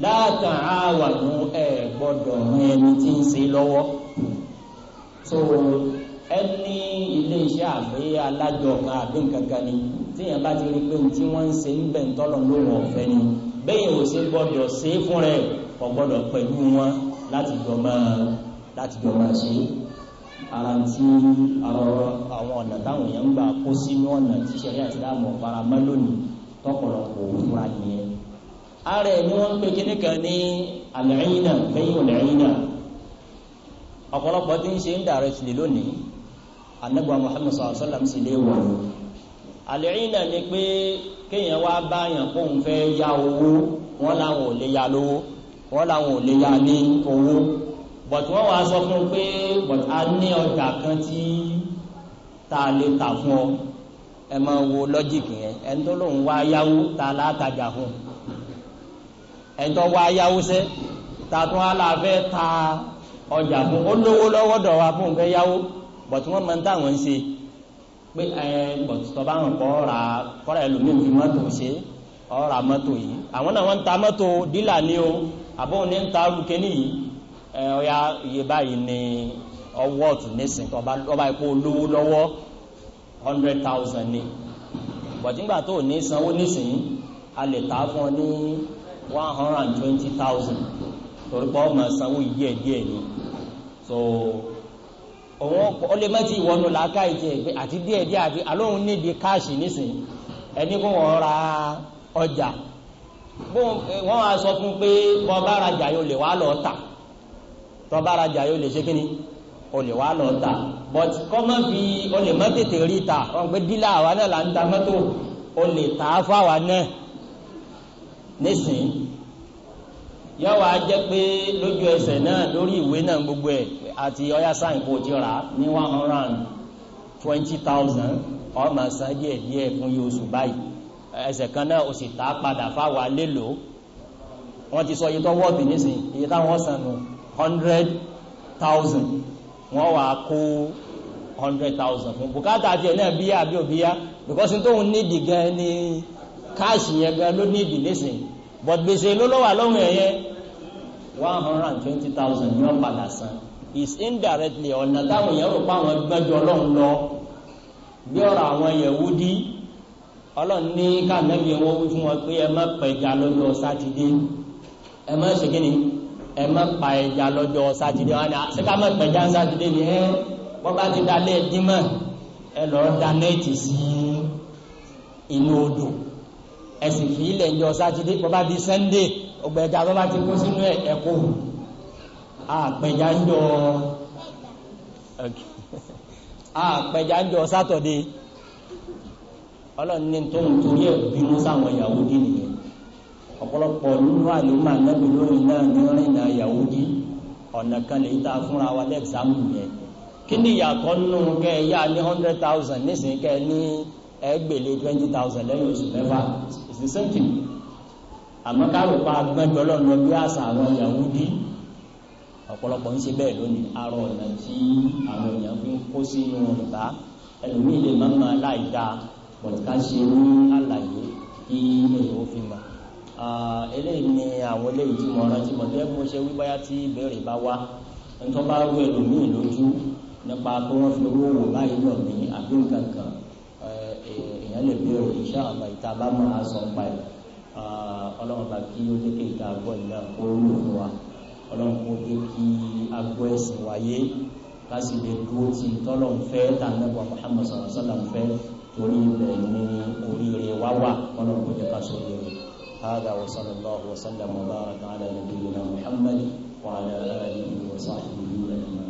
látàn áwàdùn ẹ̀ gbọ́dọ̀ mú ẹni tí ń ṣe lọ́wọ́ so ẹni ilé iṣẹ́ àbí alájọ kan àbí nǹkan kan ni tíyẹn bá ti rí pé tí wọ́n ń ṣe ń bẹ̀ ń tọ́lọ̀ lóhùn ọ̀fẹ́ ni bẹ́yìn ò ṣe gbọ́dọ̀ ṣe fún rẹ̀ kò pẹ̀lú wọn láti jọ máa ṣe é ara ti àwọn ọ̀nà táwọn èèyàn ń gbà kó sínú ọ̀nà tí sẹ́rí àtìláàmù ọ̀fara mọ́ lónìí tọ́pọ̀lọpọ̀ òfúra nìyẹn. ara ẹ̀ ni wọ́n ń pe kíní kan ní àlẹ́yìnà lẹ́yìn òlẹ́yìnà ọ̀pọ̀lọpọ̀ tí ń ṣe ń dàrẹ́ sílẹ̀ lónìí anábọ̀ Muhammad sallallahu alaihi wasallam bọ̀tí wọ́n wàá sọ fún un pé bọ̀tí a ní ọjà kan tí ta lè tà fún ọ ẹ máa wo lọ́jìkì yẹn ẹni tó lòun wá yáwó ta látajà fún ẹni tó wá yáwó sẹ́ ta tún á la fẹ́ ta ọjà fún ó lówó lọ́wọ́ dọ̀ wá fún un fẹ́ yáwó bọ̀tí wọ́n máa ń táwọn ń ṣe pé ẹ bọ̀tí tọ́ bá ń kọ́ ra kọ́ra ẹlòmíì fi mọ́tò ṣe ọ̀ra mọ́tò yìí àwọn náà wọ́n ń ta mọ́tò dílà ní o àbọ̀ òun ń ta arúgbó kẹ́ni ọ̀yà iye báyìí ni ọwọ́ ọ̀tún nísìn tó bá olówó lọ́wọ́ hundred thousand ni bọ̀díngbà tó ní sanwó nísìn a lè ta fún ọ ní one hundred and twenty thousand torí pé ọmọ sanwó díẹ̀ díẹ̀ ni so òun ó lè mẹ́tì ìwọ́nu làákà ìjẹ́ pé àti díẹ̀ díẹ̀ àti alóhun níbi káàṣì nísìn ẹni kó wọ́n ra ọjà wọ́n á sọ fún pé bọ́ bá rajà yóò lè wá lọ́ọ́ ta tó bá rajà yóò lè ṣe kí ni o lè wá lọ ta but kọ́mọ́ fi o lè má tètè rí ta wọn pé dílà àwa náà là ń ta mọ́tò o lè tà á fáwa náà nísìnyí yóò jẹ́ pé lójú ẹsẹ̀ náà lórí ìwé náà gbogbo ẹ̀ àti ọyá sáyìn kò ti rà ní one hundred and twenty thousand ọmọ san díẹ̀ díẹ̀ fún yóò sùn báyìí ẹsẹ̀ kan náà o sì tà á padà fáwa lélo wọ́n ti sọ iye tó wọ́ọ̀bì nísìnyí iye táwọn sàn nù hundred thousand wọ́n wàá kó hundred thousand fún bùkátà tiẹ̀ náà bíyà àbí òbíyà because n tóun nídìí gan ni káàsì yẹn gan ló nídìí nísìnyí but gbèsè ló lọ́wọ́ àlọ́hùn ẹ̀yẹ one hundred and twenty thousand ní wọ́n padà san is indirectly ọ̀nà táwọn èèyàn rò pé àwọn gbẹ́jọ ọlọ́run lọ bí ọ̀rọ̀ àwọn Yẹhudi ọlọ́run ní káàmẹ́bí wọn fún wọn pé ẹ má pẹja lọ́jọ́ sátidé ẹ má ṣe kí ni ẹ má pa ẹja lọ́jọ́ sátidé wọn ni ah, ṣé ká má sátidé ni ẹ wọ́n bá ti dalẹ̀ dímọ̀ ẹ lọ́ọ́ da nẹ́ẹ̀tì sí inú odò ẹ fi ilẹ̀ ńjọ sátidé wọ́n bá di sẹ́ńdé ọgbà ẹja wọ́n bá ti kó sínú ẹ̀ ẹ̀kọ́ àpẹja ńjọ àpẹja ńjọ sátọ̀dé ọlọ́run ní tóun torí ẹ̀ bínú sáwọn ìyàwó dì nìyẹn ọ̀pọ̀lọpọ̀ nínú àlùmọ́ ànábì lónìí náà ní rìnà Yahudi ọ̀nà kan lè ta fúnra wa lẹ́gbàmù yẹn kí ni ìyàtọ̀ nínú kẹ yá ní hundred thousand nísìnyí kẹ ní ẹgbẹ̀lẹ̀ twenty thousand lẹ́yìn oṣù mẹ́fà it's the same thing àmọ́ káwọ̀ pa agbẹ́jọ́ lọ́nà bí àṣà àwọn Yahudi ọ̀pọ̀lọpọ̀ ń ṣe bẹ́ẹ̀ lónìí arọ ọ̀nà tí àwọn èèyàn fi kó sínú ìbá ẹlòmíì lè máa máa Ah, eléyìí ni àwọn eléyìí tí mo rántí mo fẹ́ mo ṣe wíwáyà tí ìbéèrè bá wá ntọ́ bá rú ẹlòmíì lójú nípa pé wọ́n fi owó wò báyìí lọ ní àbí nǹkan kan eh, èèyàn lè béèrè iṣẹ́ àgbà ìta bá máa sọ pa ẹ̀ ah, ọlọ́run bá kí ó dé kí ìta àgbọ̀ ìlà kó wù fún wa ọlọ́run kó dé kí agbọ́ ẹ̀sìn wáyé ká sì lè dúró tí tọ́lọ̀ ń fẹ́ tànàbọ̀ Muhammad sallallahu alaihi wasallam ń fẹ́ torí ilẹ̀ ní oríire wá wà ọlọ́run kó jẹ́ ká هذا وصلى الله وسلم وبارك على نبينا محمد وعلى آله وصحبه أجمعين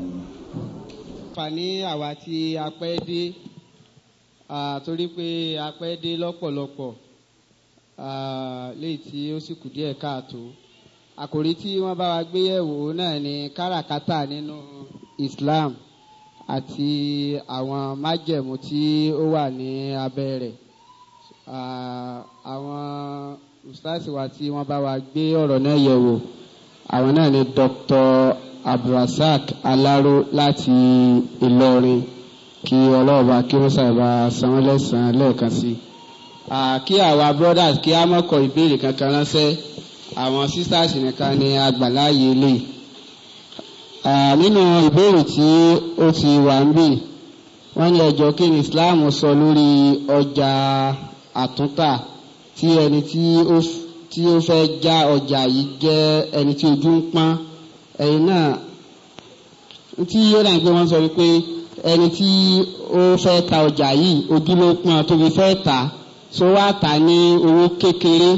àǹfààní àwa tí a pẹ́ dé torí pé a pẹ́ dé lọ́pọ̀lọpọ̀ léyìí tí ó sì kù díẹ̀ káàtó àkòrí tí wọ́n bá wa gbé yẹ̀wò náà ni káràkátà nínú Islam àti àwọn májẹ̀mú tí ó wà ní abẹ́ rẹ̀ àwọn ustaasi wa tí wọ́n bá wa gbé ọ̀rọ̀ náà yẹ̀ wò àwọn náà ni Dr. Abdulrasaq Alaro láti Ìlọrin kí ọlọ́ọ̀bá kí wọ́n ṣàbà san wọ́n lẹ́sàn-án lẹ́ẹ̀kan sí i. kí àwa brothers kí a mọ̀ kọ ìbéèrè kankan ránṣẹ́ àwọn sisters nìkan ni agbàláyé lè. nínú ìbéèrè tí ó ti wà ń bì wọ́n ní ẹjọ́ kí ni Islam sọ lórí ọjà àtúntà tí ẹni tí ó tí ó fẹ́ já ọjà yìí jẹ́ ẹni tí ojú ń pọ́n ẹ̀yin náà tí ó dà pé wọ́n sọ wípé ẹni tí ó fẹ́ ta ọjà yìí ojú ló pọ́n tó fi fẹ́ tà so wá tà ní owó kékeré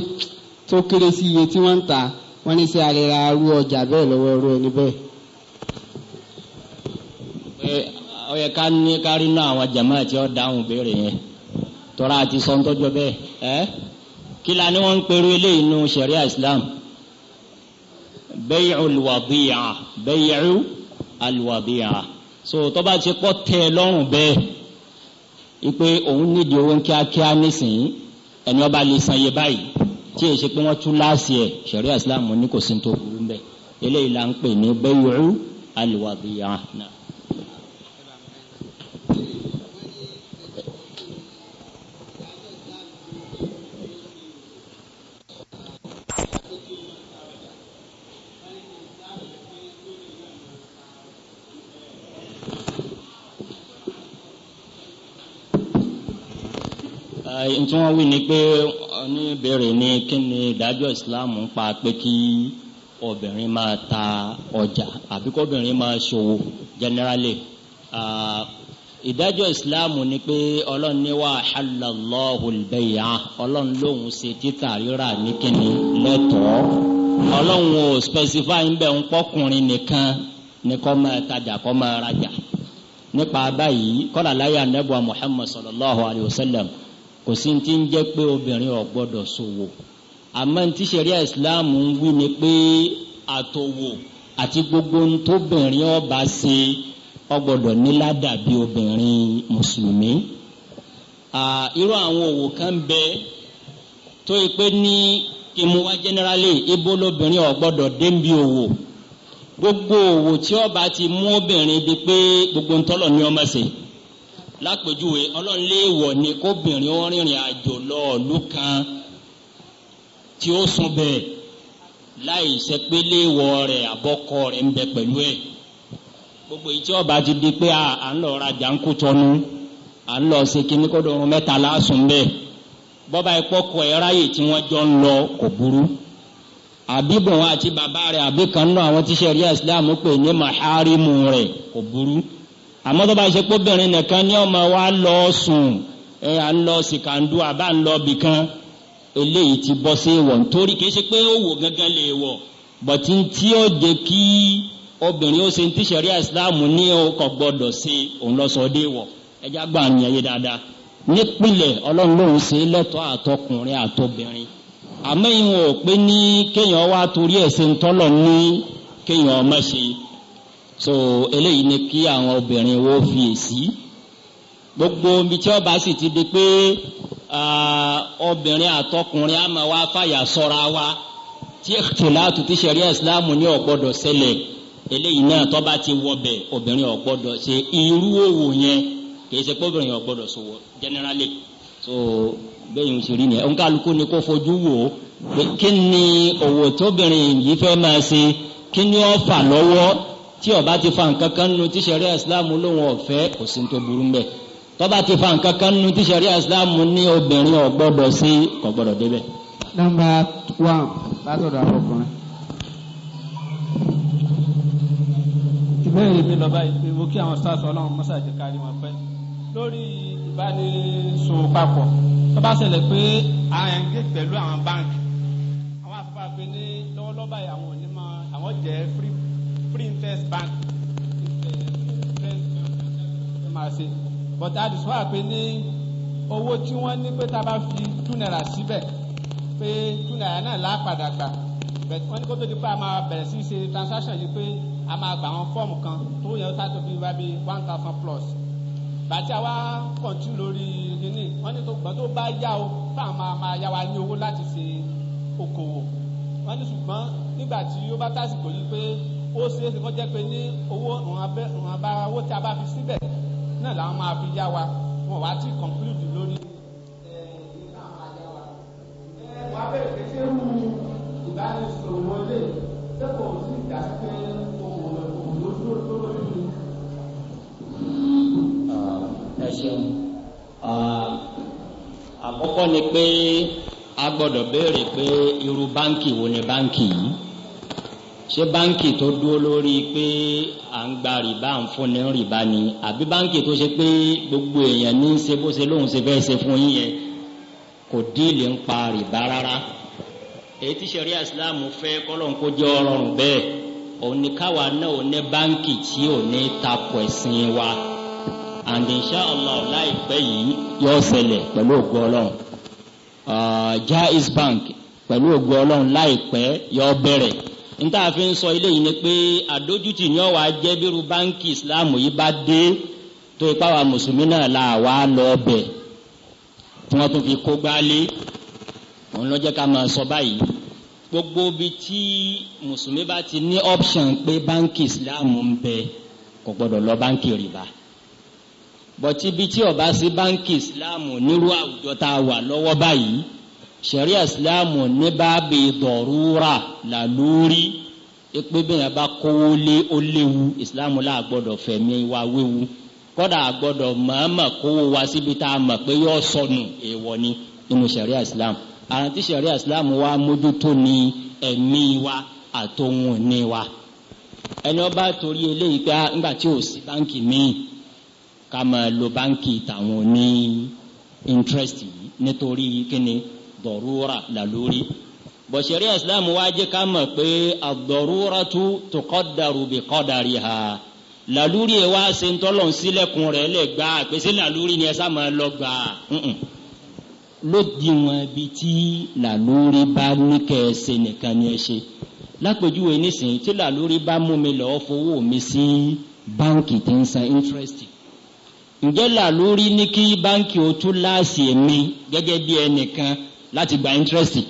tó kéré sí iye tí wọ́n ń tà wọ́n ní sí arẹra ru ọjà bẹ́ẹ̀ lọ́wọ́ ru ẹni bẹ́ẹ̀. pé ó yẹ ká ní ká rí náà àwọn jàmáà tí ó dáhùn béèrè yẹn tọ́ra àti sọ́ńtọ́jọ́ bẹ́ẹ̀ ẹ́. Eh? kí la ni wọ́n ń pèrò eléyìí nu sharia islam bẹ́yìí alwadi'a bẹ́yìí alwadi'a so tó bá ti kọ́ tẹ́ ẹ lọ́rùn bẹ́ẹ̀ ipe òun nídìí owó kíákíá nísìnyí ẹni ọba lè san iye báyìí tí èyí ṣe pé wọ́n tú láàsì ẹ̀ sharia islam ní kò sí ní tó burú bẹ́ẹ̀ eléyìí la ń ní bẹ́yìí alwadi'a ẹ̀yìn tí wọ́n wí ni pé ní ìbéèrè ni kí ni ìdájọ́ Islam ń pa pé kí obìnrin máa ta ọjà àbí kóbìnrin máa ṣòwò generally ìdájọ́ Islam ni pé ọlọ́run ní wa halallahu al-bay'a ọlọ́run lòun ṣe títà rírà ní kíni lẹ́tọ̀ọ́ ọlọ́run ò specify ń bẹ̀ ń pọ́kùnrin nìkan ní kó máa tajà kó máa rajà nípa báyìí kọ́lá láyé anábọ̀ Muhammad sallallahu alayhi wa sallam kò sí ti ń jẹ́ pé obìnrin ò gbọ́dọ̀ ṣòwò àmọ́ ní tíṣẹ̀rí ìsìláàmù ń wí ni pé àtòwò àti gbogbo ohun tóbìnrin ọba ṣe ó ní ládàbí obìnrin mùsùlùmí irú àwọn òwò kan bẹ tó yẹ pé ní ìmúwá generally ibo lóbìnrin ò gbọ́dọ̀ débi òwò gbogbo òwò tí ọba ti mú obìnrin bíi pé gbogbo ntọ́lọ̀ ni ọmọ ṣe lápèjúwe ọlọ́run léèwọ̀ ni kóbìnrin ó rìnrìn àjò lọ ìlú kan tí ó sùn bẹ́ẹ̀ láì ṣe pé léèwọ̀ rẹ̀ àbọ́kọ rẹ̀ ń bẹ pẹ̀lú ẹ̀ gbogbo ìtí ọba ti di pé à ń lọ rajà ń kú tọnu à ń lọ ṣe kíní kó dọ̀rùn mẹ́ta lásùn bẹ́ẹ̀ bọ́ba ìpọ́kọ̀ ẹ̀ ráyè tí wọ́n jọ ń lọ kò burú àbíbọ̀n àti bàbá rẹ̀ àbíkan náà àwọn tíṣẹ̀rí Islam pè ní màhárìmù rẹ̀ kò burú àmọ́ tó bá ṣe pé obìnrin nìkan ní ọmọ wa lọ sùn ẹ à ń lọ sìkàndú àbá ń lọ bìkan eléyìí ti bọ́ sí ìwọ̀ nítorí kìí ṣe pé ó wò gángan lè wọ̀ bọ̀tí tí ó jẹ́ kí obìnrin ó ṣe ń tíṣẹ̀rí ìsìláàmù ní ọkọ̀ gbọ́dọ̀ ṣe òun lọ sọ dé wọ̀ ẹja gbà ń yẹn dáadáa nípìnlẹ̀ ọlọ́run lòun ṣe lẹ́tọ́ àtọkùnrin àtobìnrin àmọ́ ìwọ̀n ò pé ní kéèyàn wá torí ẹ̀ ṣe ń tọ́lọ̀ ní kéèyàn ọmọ ṣe so eléyìí ni kí àwọn obìnrin wo fi èsì gbogbo omi tí ọba sì ti di pé obìnrin àtọkùnrin àmọ́ wa fàyà sọ́ra wa tí ìtìlátù ti ṣẹ̀rí ìsìláàmù ní ọ̀gbọ́dọ̀ ṣẹlẹ̀ eléyìí náà tọ́ba ti wọbẹ̀ obìnrin ọ̀gbọ́dọ̀ ṣe irú òwò yẹn kìí ṣe pé obìnrin ọ̀gbọ́dọ̀ ṣòwò generally so bẹ́ẹ̀ ń ṣe rí nìyẹn ònkálukú ni kó fojú wò ó pé kí ni òwò tóbìnrin yìí fẹ́ máa ṣe kí ni ó fà lọ́wọ́ tí ó bá ti fa nǹkan kan nu tí sẹ̀ríà ìsìláàmù lòun ọ̀fẹ́ kò sí tó burú mbẹ̀ tó bá ti fa nǹkan kan nu tí sẹ̀ríà ìsìláàmù ní obìnrin ò gbọ́dọ̀ sí kò gbọ́dọ̀ débẹ̀. nọ́mbà one látọ̀dọ̀ àkọkùnrin. ìbéèrè mi lọ́ba ìpè mo kí àwọn stars ọlọ́run mọ́sàájì kárí wọn pẹ́ lórí ìbánisùn papọ̀ tó bá ṣẹlẹ̀ pé a ń gé pẹ̀lú àwọn báńkì àwọn àfipá pé free princess bank máa ṣe but àdìsọ́ àpè ní owó tí wọ́n ní pé tá a bá fi two naira síbẹ̀ pé two naira náà lápadà gbà but wọ́n ní kó tó di pé a máa bẹ̀rẹ̀ sí ṣe transaction yìí pé a máa gbà wọn fọ́ọ̀mù kan tó yẹ ká tó fi wá bí one thousand plus bàtí àwa kọ̀ǹtù lórí gíní wọ́n ní tó gbọ́n tó bá yá o fáwọn máa máa yá wa ní owó láti ṣe okòwò wọ́n ní ṣùgbọ́n nígbà tí ó bá tásìkò yìí pé ó ṣe é ṣe kọ́ jẹ́ pé ní owó ìwọ̀nba owó tí a bá fi síbẹ̀ náà làwọn máa fi yá wa wọn wá ti conclude lórí. wàá bẹ̀rẹ̀ pé ṣé irú ìbánisọ̀rọ̀ wọlé sẹ́kọ̀ọ́ sí ìdásí pé ohun ọ̀gbọ̀n ló dúró lórí mi. Ah, ẹ ṣeun ah, àkọ́kọ́ ni pé a gbọ́dọ̀ béèrè pé irú báǹkì wo ni báǹkì yìí ṣé báǹkì tó dúró lórí pé à ń gba rìbá à ń fúnni rìbá ni àbí báǹkì tó ṣe pé gbogbo èèyàn ní í ṣe bó ṣe lóun ṣe fẹ́ẹ́ ṣe fún yín yẹn kò díìlì ń pa rìbá rárá èyí tí sẹ̀rí àsìláàmù fẹ́ kọ́lọ́n kó jẹ́ ọrọ̀rùn bẹ́ẹ̀ òun ni káwa náà ò ní báǹkì tí ò ní takò ẹ̀sìn wa and inshallah láìpẹ́ yìí yọ ṣẹlẹ̀ pẹ̀lú ògo ọlọ́run Jaiz Bank pẹ̀lú ògo ọlọ́run láìpẹ́ yọ bẹ̀rẹ̀ níta fi ń sọ ilé yìí ni pé àdójútì ni ọwọ́ ajẹ́ bírú báńkì ìsìláàmù yìí bá dé tó ipá wa mùsùlùmí náà la wà lọ bẹ̀ tí wọ́n tún fi kó gbálé òun ló jẹ́ ká máa sọ báyìí gbogbo ibi tí mùsùlùmí bá ti ní option pé báńkì ìsìláàmù ń bẹ kò gbọdọ̀ lọ báńkì rìbá bọ̀tí ibi tí ọ̀bá sí báńkì ìsìláàmù nírú àwùjọ tá a wà lọ́wọ́ báyìí sẹ̀ríà ìsìláàmù ní báàbí dọ̀rúra là lórí pé bí yẹn bá kówó lé ó léwu ìsìláàmù là gbọ́dọ̀ fẹ̀mí wa wéwu kọ́dà àgbọ́dọ̀ màmá kówó wa síbi tá a mọ̀ pé yọ sọnù èèwọ̀ ni nínú sẹ̀ríà ìsìláàmù àwọn wa mójútó ni ẹ̀mí wa àtòhun ní wa ẹni ọba torí eléyìí pé ńgbà ah, tí ò sí báǹkì míì ká máa lo báǹkì tàwọn ní interest yìí nítorí kíni dọ̀rúra làlórí bọ̀ṣẹ̀rí islam wá jẹ́ ká mọ̀ pé àdọ̀rúra tú tó kọ́dàrú bí kọ́dàrí ha làlórí ẹ̀ wá ṣe ń tọ́lọ̀ ń sílẹ̀kùn rẹ̀ lẹ̀ gbà pèsè làlórí ni ẹ sá máa lọ gbà lódiwọ̀n ibi tí làlórí bá ní kẹ́ ẹ ṣe ni ẹ ṣe lápèjúwe nísìnyí tí làlórí bá mú mi mi sí báńkì tí ń san interest ǹjẹ́ làlórí ní kí báńkì ó tú láàsì mi gẹ́gẹ́ bí ẹnìkan láti gba íńtírẹ́sì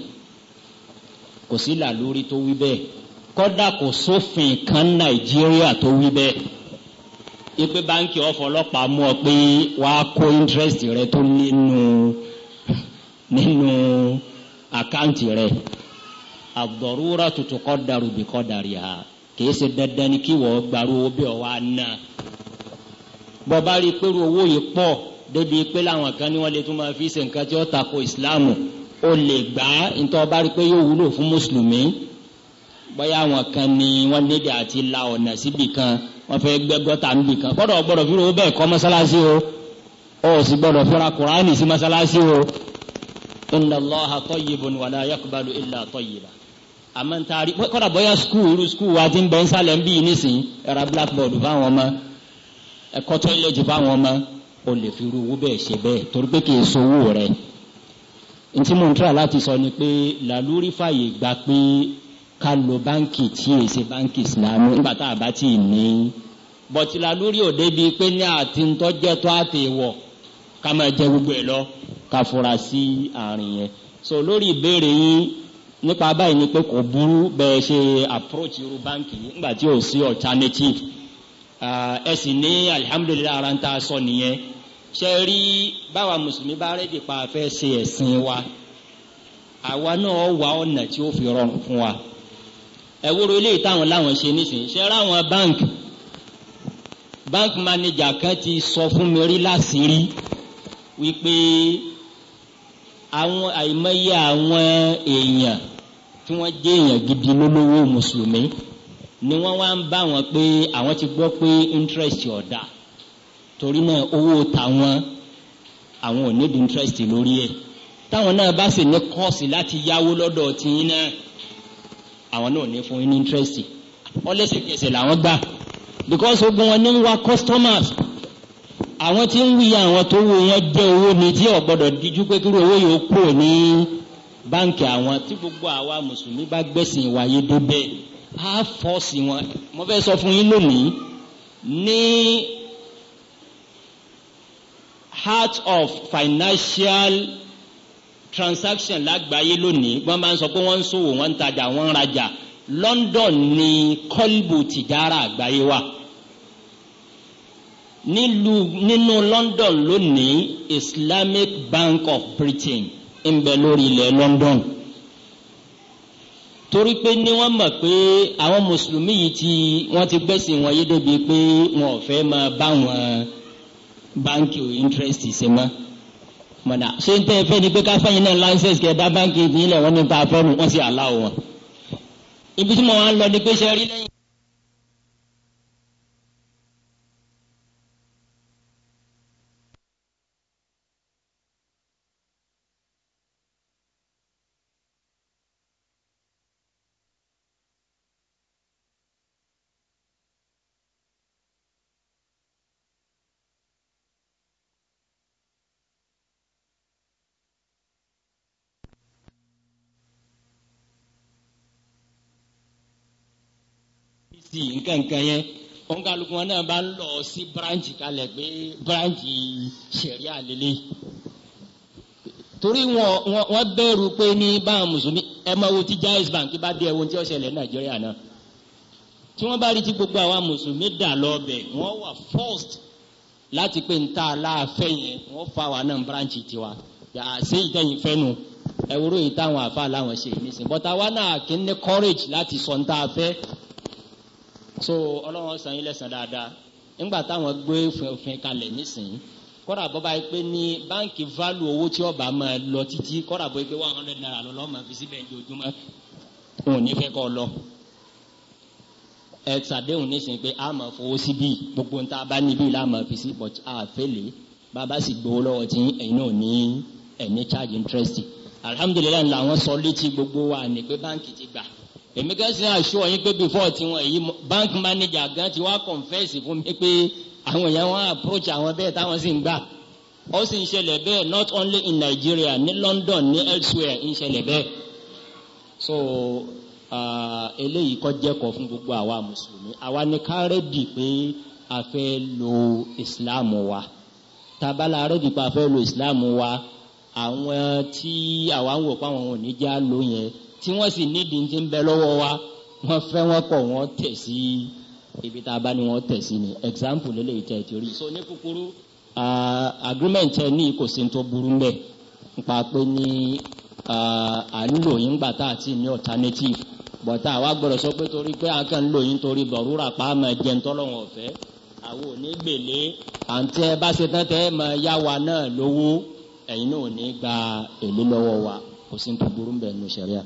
kò sí làlórí tó wí bẹ́ẹ̀ kọ́dà kò sófin kan nàìjíríà tó wí bẹ́ẹ̀ ipe báńkì ọ̀fọ̀ ọlọ́pàá mú ọ pé wàá kó íńtírẹ́sì rẹ tó nínú nínú àkáǹtì rẹ àdọ̀rúra tuntun kọ́ darú bí kọ́ darí ha kìí ṣe dandan ni kí wọ́n gbarú owó bí ọwọ́ àná bọ́ba rí i pé owó yìí pọ̀ débi pé làwọn kan ní wọ́n lè tún máa fi ṣe nǹkan tí ó ta ko ìsìláàmù o lè gbà á nítorí ọba rí pé yóò wúlò fún mùsùlùmí bóyá kan ni wọ́n lédè àti la ọ̀nà kan fẹ́ kan gbọ́dọ̀ gbọ́dọ̀ fi kọ́ mọ́sálásí o ó sì gbọ́dọ̀ fẹ́ra kùránì sí mọ́sálásí o inna Allaha tayyibun wala yaqbalu illa tayyiba àmọ́ n taari o lè fi bẹ́ẹ̀ ṣe bẹ́ẹ̀ torí pé kì í ntí mo ń tura láti sọ ni pé làlórí fàyè gba pé ká lo báǹkì tí è ṣe báǹkì ìsìlámù nígbà tá a bá tì ní bọ̀tí làlórí òde bíi pé ní àti ń tọ́jẹ́ tó àti wọ̀ ká máa jẹ gbogbo ẹ̀ lọ ká fura sí àárín yẹn so lórí ìbéèrè yín nípa báyìí ni pé kò burú bẹ́ẹ̀ ṣe approach irú báǹkì yìí nígbà tí ò sí alternative ah, ẹ sì ní alihamudulilayi ara ń ta sọ nìyẹn ṣe rí báwa mùsùlùmí bá rẹ́dì pa fẹ́ ṣe ẹ̀sìn wa àwa náà wà ọ̀nà tí ó fi rọrùn fún wa ẹ̀wúrò ilé ìtàwọn láwọn ṣe nísìnyí ṣe ráwọn báńkì báńkì mánéjà kan ti sọ fún mi rí láṣìírí wípé àwọn àìmọye àwọn èèyàn tí wọ́n jẹ́ èèyàn gidi lólówó mùsùlùmí ni wọ́n wá ń bá wọn pé àwọn ti gbọ́ pé interest ọ̀dà torí náà owó tàwọn àwọn ò need interest lórí ẹ̀ táwọn náà bá sì ní kọ́ọ̀sì láti yáwó lọ́dọ̀ tìyín náà àwọn náà ò ní fún yín ní interest ọlẹ́sẹ̀kẹsẹ̀ làwọn gbà because ogun wọn ní ń wá customers àwọn tí ń wí àwọn tó wo wọn jẹ́ owó ni tí ò díjú pé kí owó yóò kúrò ní báǹkì àwọn tí gbogbo àwa mùsùlùmí bá gbẹ̀sìn wáyé débẹ̀ á fọ́ọ̀sì wọn mo fẹ́ sọ fún yín lónìí ní heart of financial transaction lágbàáyé lónìí wọ́n máa ń sọ pé wọ́n ń ṣòwò wọ́n ń tajà wọ́n ń rajà London ni kọlbù tìjára àgbáyé wà nílùú nínú London lónìí Islamic Bank of Britain ń bẹ lórí ilẹ̀ London torí pé ní wọ́n mọ̀ pé àwọn mùsùlùmí yìí ti wọ́n ti gbẹ́sìn wọn yé débi pé wọn ò fẹ́ máa bá wọn. Uh, báńkì ò interest ṣe mọ́ mọ̀nà so n tẹ́ ẹ fẹ́ ni pé ká fẹ́yìn náà license kẹ́ ẹ dá báńkì ìpínlẹ̀ wọn nípa afẹ́nu wọ́n sì àlá wọn. ibi tí mo wá ń lọ ni pé ṣe rí lẹ́yìn sí nkankan yẹn onkaluku wọn náà bá ń lọ sí branch kalẹ̀ pé branch sẹ̀ríà lélẹ̀ torí wọn wọn bẹ̀rù pé ní báwọn mùsùlùmí ẹ máa wo ti Jaiz Bank bá dé ẹwọ́n tí ó ṣẹlẹ̀ Nàìjíríà náà tí wọ́n bá rí ti gbogbo àwọn mùsùlùmí dà lọ́ọ̀bẹ̀ wọ́n wà first láti pé nta aláàfẹ́ yẹn wọ́n fa wà náà branch tiwa àṣé ìtẹ̀yìn fẹ́ nu ẹ̀wúrò yìí àfa làwọn ṣe nísìnyí bọ́tà wa náà kí n ní courage láti sọ nta afẹ́ so ọlọ́run san yín lẹ́san dáadáa nígbà táwọn gbé òfin kalẹ̀ nísìnyí kọ́ra bọ́ba yìí pé ní báǹkì válù owó tí ọba máa lọ títí kọ́ra bọ́ yìí pé one hundred naira lọ́lọ́ máa fi síbẹ̀ ojoojúmọ́ òun ní fẹ́ kọ́ lọ ẹ ṣàdéhùn nísìnyí pé a máa fowó síbí gbogbo ń tá a bá níbí la máa fi sí but a fẹ́lẹ̀ bàbá sì gbowó lọ́wọ́ tí ẹ̀yin náà ní ẹ̀ní charge interest alhamdulilayi làwọn sọ létí gbogbo wa ní pé báǹkì ti gbà èmi kẹ́sì àṣọ yín pé before tiwọn èyí bank manager gan ti wá confess fún mi pé àwọn èèyàn wọn approach àwọn bẹ́ẹ̀ táwọn sì ń gbà ó sì ń ṣẹlẹ̀ bẹ́ẹ̀ not only in Nigeria ní London ní elsewhere ń ṣẹlẹ̀ bẹ́ẹ̀ so uh, eléyìí kọ́ jẹ́kọ̀ọ́ fún gbogbo àwa mùsùlùmí àwa ni ká rẹ́dì pé a fẹ́ lo Islam wa tabala rẹ́dì pé a fẹ́ lo Islam wa àwọn tí àwa ń wò pé àwọn ò ní já lò yẹn tí wọ́n sì nídìí ti ń bẹ lọ́wọ́ wa wọ́n fẹ́ wọ́n kọ̀ wọ́n tẹ̀ sí ibi tá a bá ní wọ́n tẹ̀ sí ni example lélẹ́yìí tẹ̀ tí ó rí. so ní kúkúrú agreement ẹ ní kò sí tó burú mbẹ nípa pé ní à ń lò yín gbà tá a ti ní alternative bọ̀tá àwa gbọ́dọ̀ sọ pé torí pé a kàn ń lò yín torí bọ̀rúra pa á máa jẹun tọ́lọ́wọ̀n ọ̀fẹ́ àwọn òní gbèlé àǹtí ẹ bá ṣe tán tẹ́ ẹ máa yá wa náà lówó ẹ̀yin náà ò ní gba èlé lọ́wọ́ wa kò sí tó burú mbẹ nù sẹ́ríà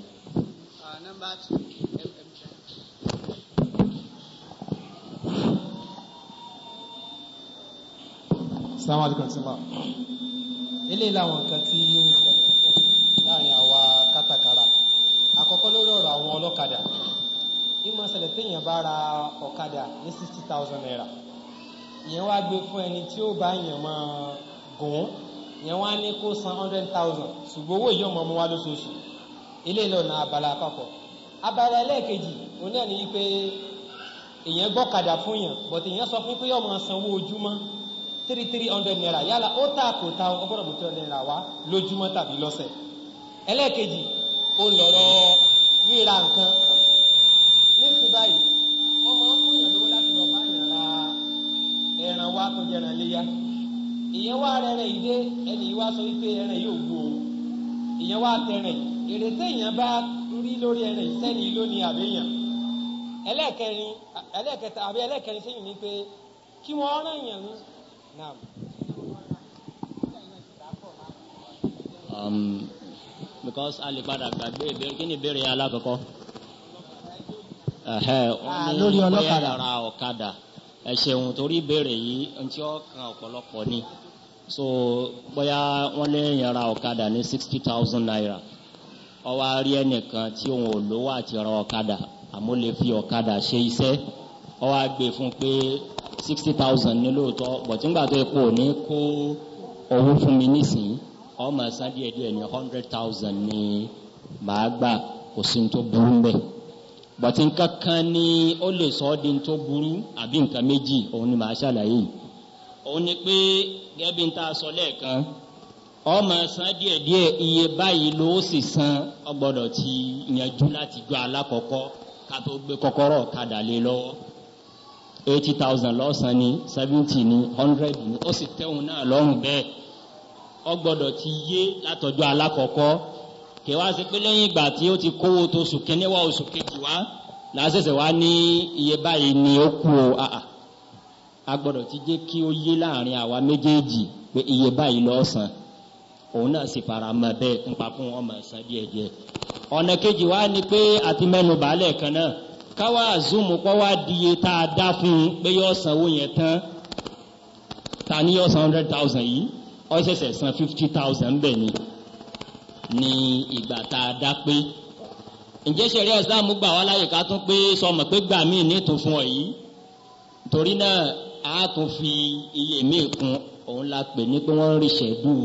back to Assalamu alaikum sílá. Ilé ìlàwọn nǹkan tí ó ṣẹlẹ̀ púpọ̀ láàrin àwa kátàkárà. Àkọ́kọ́ lórí ọ̀rọ̀ àwọn ọlọ́kadà. Ìmọ̀ ṣẹlẹ̀ téèyàn bá ra ọ̀kadà ní sixty thousand naira. Ìyẹn wá gbé fún ẹni tí ó bá yàn máa gùn. Ìyẹn wá ní kó san hundred thousand. Ṣùgbọ́n owó yìí ọmọ ọmọ wa lóṣooṣù. Ilé ìlànà abala àpapọ̀ abala ẹlẹ́ẹ̀kejì òun náà ní wípé èèyàn gbọ́kadà fún yàn bọ̀tì èèyàn sọ fún pé yóò máa sanwó ojúmọ́ three three hundred naira yálà ó tà kò ta ó gbọ́dọ̀ mú three hundred naira wá lójúmọ́ tàbí lọ́sẹ̀ ẹlẹ́ẹ̀kejì ó lọ̀rọ̀ ríra nǹkan nísìnyí báyìí wọ́n máa ń fún yàn lówó láti lọ bá yàn ẹran wá tó jẹ́ ẹran léyà ìyẹn wá rẹ̀rẹ̀ ìdé ẹni ìwá sọ wípé ẹran yóò gbó ìyẹn wá tẹ̀rẹ̀ èrè téèyàn bá rí lórí ẹni sẹ́ni ló ní àbẹ́yàn ẹlẹ́ẹ̀kẹrin ẹlẹ́ẹ̀kẹta àbí ẹlẹ́ẹ̀kẹrin sẹ́yìn ni pé kí wọ́n rán èèyàn náà. Um, because a lè padà gbàgbé ìbéèrè kí ni ìbéèrè alákọ̀ọ́kọ́. lórí ọlọ́kadà ra ọ̀kadà ẹ ṣeun torí ìbéèrè yìí ohun tí ó kan ọ̀pọ̀lọpọ̀ ni so bóyá wọ́n lè yàn ra ọ̀kadà ní sixty thousand naira ọwọ́ arí ẹnìkan tí òun ò lówó àti ra ọ̀kadà àmọ́ lè fi ọ̀kadà ṣe iṣẹ́ ọwọ́ agbè fún pé sixty thousand ní lóòótọ́ bọ̀tí ńgbà tó epo ní kó owó fún mi nísìnyí ọmọ san díẹ̀ díẹ̀ ní hundred thousand ní màá gbà kò sí ní tó burú mbẹ́ bọ̀tí nǹkan kan ní ó lè sọ ọ́ di ní tó burú àbí nǹkan méjì òun ni màá ṣàlàyé yìí òun ni pé gẹ́gẹ́ bí n sọ lẹ́ẹ̀kan. So ọmọ san díẹ̀ díẹ̀ iye báyìí ló sì san ọgbọdọ ti yanjú láti jọ alákọọkọ ká tó gbé kọkọrọ ọ̀kadà lé eighty thousand ni seventy ni hundred ni ó sì tẹ̀hún náà lọ́rùn bẹ́ẹ̀ ọgbọdọ ti yé látọjú alákọọkọ sí pé lẹ́yìn ti kówó tó oṣù wá oṣù kejì wá wá ní iye báyìí o àà a ti kí ó yé láàrin àwa méjèèjì pé iye báyìí òun náà sì fara mọ́ bẹ́ẹ̀ nípa fún ọmọ ẹ̀sán díẹ̀ díẹ̀. ọ̀nà kejì wa ni pé àti mẹ́nu bàálẹ̀ kan náà káwá zoomu kọ́ wá diye tá a dá fún un pé yọ sanwó yẹn tán ta ni yọ san hundred thousand yìí ọ ṣẹ̀ṣẹ̀ san fifty thousand bẹ́ẹ̀ ni ní ìgbà tá a dá pé ǹjẹ́ sẹ̀rí islam gbà wá láyè ká tún pé sọmọ pé gbà míì ní tún fún ọ yìí torí náà a tún fi iye míì kún òun la pè ní pé wọ́n ń rí ṣẹ́dúù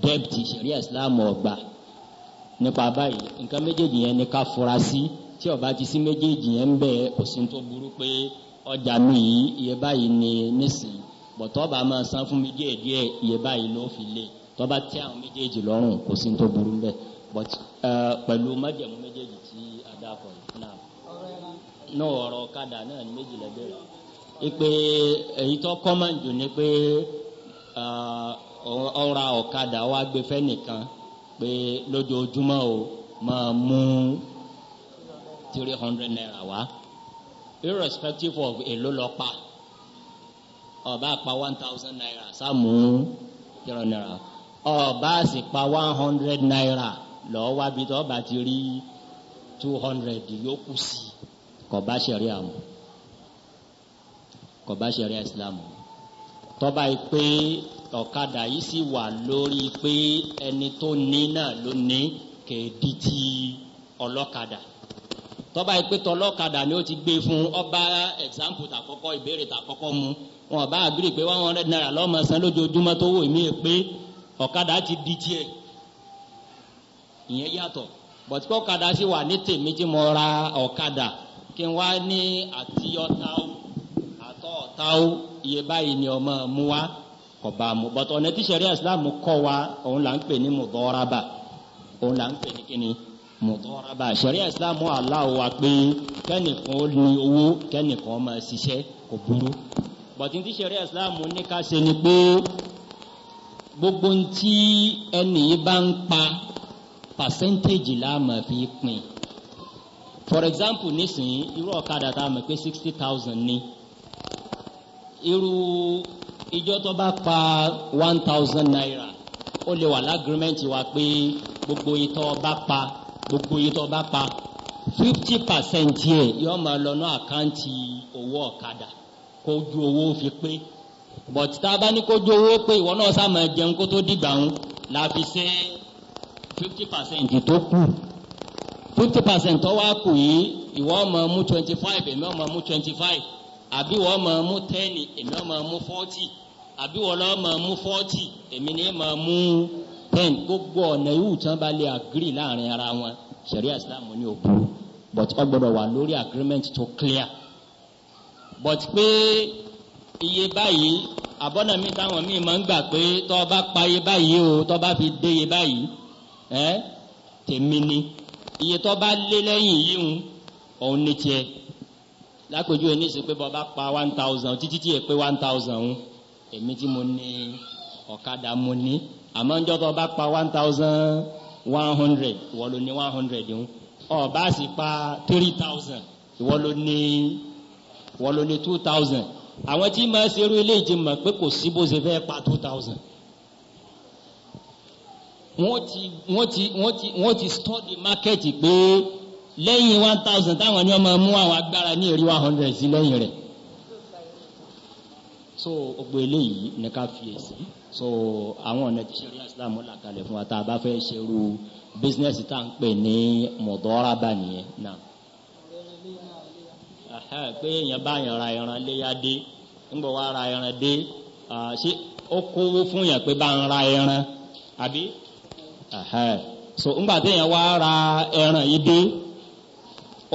dẹ́pìtì sẹ̀ríà islam ọ̀gbà nípa báyìí nǹkan méjèèjì yẹn ni ká fura sí tí ó bá ti sí méjèèjì yẹn ń bẹ kò sí tó burú pé ọjà mi yìí iye báyìí ni nísìnyí bọ̀tọ́ bá máa san fún mi díẹ̀ díẹ̀ iye báyìí ló fi lé tó bá àwọn méjèèjì lọ́rùn kò tó burú bẹ́ẹ̀ but pẹ̀lú májẹ̀mú méjèèjì tí a náà náà ọ̀rọ̀ kadà ọ̀ra ọ̀kadà wa gbé fẹ́ nìkan pé lójoojúmọ́ o máa mú three hundred naira wá irrespective of èlò lọ́pa ọba pa one thousand naira sáàmù three hundred naira ọba sì pa one hundred naira lọ́ọ́ wábi tó ọba ti rí two hundred yòókù sí kò bá ṣẹ̀rí àmọ́ kò bá islam tọ́ba yìí pé ọ̀kadà yìí sì wà lórí pé ẹni tó ní náà ló ní kéèdì tí ọlọ́kadà tọ́ba yìí pé tọlọ́kadà ni ó ti gbé fún ọba ẹ̀sáǹpù tàkọ́kọ́ ìbéèrè tàkọ́kọ́ mu wọn ọba àgírí pé one hundred naira lọ́mọ san lójoojúmọ́ tó wò mí pé ọ̀kadà ti di tiẹ̀ ìyẹn yàtọ̀ bọ̀tí pé ọ̀kadà sì wà ní tèmi tí mo ra ọ̀kadà kí n wá ní àti ọ̀tá o àtọ̀ ọ̀tá o iye báyìí ni ọmọ mu wá kọba mu bọ́tọ̀ ọ̀nà tí sẹ̀rí islam kọ́ wa òun là ń pè ní mùdọ́raba òun là ń pè ní kíni mùdọ́raba sẹ̀rí islam aláwọ̀ wa pé kẹ́nìkan ó ní owó kẹ́nìkan máa ṣiṣẹ́ kò burú bọ̀tí tí sẹ̀rí islam ní ká ṣe ni pé gbogbo ntí ẹnì bá ń pa pàṣẹ́ntéèjì la máa fi pín for example nísìnyí irú ọ̀kadà tá a mọ̀ pé sixty thousand ni irú ìjọ tó bá pa one thousand naira ó lè wà lágrímẹ́ǹtì wa pé gbogbo ìtọ́ bá pa gbogbo ìtọ́ bá pa fifty percent yẹ yọ máa lọ ní àkáǹtì owó ọ̀kadà kó owó fi pé but tá a bá ní kó ju owó pé ìwọ náà sá máa jẹun kó tó dìgbà ń la fi ṣe fifty percent tó kù fifty percent tó wá kù yìí ìwọ máa mú twenty five èmi máa mú twenty five àbí wọ́n máa mú tẹ́ẹ̀nì èmi ọ̀ máa mú fọ́ọ̀tì àbí wọ́n lọ́ máa mú fọ́ọ̀tì èmi ni máa mú tẹ́ẹ̀nì gbogbo ọ̀nà yìí tán bá lè agree láàrin ara wọn sẹ̀ríà islam ní òkú but ọ gbọ́dọ̀ wà lórí agreement to clear but pé iye báyìí àbọ̀nà mi táwọn míì máa ń gbà pé tọ́ ọ bá pa iye báyìí o tọ́ ọ bá fi dé iye báyìí ẹ́ tèmi ni iye tọ́ bá lé lẹ́yìn yìí òun ní tiẹ̀ lápèjúwe ní ìsìn pé bọ́ bá pa one thousand títí tí èpè one thousand ń èmi tí mo ní ọ̀kadà mo ní àmọ́ ń jọ́tọ̀ bá pa one thousand one hundred ìwọ ló ní one hundred ń ọ̀ bá sì pa three thousand ìwọ ló ní ìwọ ló ní two thousand àwọn tí máa ṣerú ilé ìjìnmọ̀ pé kò sí bó ṣe fẹ́ pa two thousand wọ́n ti wọ́n ti wọ́n ti wọ́n ti study market pé. lẹ́yìn one thousand táwọn ọmọ mú àwọn agbára ní one hundred sí lẹ́yìn rẹ̀ so gbogbo eléyìí ní ká so àwọn ọ̀nà tí sẹ́rí islam là kalẹ̀ fún wa tá a bá fẹ́ ṣerú bísínẹ́sì tá à ń pè ní mọ̀dọ́rábà nìyẹn náà pé èèyàn bá yàn ra ẹran léyà dé ńgbọ̀ wa ra ẹran dé ṣé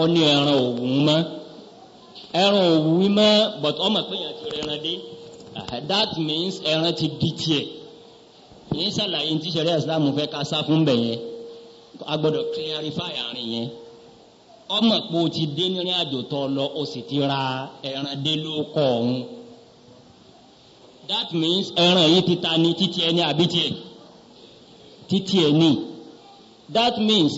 ó ní ẹran òwú mọ́ ẹran òwú mọ́ but ọmọ pé yàn ti rẹ ẹran dé that means ẹran ti di tiẹ̀ yẹn ṣàlàyé ní tíṣẹ̀rí islam fẹ́ ká sá fún bẹ̀ yẹn a clarify àárín yẹn ọmọ pé o ti dé nírìn àjò tó lọ o sì ti ra ẹran dé ló kọ̀ ọ̀hún that means ẹran yìí ti ta ni títí ẹni àbí tiẹ̀ títí ẹni that means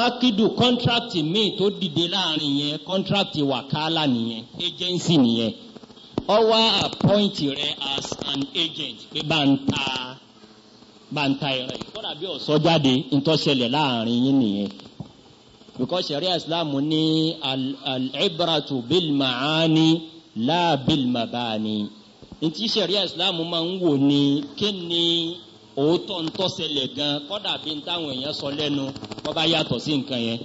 akidu kọ́ńtrákìtì míì tó dìde láàrin yẹn kọ́ńtrákìtì wakala nìyẹn agency nìyẹn ọ wá appoint rẹ as an agent pé bá ń ta bá ń ta ẹ̀rọ yìí kọ́dà bí ọ̀sọ́ jáde láàrin yín nìyẹn because sharia islam ní al-ibratu bil ma'ani la bil mabani ntí sharia islam máa ń wò ní kí ni. Kini, òótọ́ ń tọ́sẹ̀lẹ̀ gan kọ́dà bí ntáwọn táwọn èèyàn sọ lẹ́nu wọ́n yàtọ̀ sí nǹkan yẹn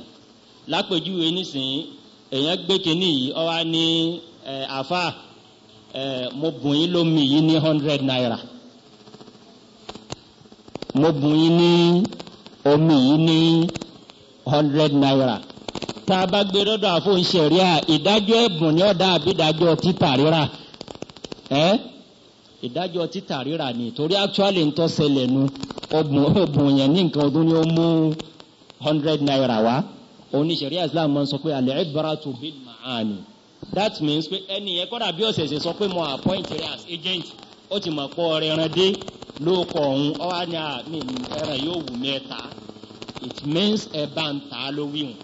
lápèjúwe nísìnyí èèyàn gbé kínní yìí ọ wá ní àfa mo bùn yín lómi yìí ní hundred naira mo bùn yín ní omi yìí ní hundred naira tá a bá gbé lọ́dọ̀ àfọ̀nṣẹ̀ríà ìdájọ́ ẹ̀bùn ni ọ̀dà àbí ìdájọ́ títà rírà ẹ́. Eh? ìdájọ́ títà ríra ni torí actually ń tọ́ nu ọgbọ̀n ọgbọ̀n yẹn ní nǹkan ọdún ni ó mú hundred naira wá oníṣẹ̀rí islam máa ń sọ pé al ibratu bil maani that means pé ẹni yẹn kọ́dà bí ọ̀sẹ̀sẹ̀ sọ pé mo appoint rẹ as agent ó ti mọ̀ pọ̀ ọ̀rẹ́ ẹran dé ló kọ̀ ọ̀hún ọ̀ wá ní ah, àmì ẹran yóò wù mí it means ẹ̀ bá ń ta ló wíwùn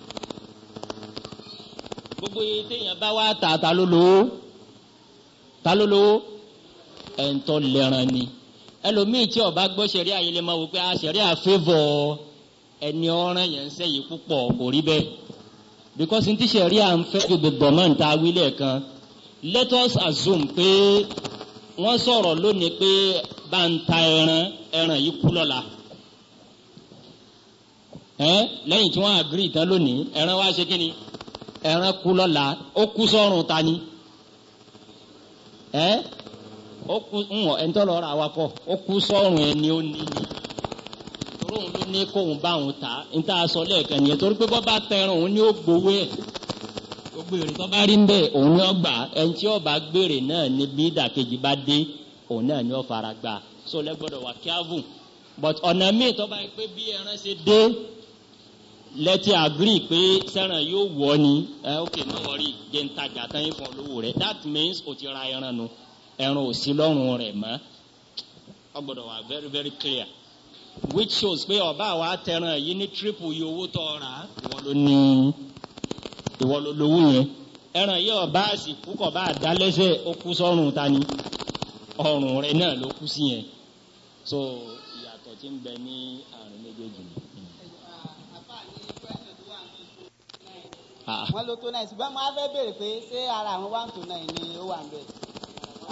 gbogbo yìí téèyàn bá wá ta ta ló lówó ta ló lówó ẹ̀ńtọ́ lẹ́ran ni ẹlòmíì tí ọba gbọ́ sẹ̀rí àyè lè máa wò pé sẹ̀rí àfẹ́vọ̀ ẹni ọ̀ràn yẹn ń sẹ́yìn púpọ̀ kò rí bẹ́ẹ̀ because n ti sẹ̀rí à ń fẹ́ gbogbo mọ́ níta wílẹ̀ kan let us assume pé wọ́n sọ̀rọ̀ lónìí pé bá ń ta ẹran ẹran yìí kú lọ́la ẹ lẹ́yìn tí wọ́n agree tán lónìí ẹran wá ṣe kí ni ẹran kú lọ́la ó kú sọ́run ta ni ẹ ó kú ẹni tó lọ ra awakọ̀ ó kú sọ́run ẹni ó ní ni torí òun ló ní kóun bá òun ta ń a sọ lẹ́ẹ̀kan nìyẹn torí pé bọ́ba tẹran òun ni ó gbowó ẹ̀ gbogbo èrè tó bá rí ń bẹ́ẹ̀ òun ni ó gbà ẹni tí ó gbèrè náà ni bí ìdàkejì bá dé òun náà ni ó fara gbà so lẹ́gbọ́dọ̀ wà kíávù but ọ̀nà míì tó bá yẹ pé bí ẹran ṣe dé lẹ́tí agree pé sẹ́ràn yóò wọ̀ ni ẹ ok má wọrí jẹ́ ń tajà tán yín fún olówó rẹ̀ that means o ti ra ẹran nu. No ẹran òsì lọ́rùn rẹ̀ mọ́ ọ gbọ́dọ̀ very very clear which shows pé ọba àwa tẹran yìí ní triple yìí owó tó rà á ìwọ ló ní ìwọ ló lówó yẹn ẹran yìí ọba àsìkú kọ̀ bá dá lẹ́sẹ̀ ó kú sọ́run ta ọrùn rẹ̀ náà ló kú sí yẹn so ìyàtọ̀ tí ń bẹ ní àrùn méjèèjì ni. wọ́n lo tó náà ṣùgbọ́n mo á fẹ́ béèrè pé ṣé ara àwọn one to nine ni ó wà ń bẹ̀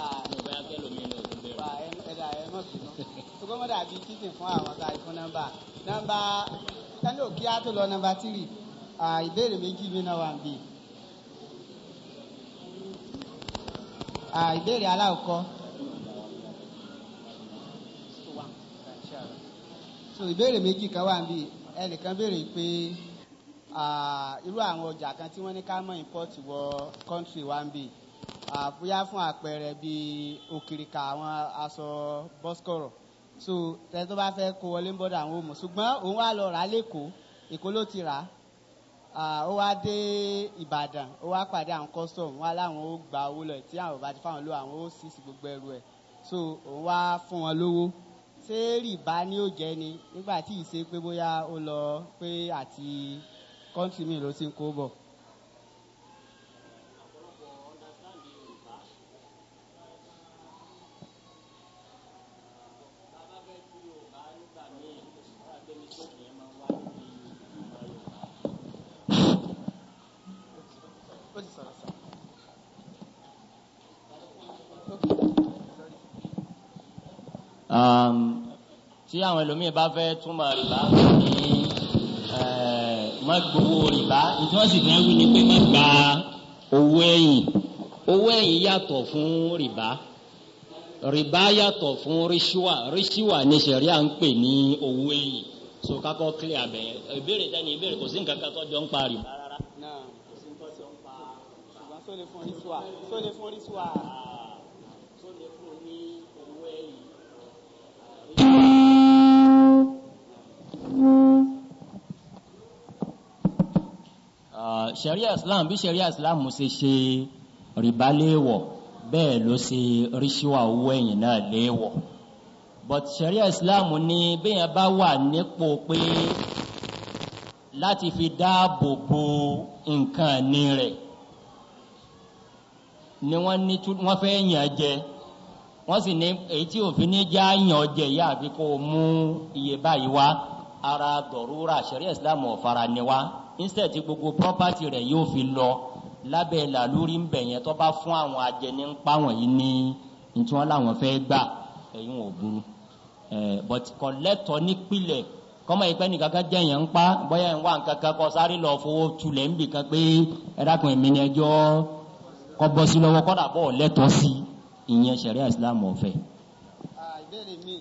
ọ̀bẹ akẹ́lòmí ni òkú bẹ̀rẹ̀. ẹ̀dà ẹ̀ mọ̀ sí náà ṣùgbọ́n mọ́dà bíi títìn fún àwọn ọ̀gá ìfún nọ́mbà nọ́mbà kẹ́lò kí á tó lọ nọ́mbà tírì ìbéèrè méjì mi náà wà ń bì. ìbéèrè aláwọ̀kọ́ so ìbéèrè méjì kan wà ń bì ẹnìkan béèrè pé irú àwọn ọjà kan tí wọ́n ní ká mọ̀ import wọ country wa ń bì àbúyá fún àpẹẹrẹ bíi òkìrìkà àwọn aṣọ bọ́sikọ̀rọ̀ so tẹ́lẹ̀ tó bá fẹ́ kó wọlé ń bọ́dọ̀ àwọn òmò ṣùgbọ́n òun wà lọ rà á lẹ́kọ̀ọ́ èkó ló ti rà á ó wá dé ìbàdàn ó wá pàdé àwọn custom wá láwọn ó gba owó lọ tí àwọn ò fáwọn lówó àwọn ó sì sí gbogbo ẹrù ẹ̀ so òun wá fún wọn lówó ṣé rìbá ni ó jẹ ni nígbà tí ì àwọn ẹlòmíì bá fẹ́ túmọ̀ rìbá ní eh, má gbowó rìbá ìtí wọ́n sì fẹ́ wí ni pé má gba owó ẹ̀yìn owó ẹ̀yìn yàtọ̀ fún rìbá rìbá yàtọ̀ fún ríṣíwà ríṣíwà ní sẹ̀ríà ń pè ní owó ẹ̀yìn so kakọ kile abẹ ìbéèrè tani ìbéèrè kò sí nǹkan kan tó ń pa rìbá rárá. náà kò sí nǹkan tó ń pa rìbá sólè fún ríṣíwà sólè fún ríṣíwà. ṣẹ̀ríà ah, islam bí ṣẹ̀ríà islam ṣe ṣe rìbá léèwọ̀ bẹ́ẹ̀ ló ṣe ríṣíwá owó ẹ̀yìn náà léèwọ̀ but ṣẹ̀ríà islam ní bẹ́ẹ̀ bá wà nípò pé láti fi dáàbò bo nǹkan ní rẹ̀ ni wọ́n ní wọ́n fẹ́ yàn jẹ wọ́n sì ní èyí tí òfin ní já yàn jẹ yá àfi kó mú iye báyìí wá ara dọ̀rúra ṣẹ̀ríà islam ọ̀fara ni wá instead tí gbogbo property rẹ̀ yóò fi lọ lábẹ́ làlórí ń bẹ̀ yẹn tó bá fún àwọn ajẹni ń pa wọ̀nyí ní ntí wọ́n láwọn fẹ́ gbà ẹ̀yìn ò burú but kọ̀lẹ́tọ̀ nípìlẹ̀ kọ́mọ ìpẹ́ nìkan kan jẹ́ yẹn ń pa bóyá ń wá nǹkan kan kọ́ sáré lọ fowó tulẹ̀ ń bì kan pé ẹ̀dákun ẹ̀mí ni ẹjọ́ kọ́ bọ́ sí lọ́wọ́ kọ́dà bọ́ọ̀ lẹ́tọ̀ọ́ sí ìyẹn sẹ̀ríà ìsìlámù ọ̀fẹ́. Ah, ìbéèrè mi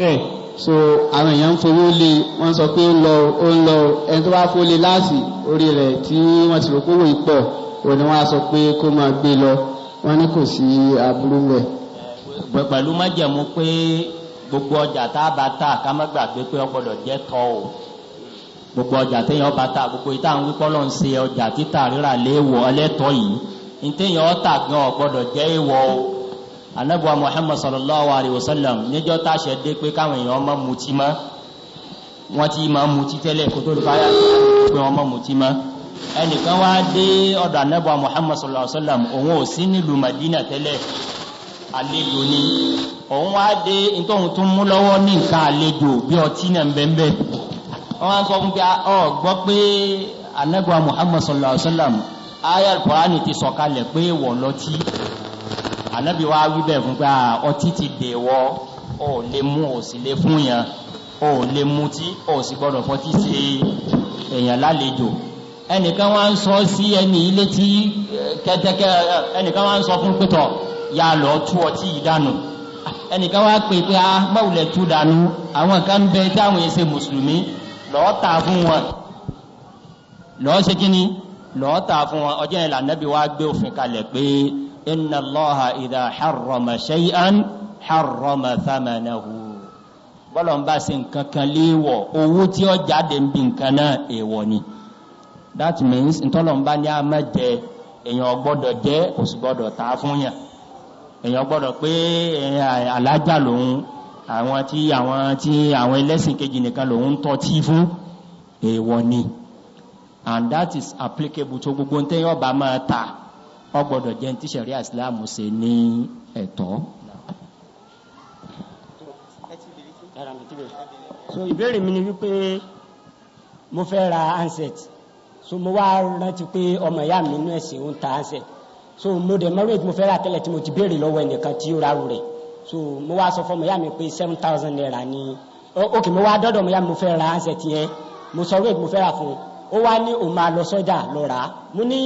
bẹ́ẹ̀ so àwọn èèyàn ń fowó lé wọ́n sọ pé ó ń lọ ó ń lọ ẹni tó bá fowó lé láàsì orí rẹ̀ tí wọ́n ti rò kówó ìpọ̀ òun ni wọ́n á sọ pé kó máa gbé lọ wọ́n ní kò sí aburú mẹ́. pẹ̀lú májẹ̀mú pé gbogbo ọjà tá a bá tà ká má gbàgbé pé ó jẹ́ tọ́ o gbogbo ọjà téèyàn bá tà gbogbo ìta àwọn wípọ́ lọ́n ṣe ọjà títà rírà léèwọ̀ ẹlẹ́tọ̀ yìí ní téèyàn ọ̀tà gan ó jẹ́ èèwọ̀ o anabuwa muhammad sallallahu alayhi wa sallam níjọ́ tá a ṣe dé pé káwọn muti máa mutí mọ́ wọ́n ti máa mutí tẹ́lẹ̀ kó tó lùbáyà pé wọ́n máa mutí mọ́ ẹnìkan wá dé anabuwa muhammad sallallahu alayhi wa sallam o ò sí nílùú madina tẹ́lẹ̀ àlejò ni òun wá dé nítorí tó mú lọ́wọ́ ní nǹkan àlejò bí ọtí náà ń bẹ́ẹ̀ bẹ́ẹ̀ wọ́n á sọ fún pé ọ gbọ́ pé anabuwa muhammad sallallahu alayhi wa sallam ayé alukóra ti sọ̀kalẹ̀ pé wọ́n lọ́tí ànábì wa wí bẹ́ẹ̀ fún pé ọtí ti dèwọ́ ó lè mú ó sì lè fún yàn ó lè mutí ó sì gbọ́dọ̀ fọtí ṣe èèyàn lálejò ẹnìkan wá ń sọ sí ẹni ilé tí kẹtẹkẹ ẹnìkan wá ń sọ fún pétọ ya lọ tú ọtí yìí dànù ẹnìkan wá pè pé a báwùlẹ̀ tú dànù àwọn kan bẹ tí àwọn èsè mùsùlùmí lọ́ọ́ tà fún wọn lọ́ọ́ ṣe kí ni lọ́ọ́ tà fún wọn ọjọ́ ìlànà bí wàá gbé òfin kalẹ̀ pé inna allaha idha harrama shay'an harrama thamanahu bọ́lọ̀ bá ṣe nǹkan kan léèwọ̀ owó tí ó jáde ń bi nǹkan náà èèwọ̀ ni that means ntọ́lọ̀ ń bá ní a má jẹ èèyàn gbọ́dọ̀ jẹ kò sì gbọ́dọ̀ ta fún yàn èèyàn gbọ́dọ̀ pé alájà lòun àwọn tí àwọn tí àwọn ẹlẹ́sìn kejì nìkan lòun ń tọ́tí fún èèwọ̀ ni and that is applicable to gbogbo ntẹ́yìn ọba máa ta wọ́n gbọ́dọ̀ jẹ́ ti sẹ̀rí àsìláàmù ṣe ní ẹ̀tọ́. so ìbéèrè mi ni wípé mo fẹ́ ra handset so mo wá rántí pé ọmọ ìyá mi inú ẹ̀sìn ń ta handset so mo dẹ̀ marriage mo fẹ́ ra tẹ́lẹ̀ tí mo ti béèrè lọ́wọ́ ẹnìkan tí ó ra rẹ̀ so mo wá sọ fọmọ ìyá mi pé seven thousand naira ni ok mo wá dọ́dọ̀ ọmọ ìyá mi mo fẹ́ ra handset yẹn mo sọ rate mo fẹ́ ra fún un ó wá ní òun máa lọ sọ́jà lọ mo ní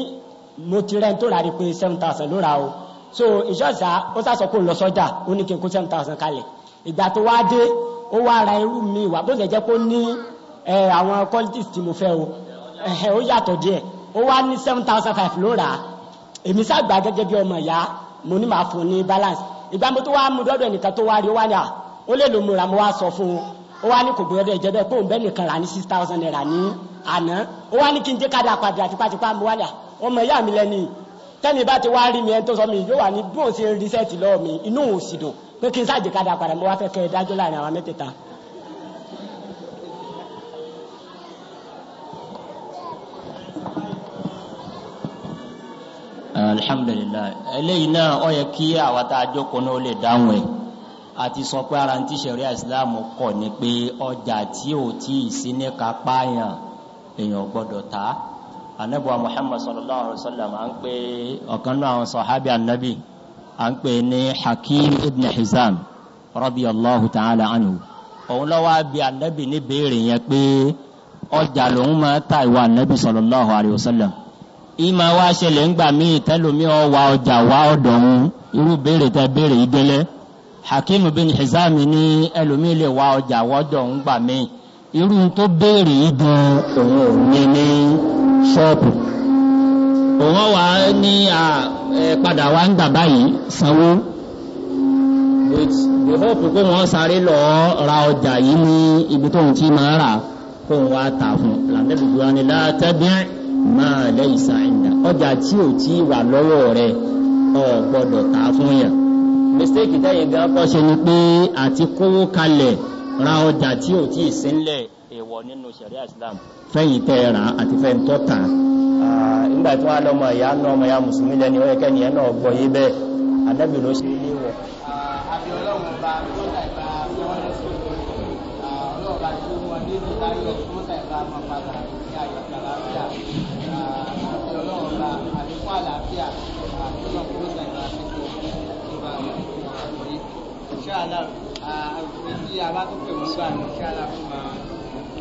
mo ti rẹ́ tó rárí pé seven thousand ló ra o so ìṣọ́sà ó sàṣọ kó lọ sọ́jà ó ní kí n kó seven thousand kalẹ̀ ìgbà tó wá dé ó wá ra irú mi wá bó ṣe jẹ́ kó ní àwọn qualities tí mo fẹ́ o ó yàtọ̀ díẹ̀ ó wá ní seven thousand five ló rà á èmi sàgbà gẹ́gẹ́ bí ọmọ ìyá mo ní màá fún ní balance ìgbà mo tó wá mú dọ́dọ̀ nìkan tó wá rí ó wá ní à ó lè lò mo rà mo wá sọ fún un ó wá ní kò gbọ́dọ̀ ìjẹ́ bẹ́ẹ̀ pé òun bẹ́ẹ̀ nìkan rà ní six thousand naira ní àná ó wá ní kí n jẹ́ ká dà padà tipátipá wá ní à ọmọ ìyá mi lẹ́ni tẹ́ni bá ti wá rí mi ẹni tó sọ mi yóò wà ní bí òun ṣe ń rí sẹ́ẹ̀tì lọ́wọ́ mi inú òun sì dùn pé kí n sáà jẹ́kadà padà mo wá fẹ́ kẹ́ ẹ dájọ́ láàrin àwọn mẹ́tẹ̀ẹ̀ta. alhamdulilayi eléyìí náà ó yẹ kí àwa tá a jókòó náà ó lè dáhùn ẹ̀ àti sọ pé ara ti ṣẹ̀ríà ìsìláàmù kọ̀ ni pé ọjà tí ò tí ì sí ní kápá yàn èèyàn gbọ́dọ̀ ta á. wa muhammad sallallahu alaihi wasallam an pe ọ̀kan náà àwọn sọ̀hábí annabi an pe ní hakim ibn hizam radiyallahu ta'ala anhu òun lọ́wọ́ bí annabi ní béèrè yẹn pé ọjà lòun máa ta ìwà annabi sallallahu alaihi wasallam ìmọ̀ wa ṣẹlẹ̀ ń gbà míì tẹ́lómi ọ wa ọjà wa ọ̀dọ̀ òun irú béèrè tẹ béèrè ìdẹ́lẹ́ hakim ibn hizam ní ẹlòmí lè wa ọjà wọ́dọ̀ òun gbà míì irú tó béèrè ìdán òun ò ní ní ṣọ́ọ̀bù òun wà ní padà wá ń gbà báyìí sanwó with the hope pé wọ́n sáré lọ ra ọjà yìí ní ibi tóun ti máa rà kó wọ́n wá tà fún làǹdẹ́bù gbọ́dọ̀ ni látẹ́bíẹ́ máa lẹ́yìn sáyẹ̀dá ọjà tí ò tí wà lọ́wọ́ rẹ̀ ọ̀ gbọ́dọ̀ tà fún yàn mistake tẹ́yìn gan kọ́ ṣe ni pé àti kówó kalẹ̀ ra ọjà tí ò tí ì sínlẹ̀ èèwọ̀ nínú sẹ̀ríà Islam. fẹ́yìn tẹ́ ẹ ràn àti fẹ́yìn tọ́ tà. nígbà tí wọ́n á lọ́mọ ìyá náà ọmọ ìyá mùsùlùmí lẹ́ni ó yẹ kẹ́ni ẹ̀ náà gbọ́ yé bẹ́ẹ̀ ànábì ló ṣe ilé wọ̀. Inshallah, a ti a bá tó pè gbà ní inshallah fún wa.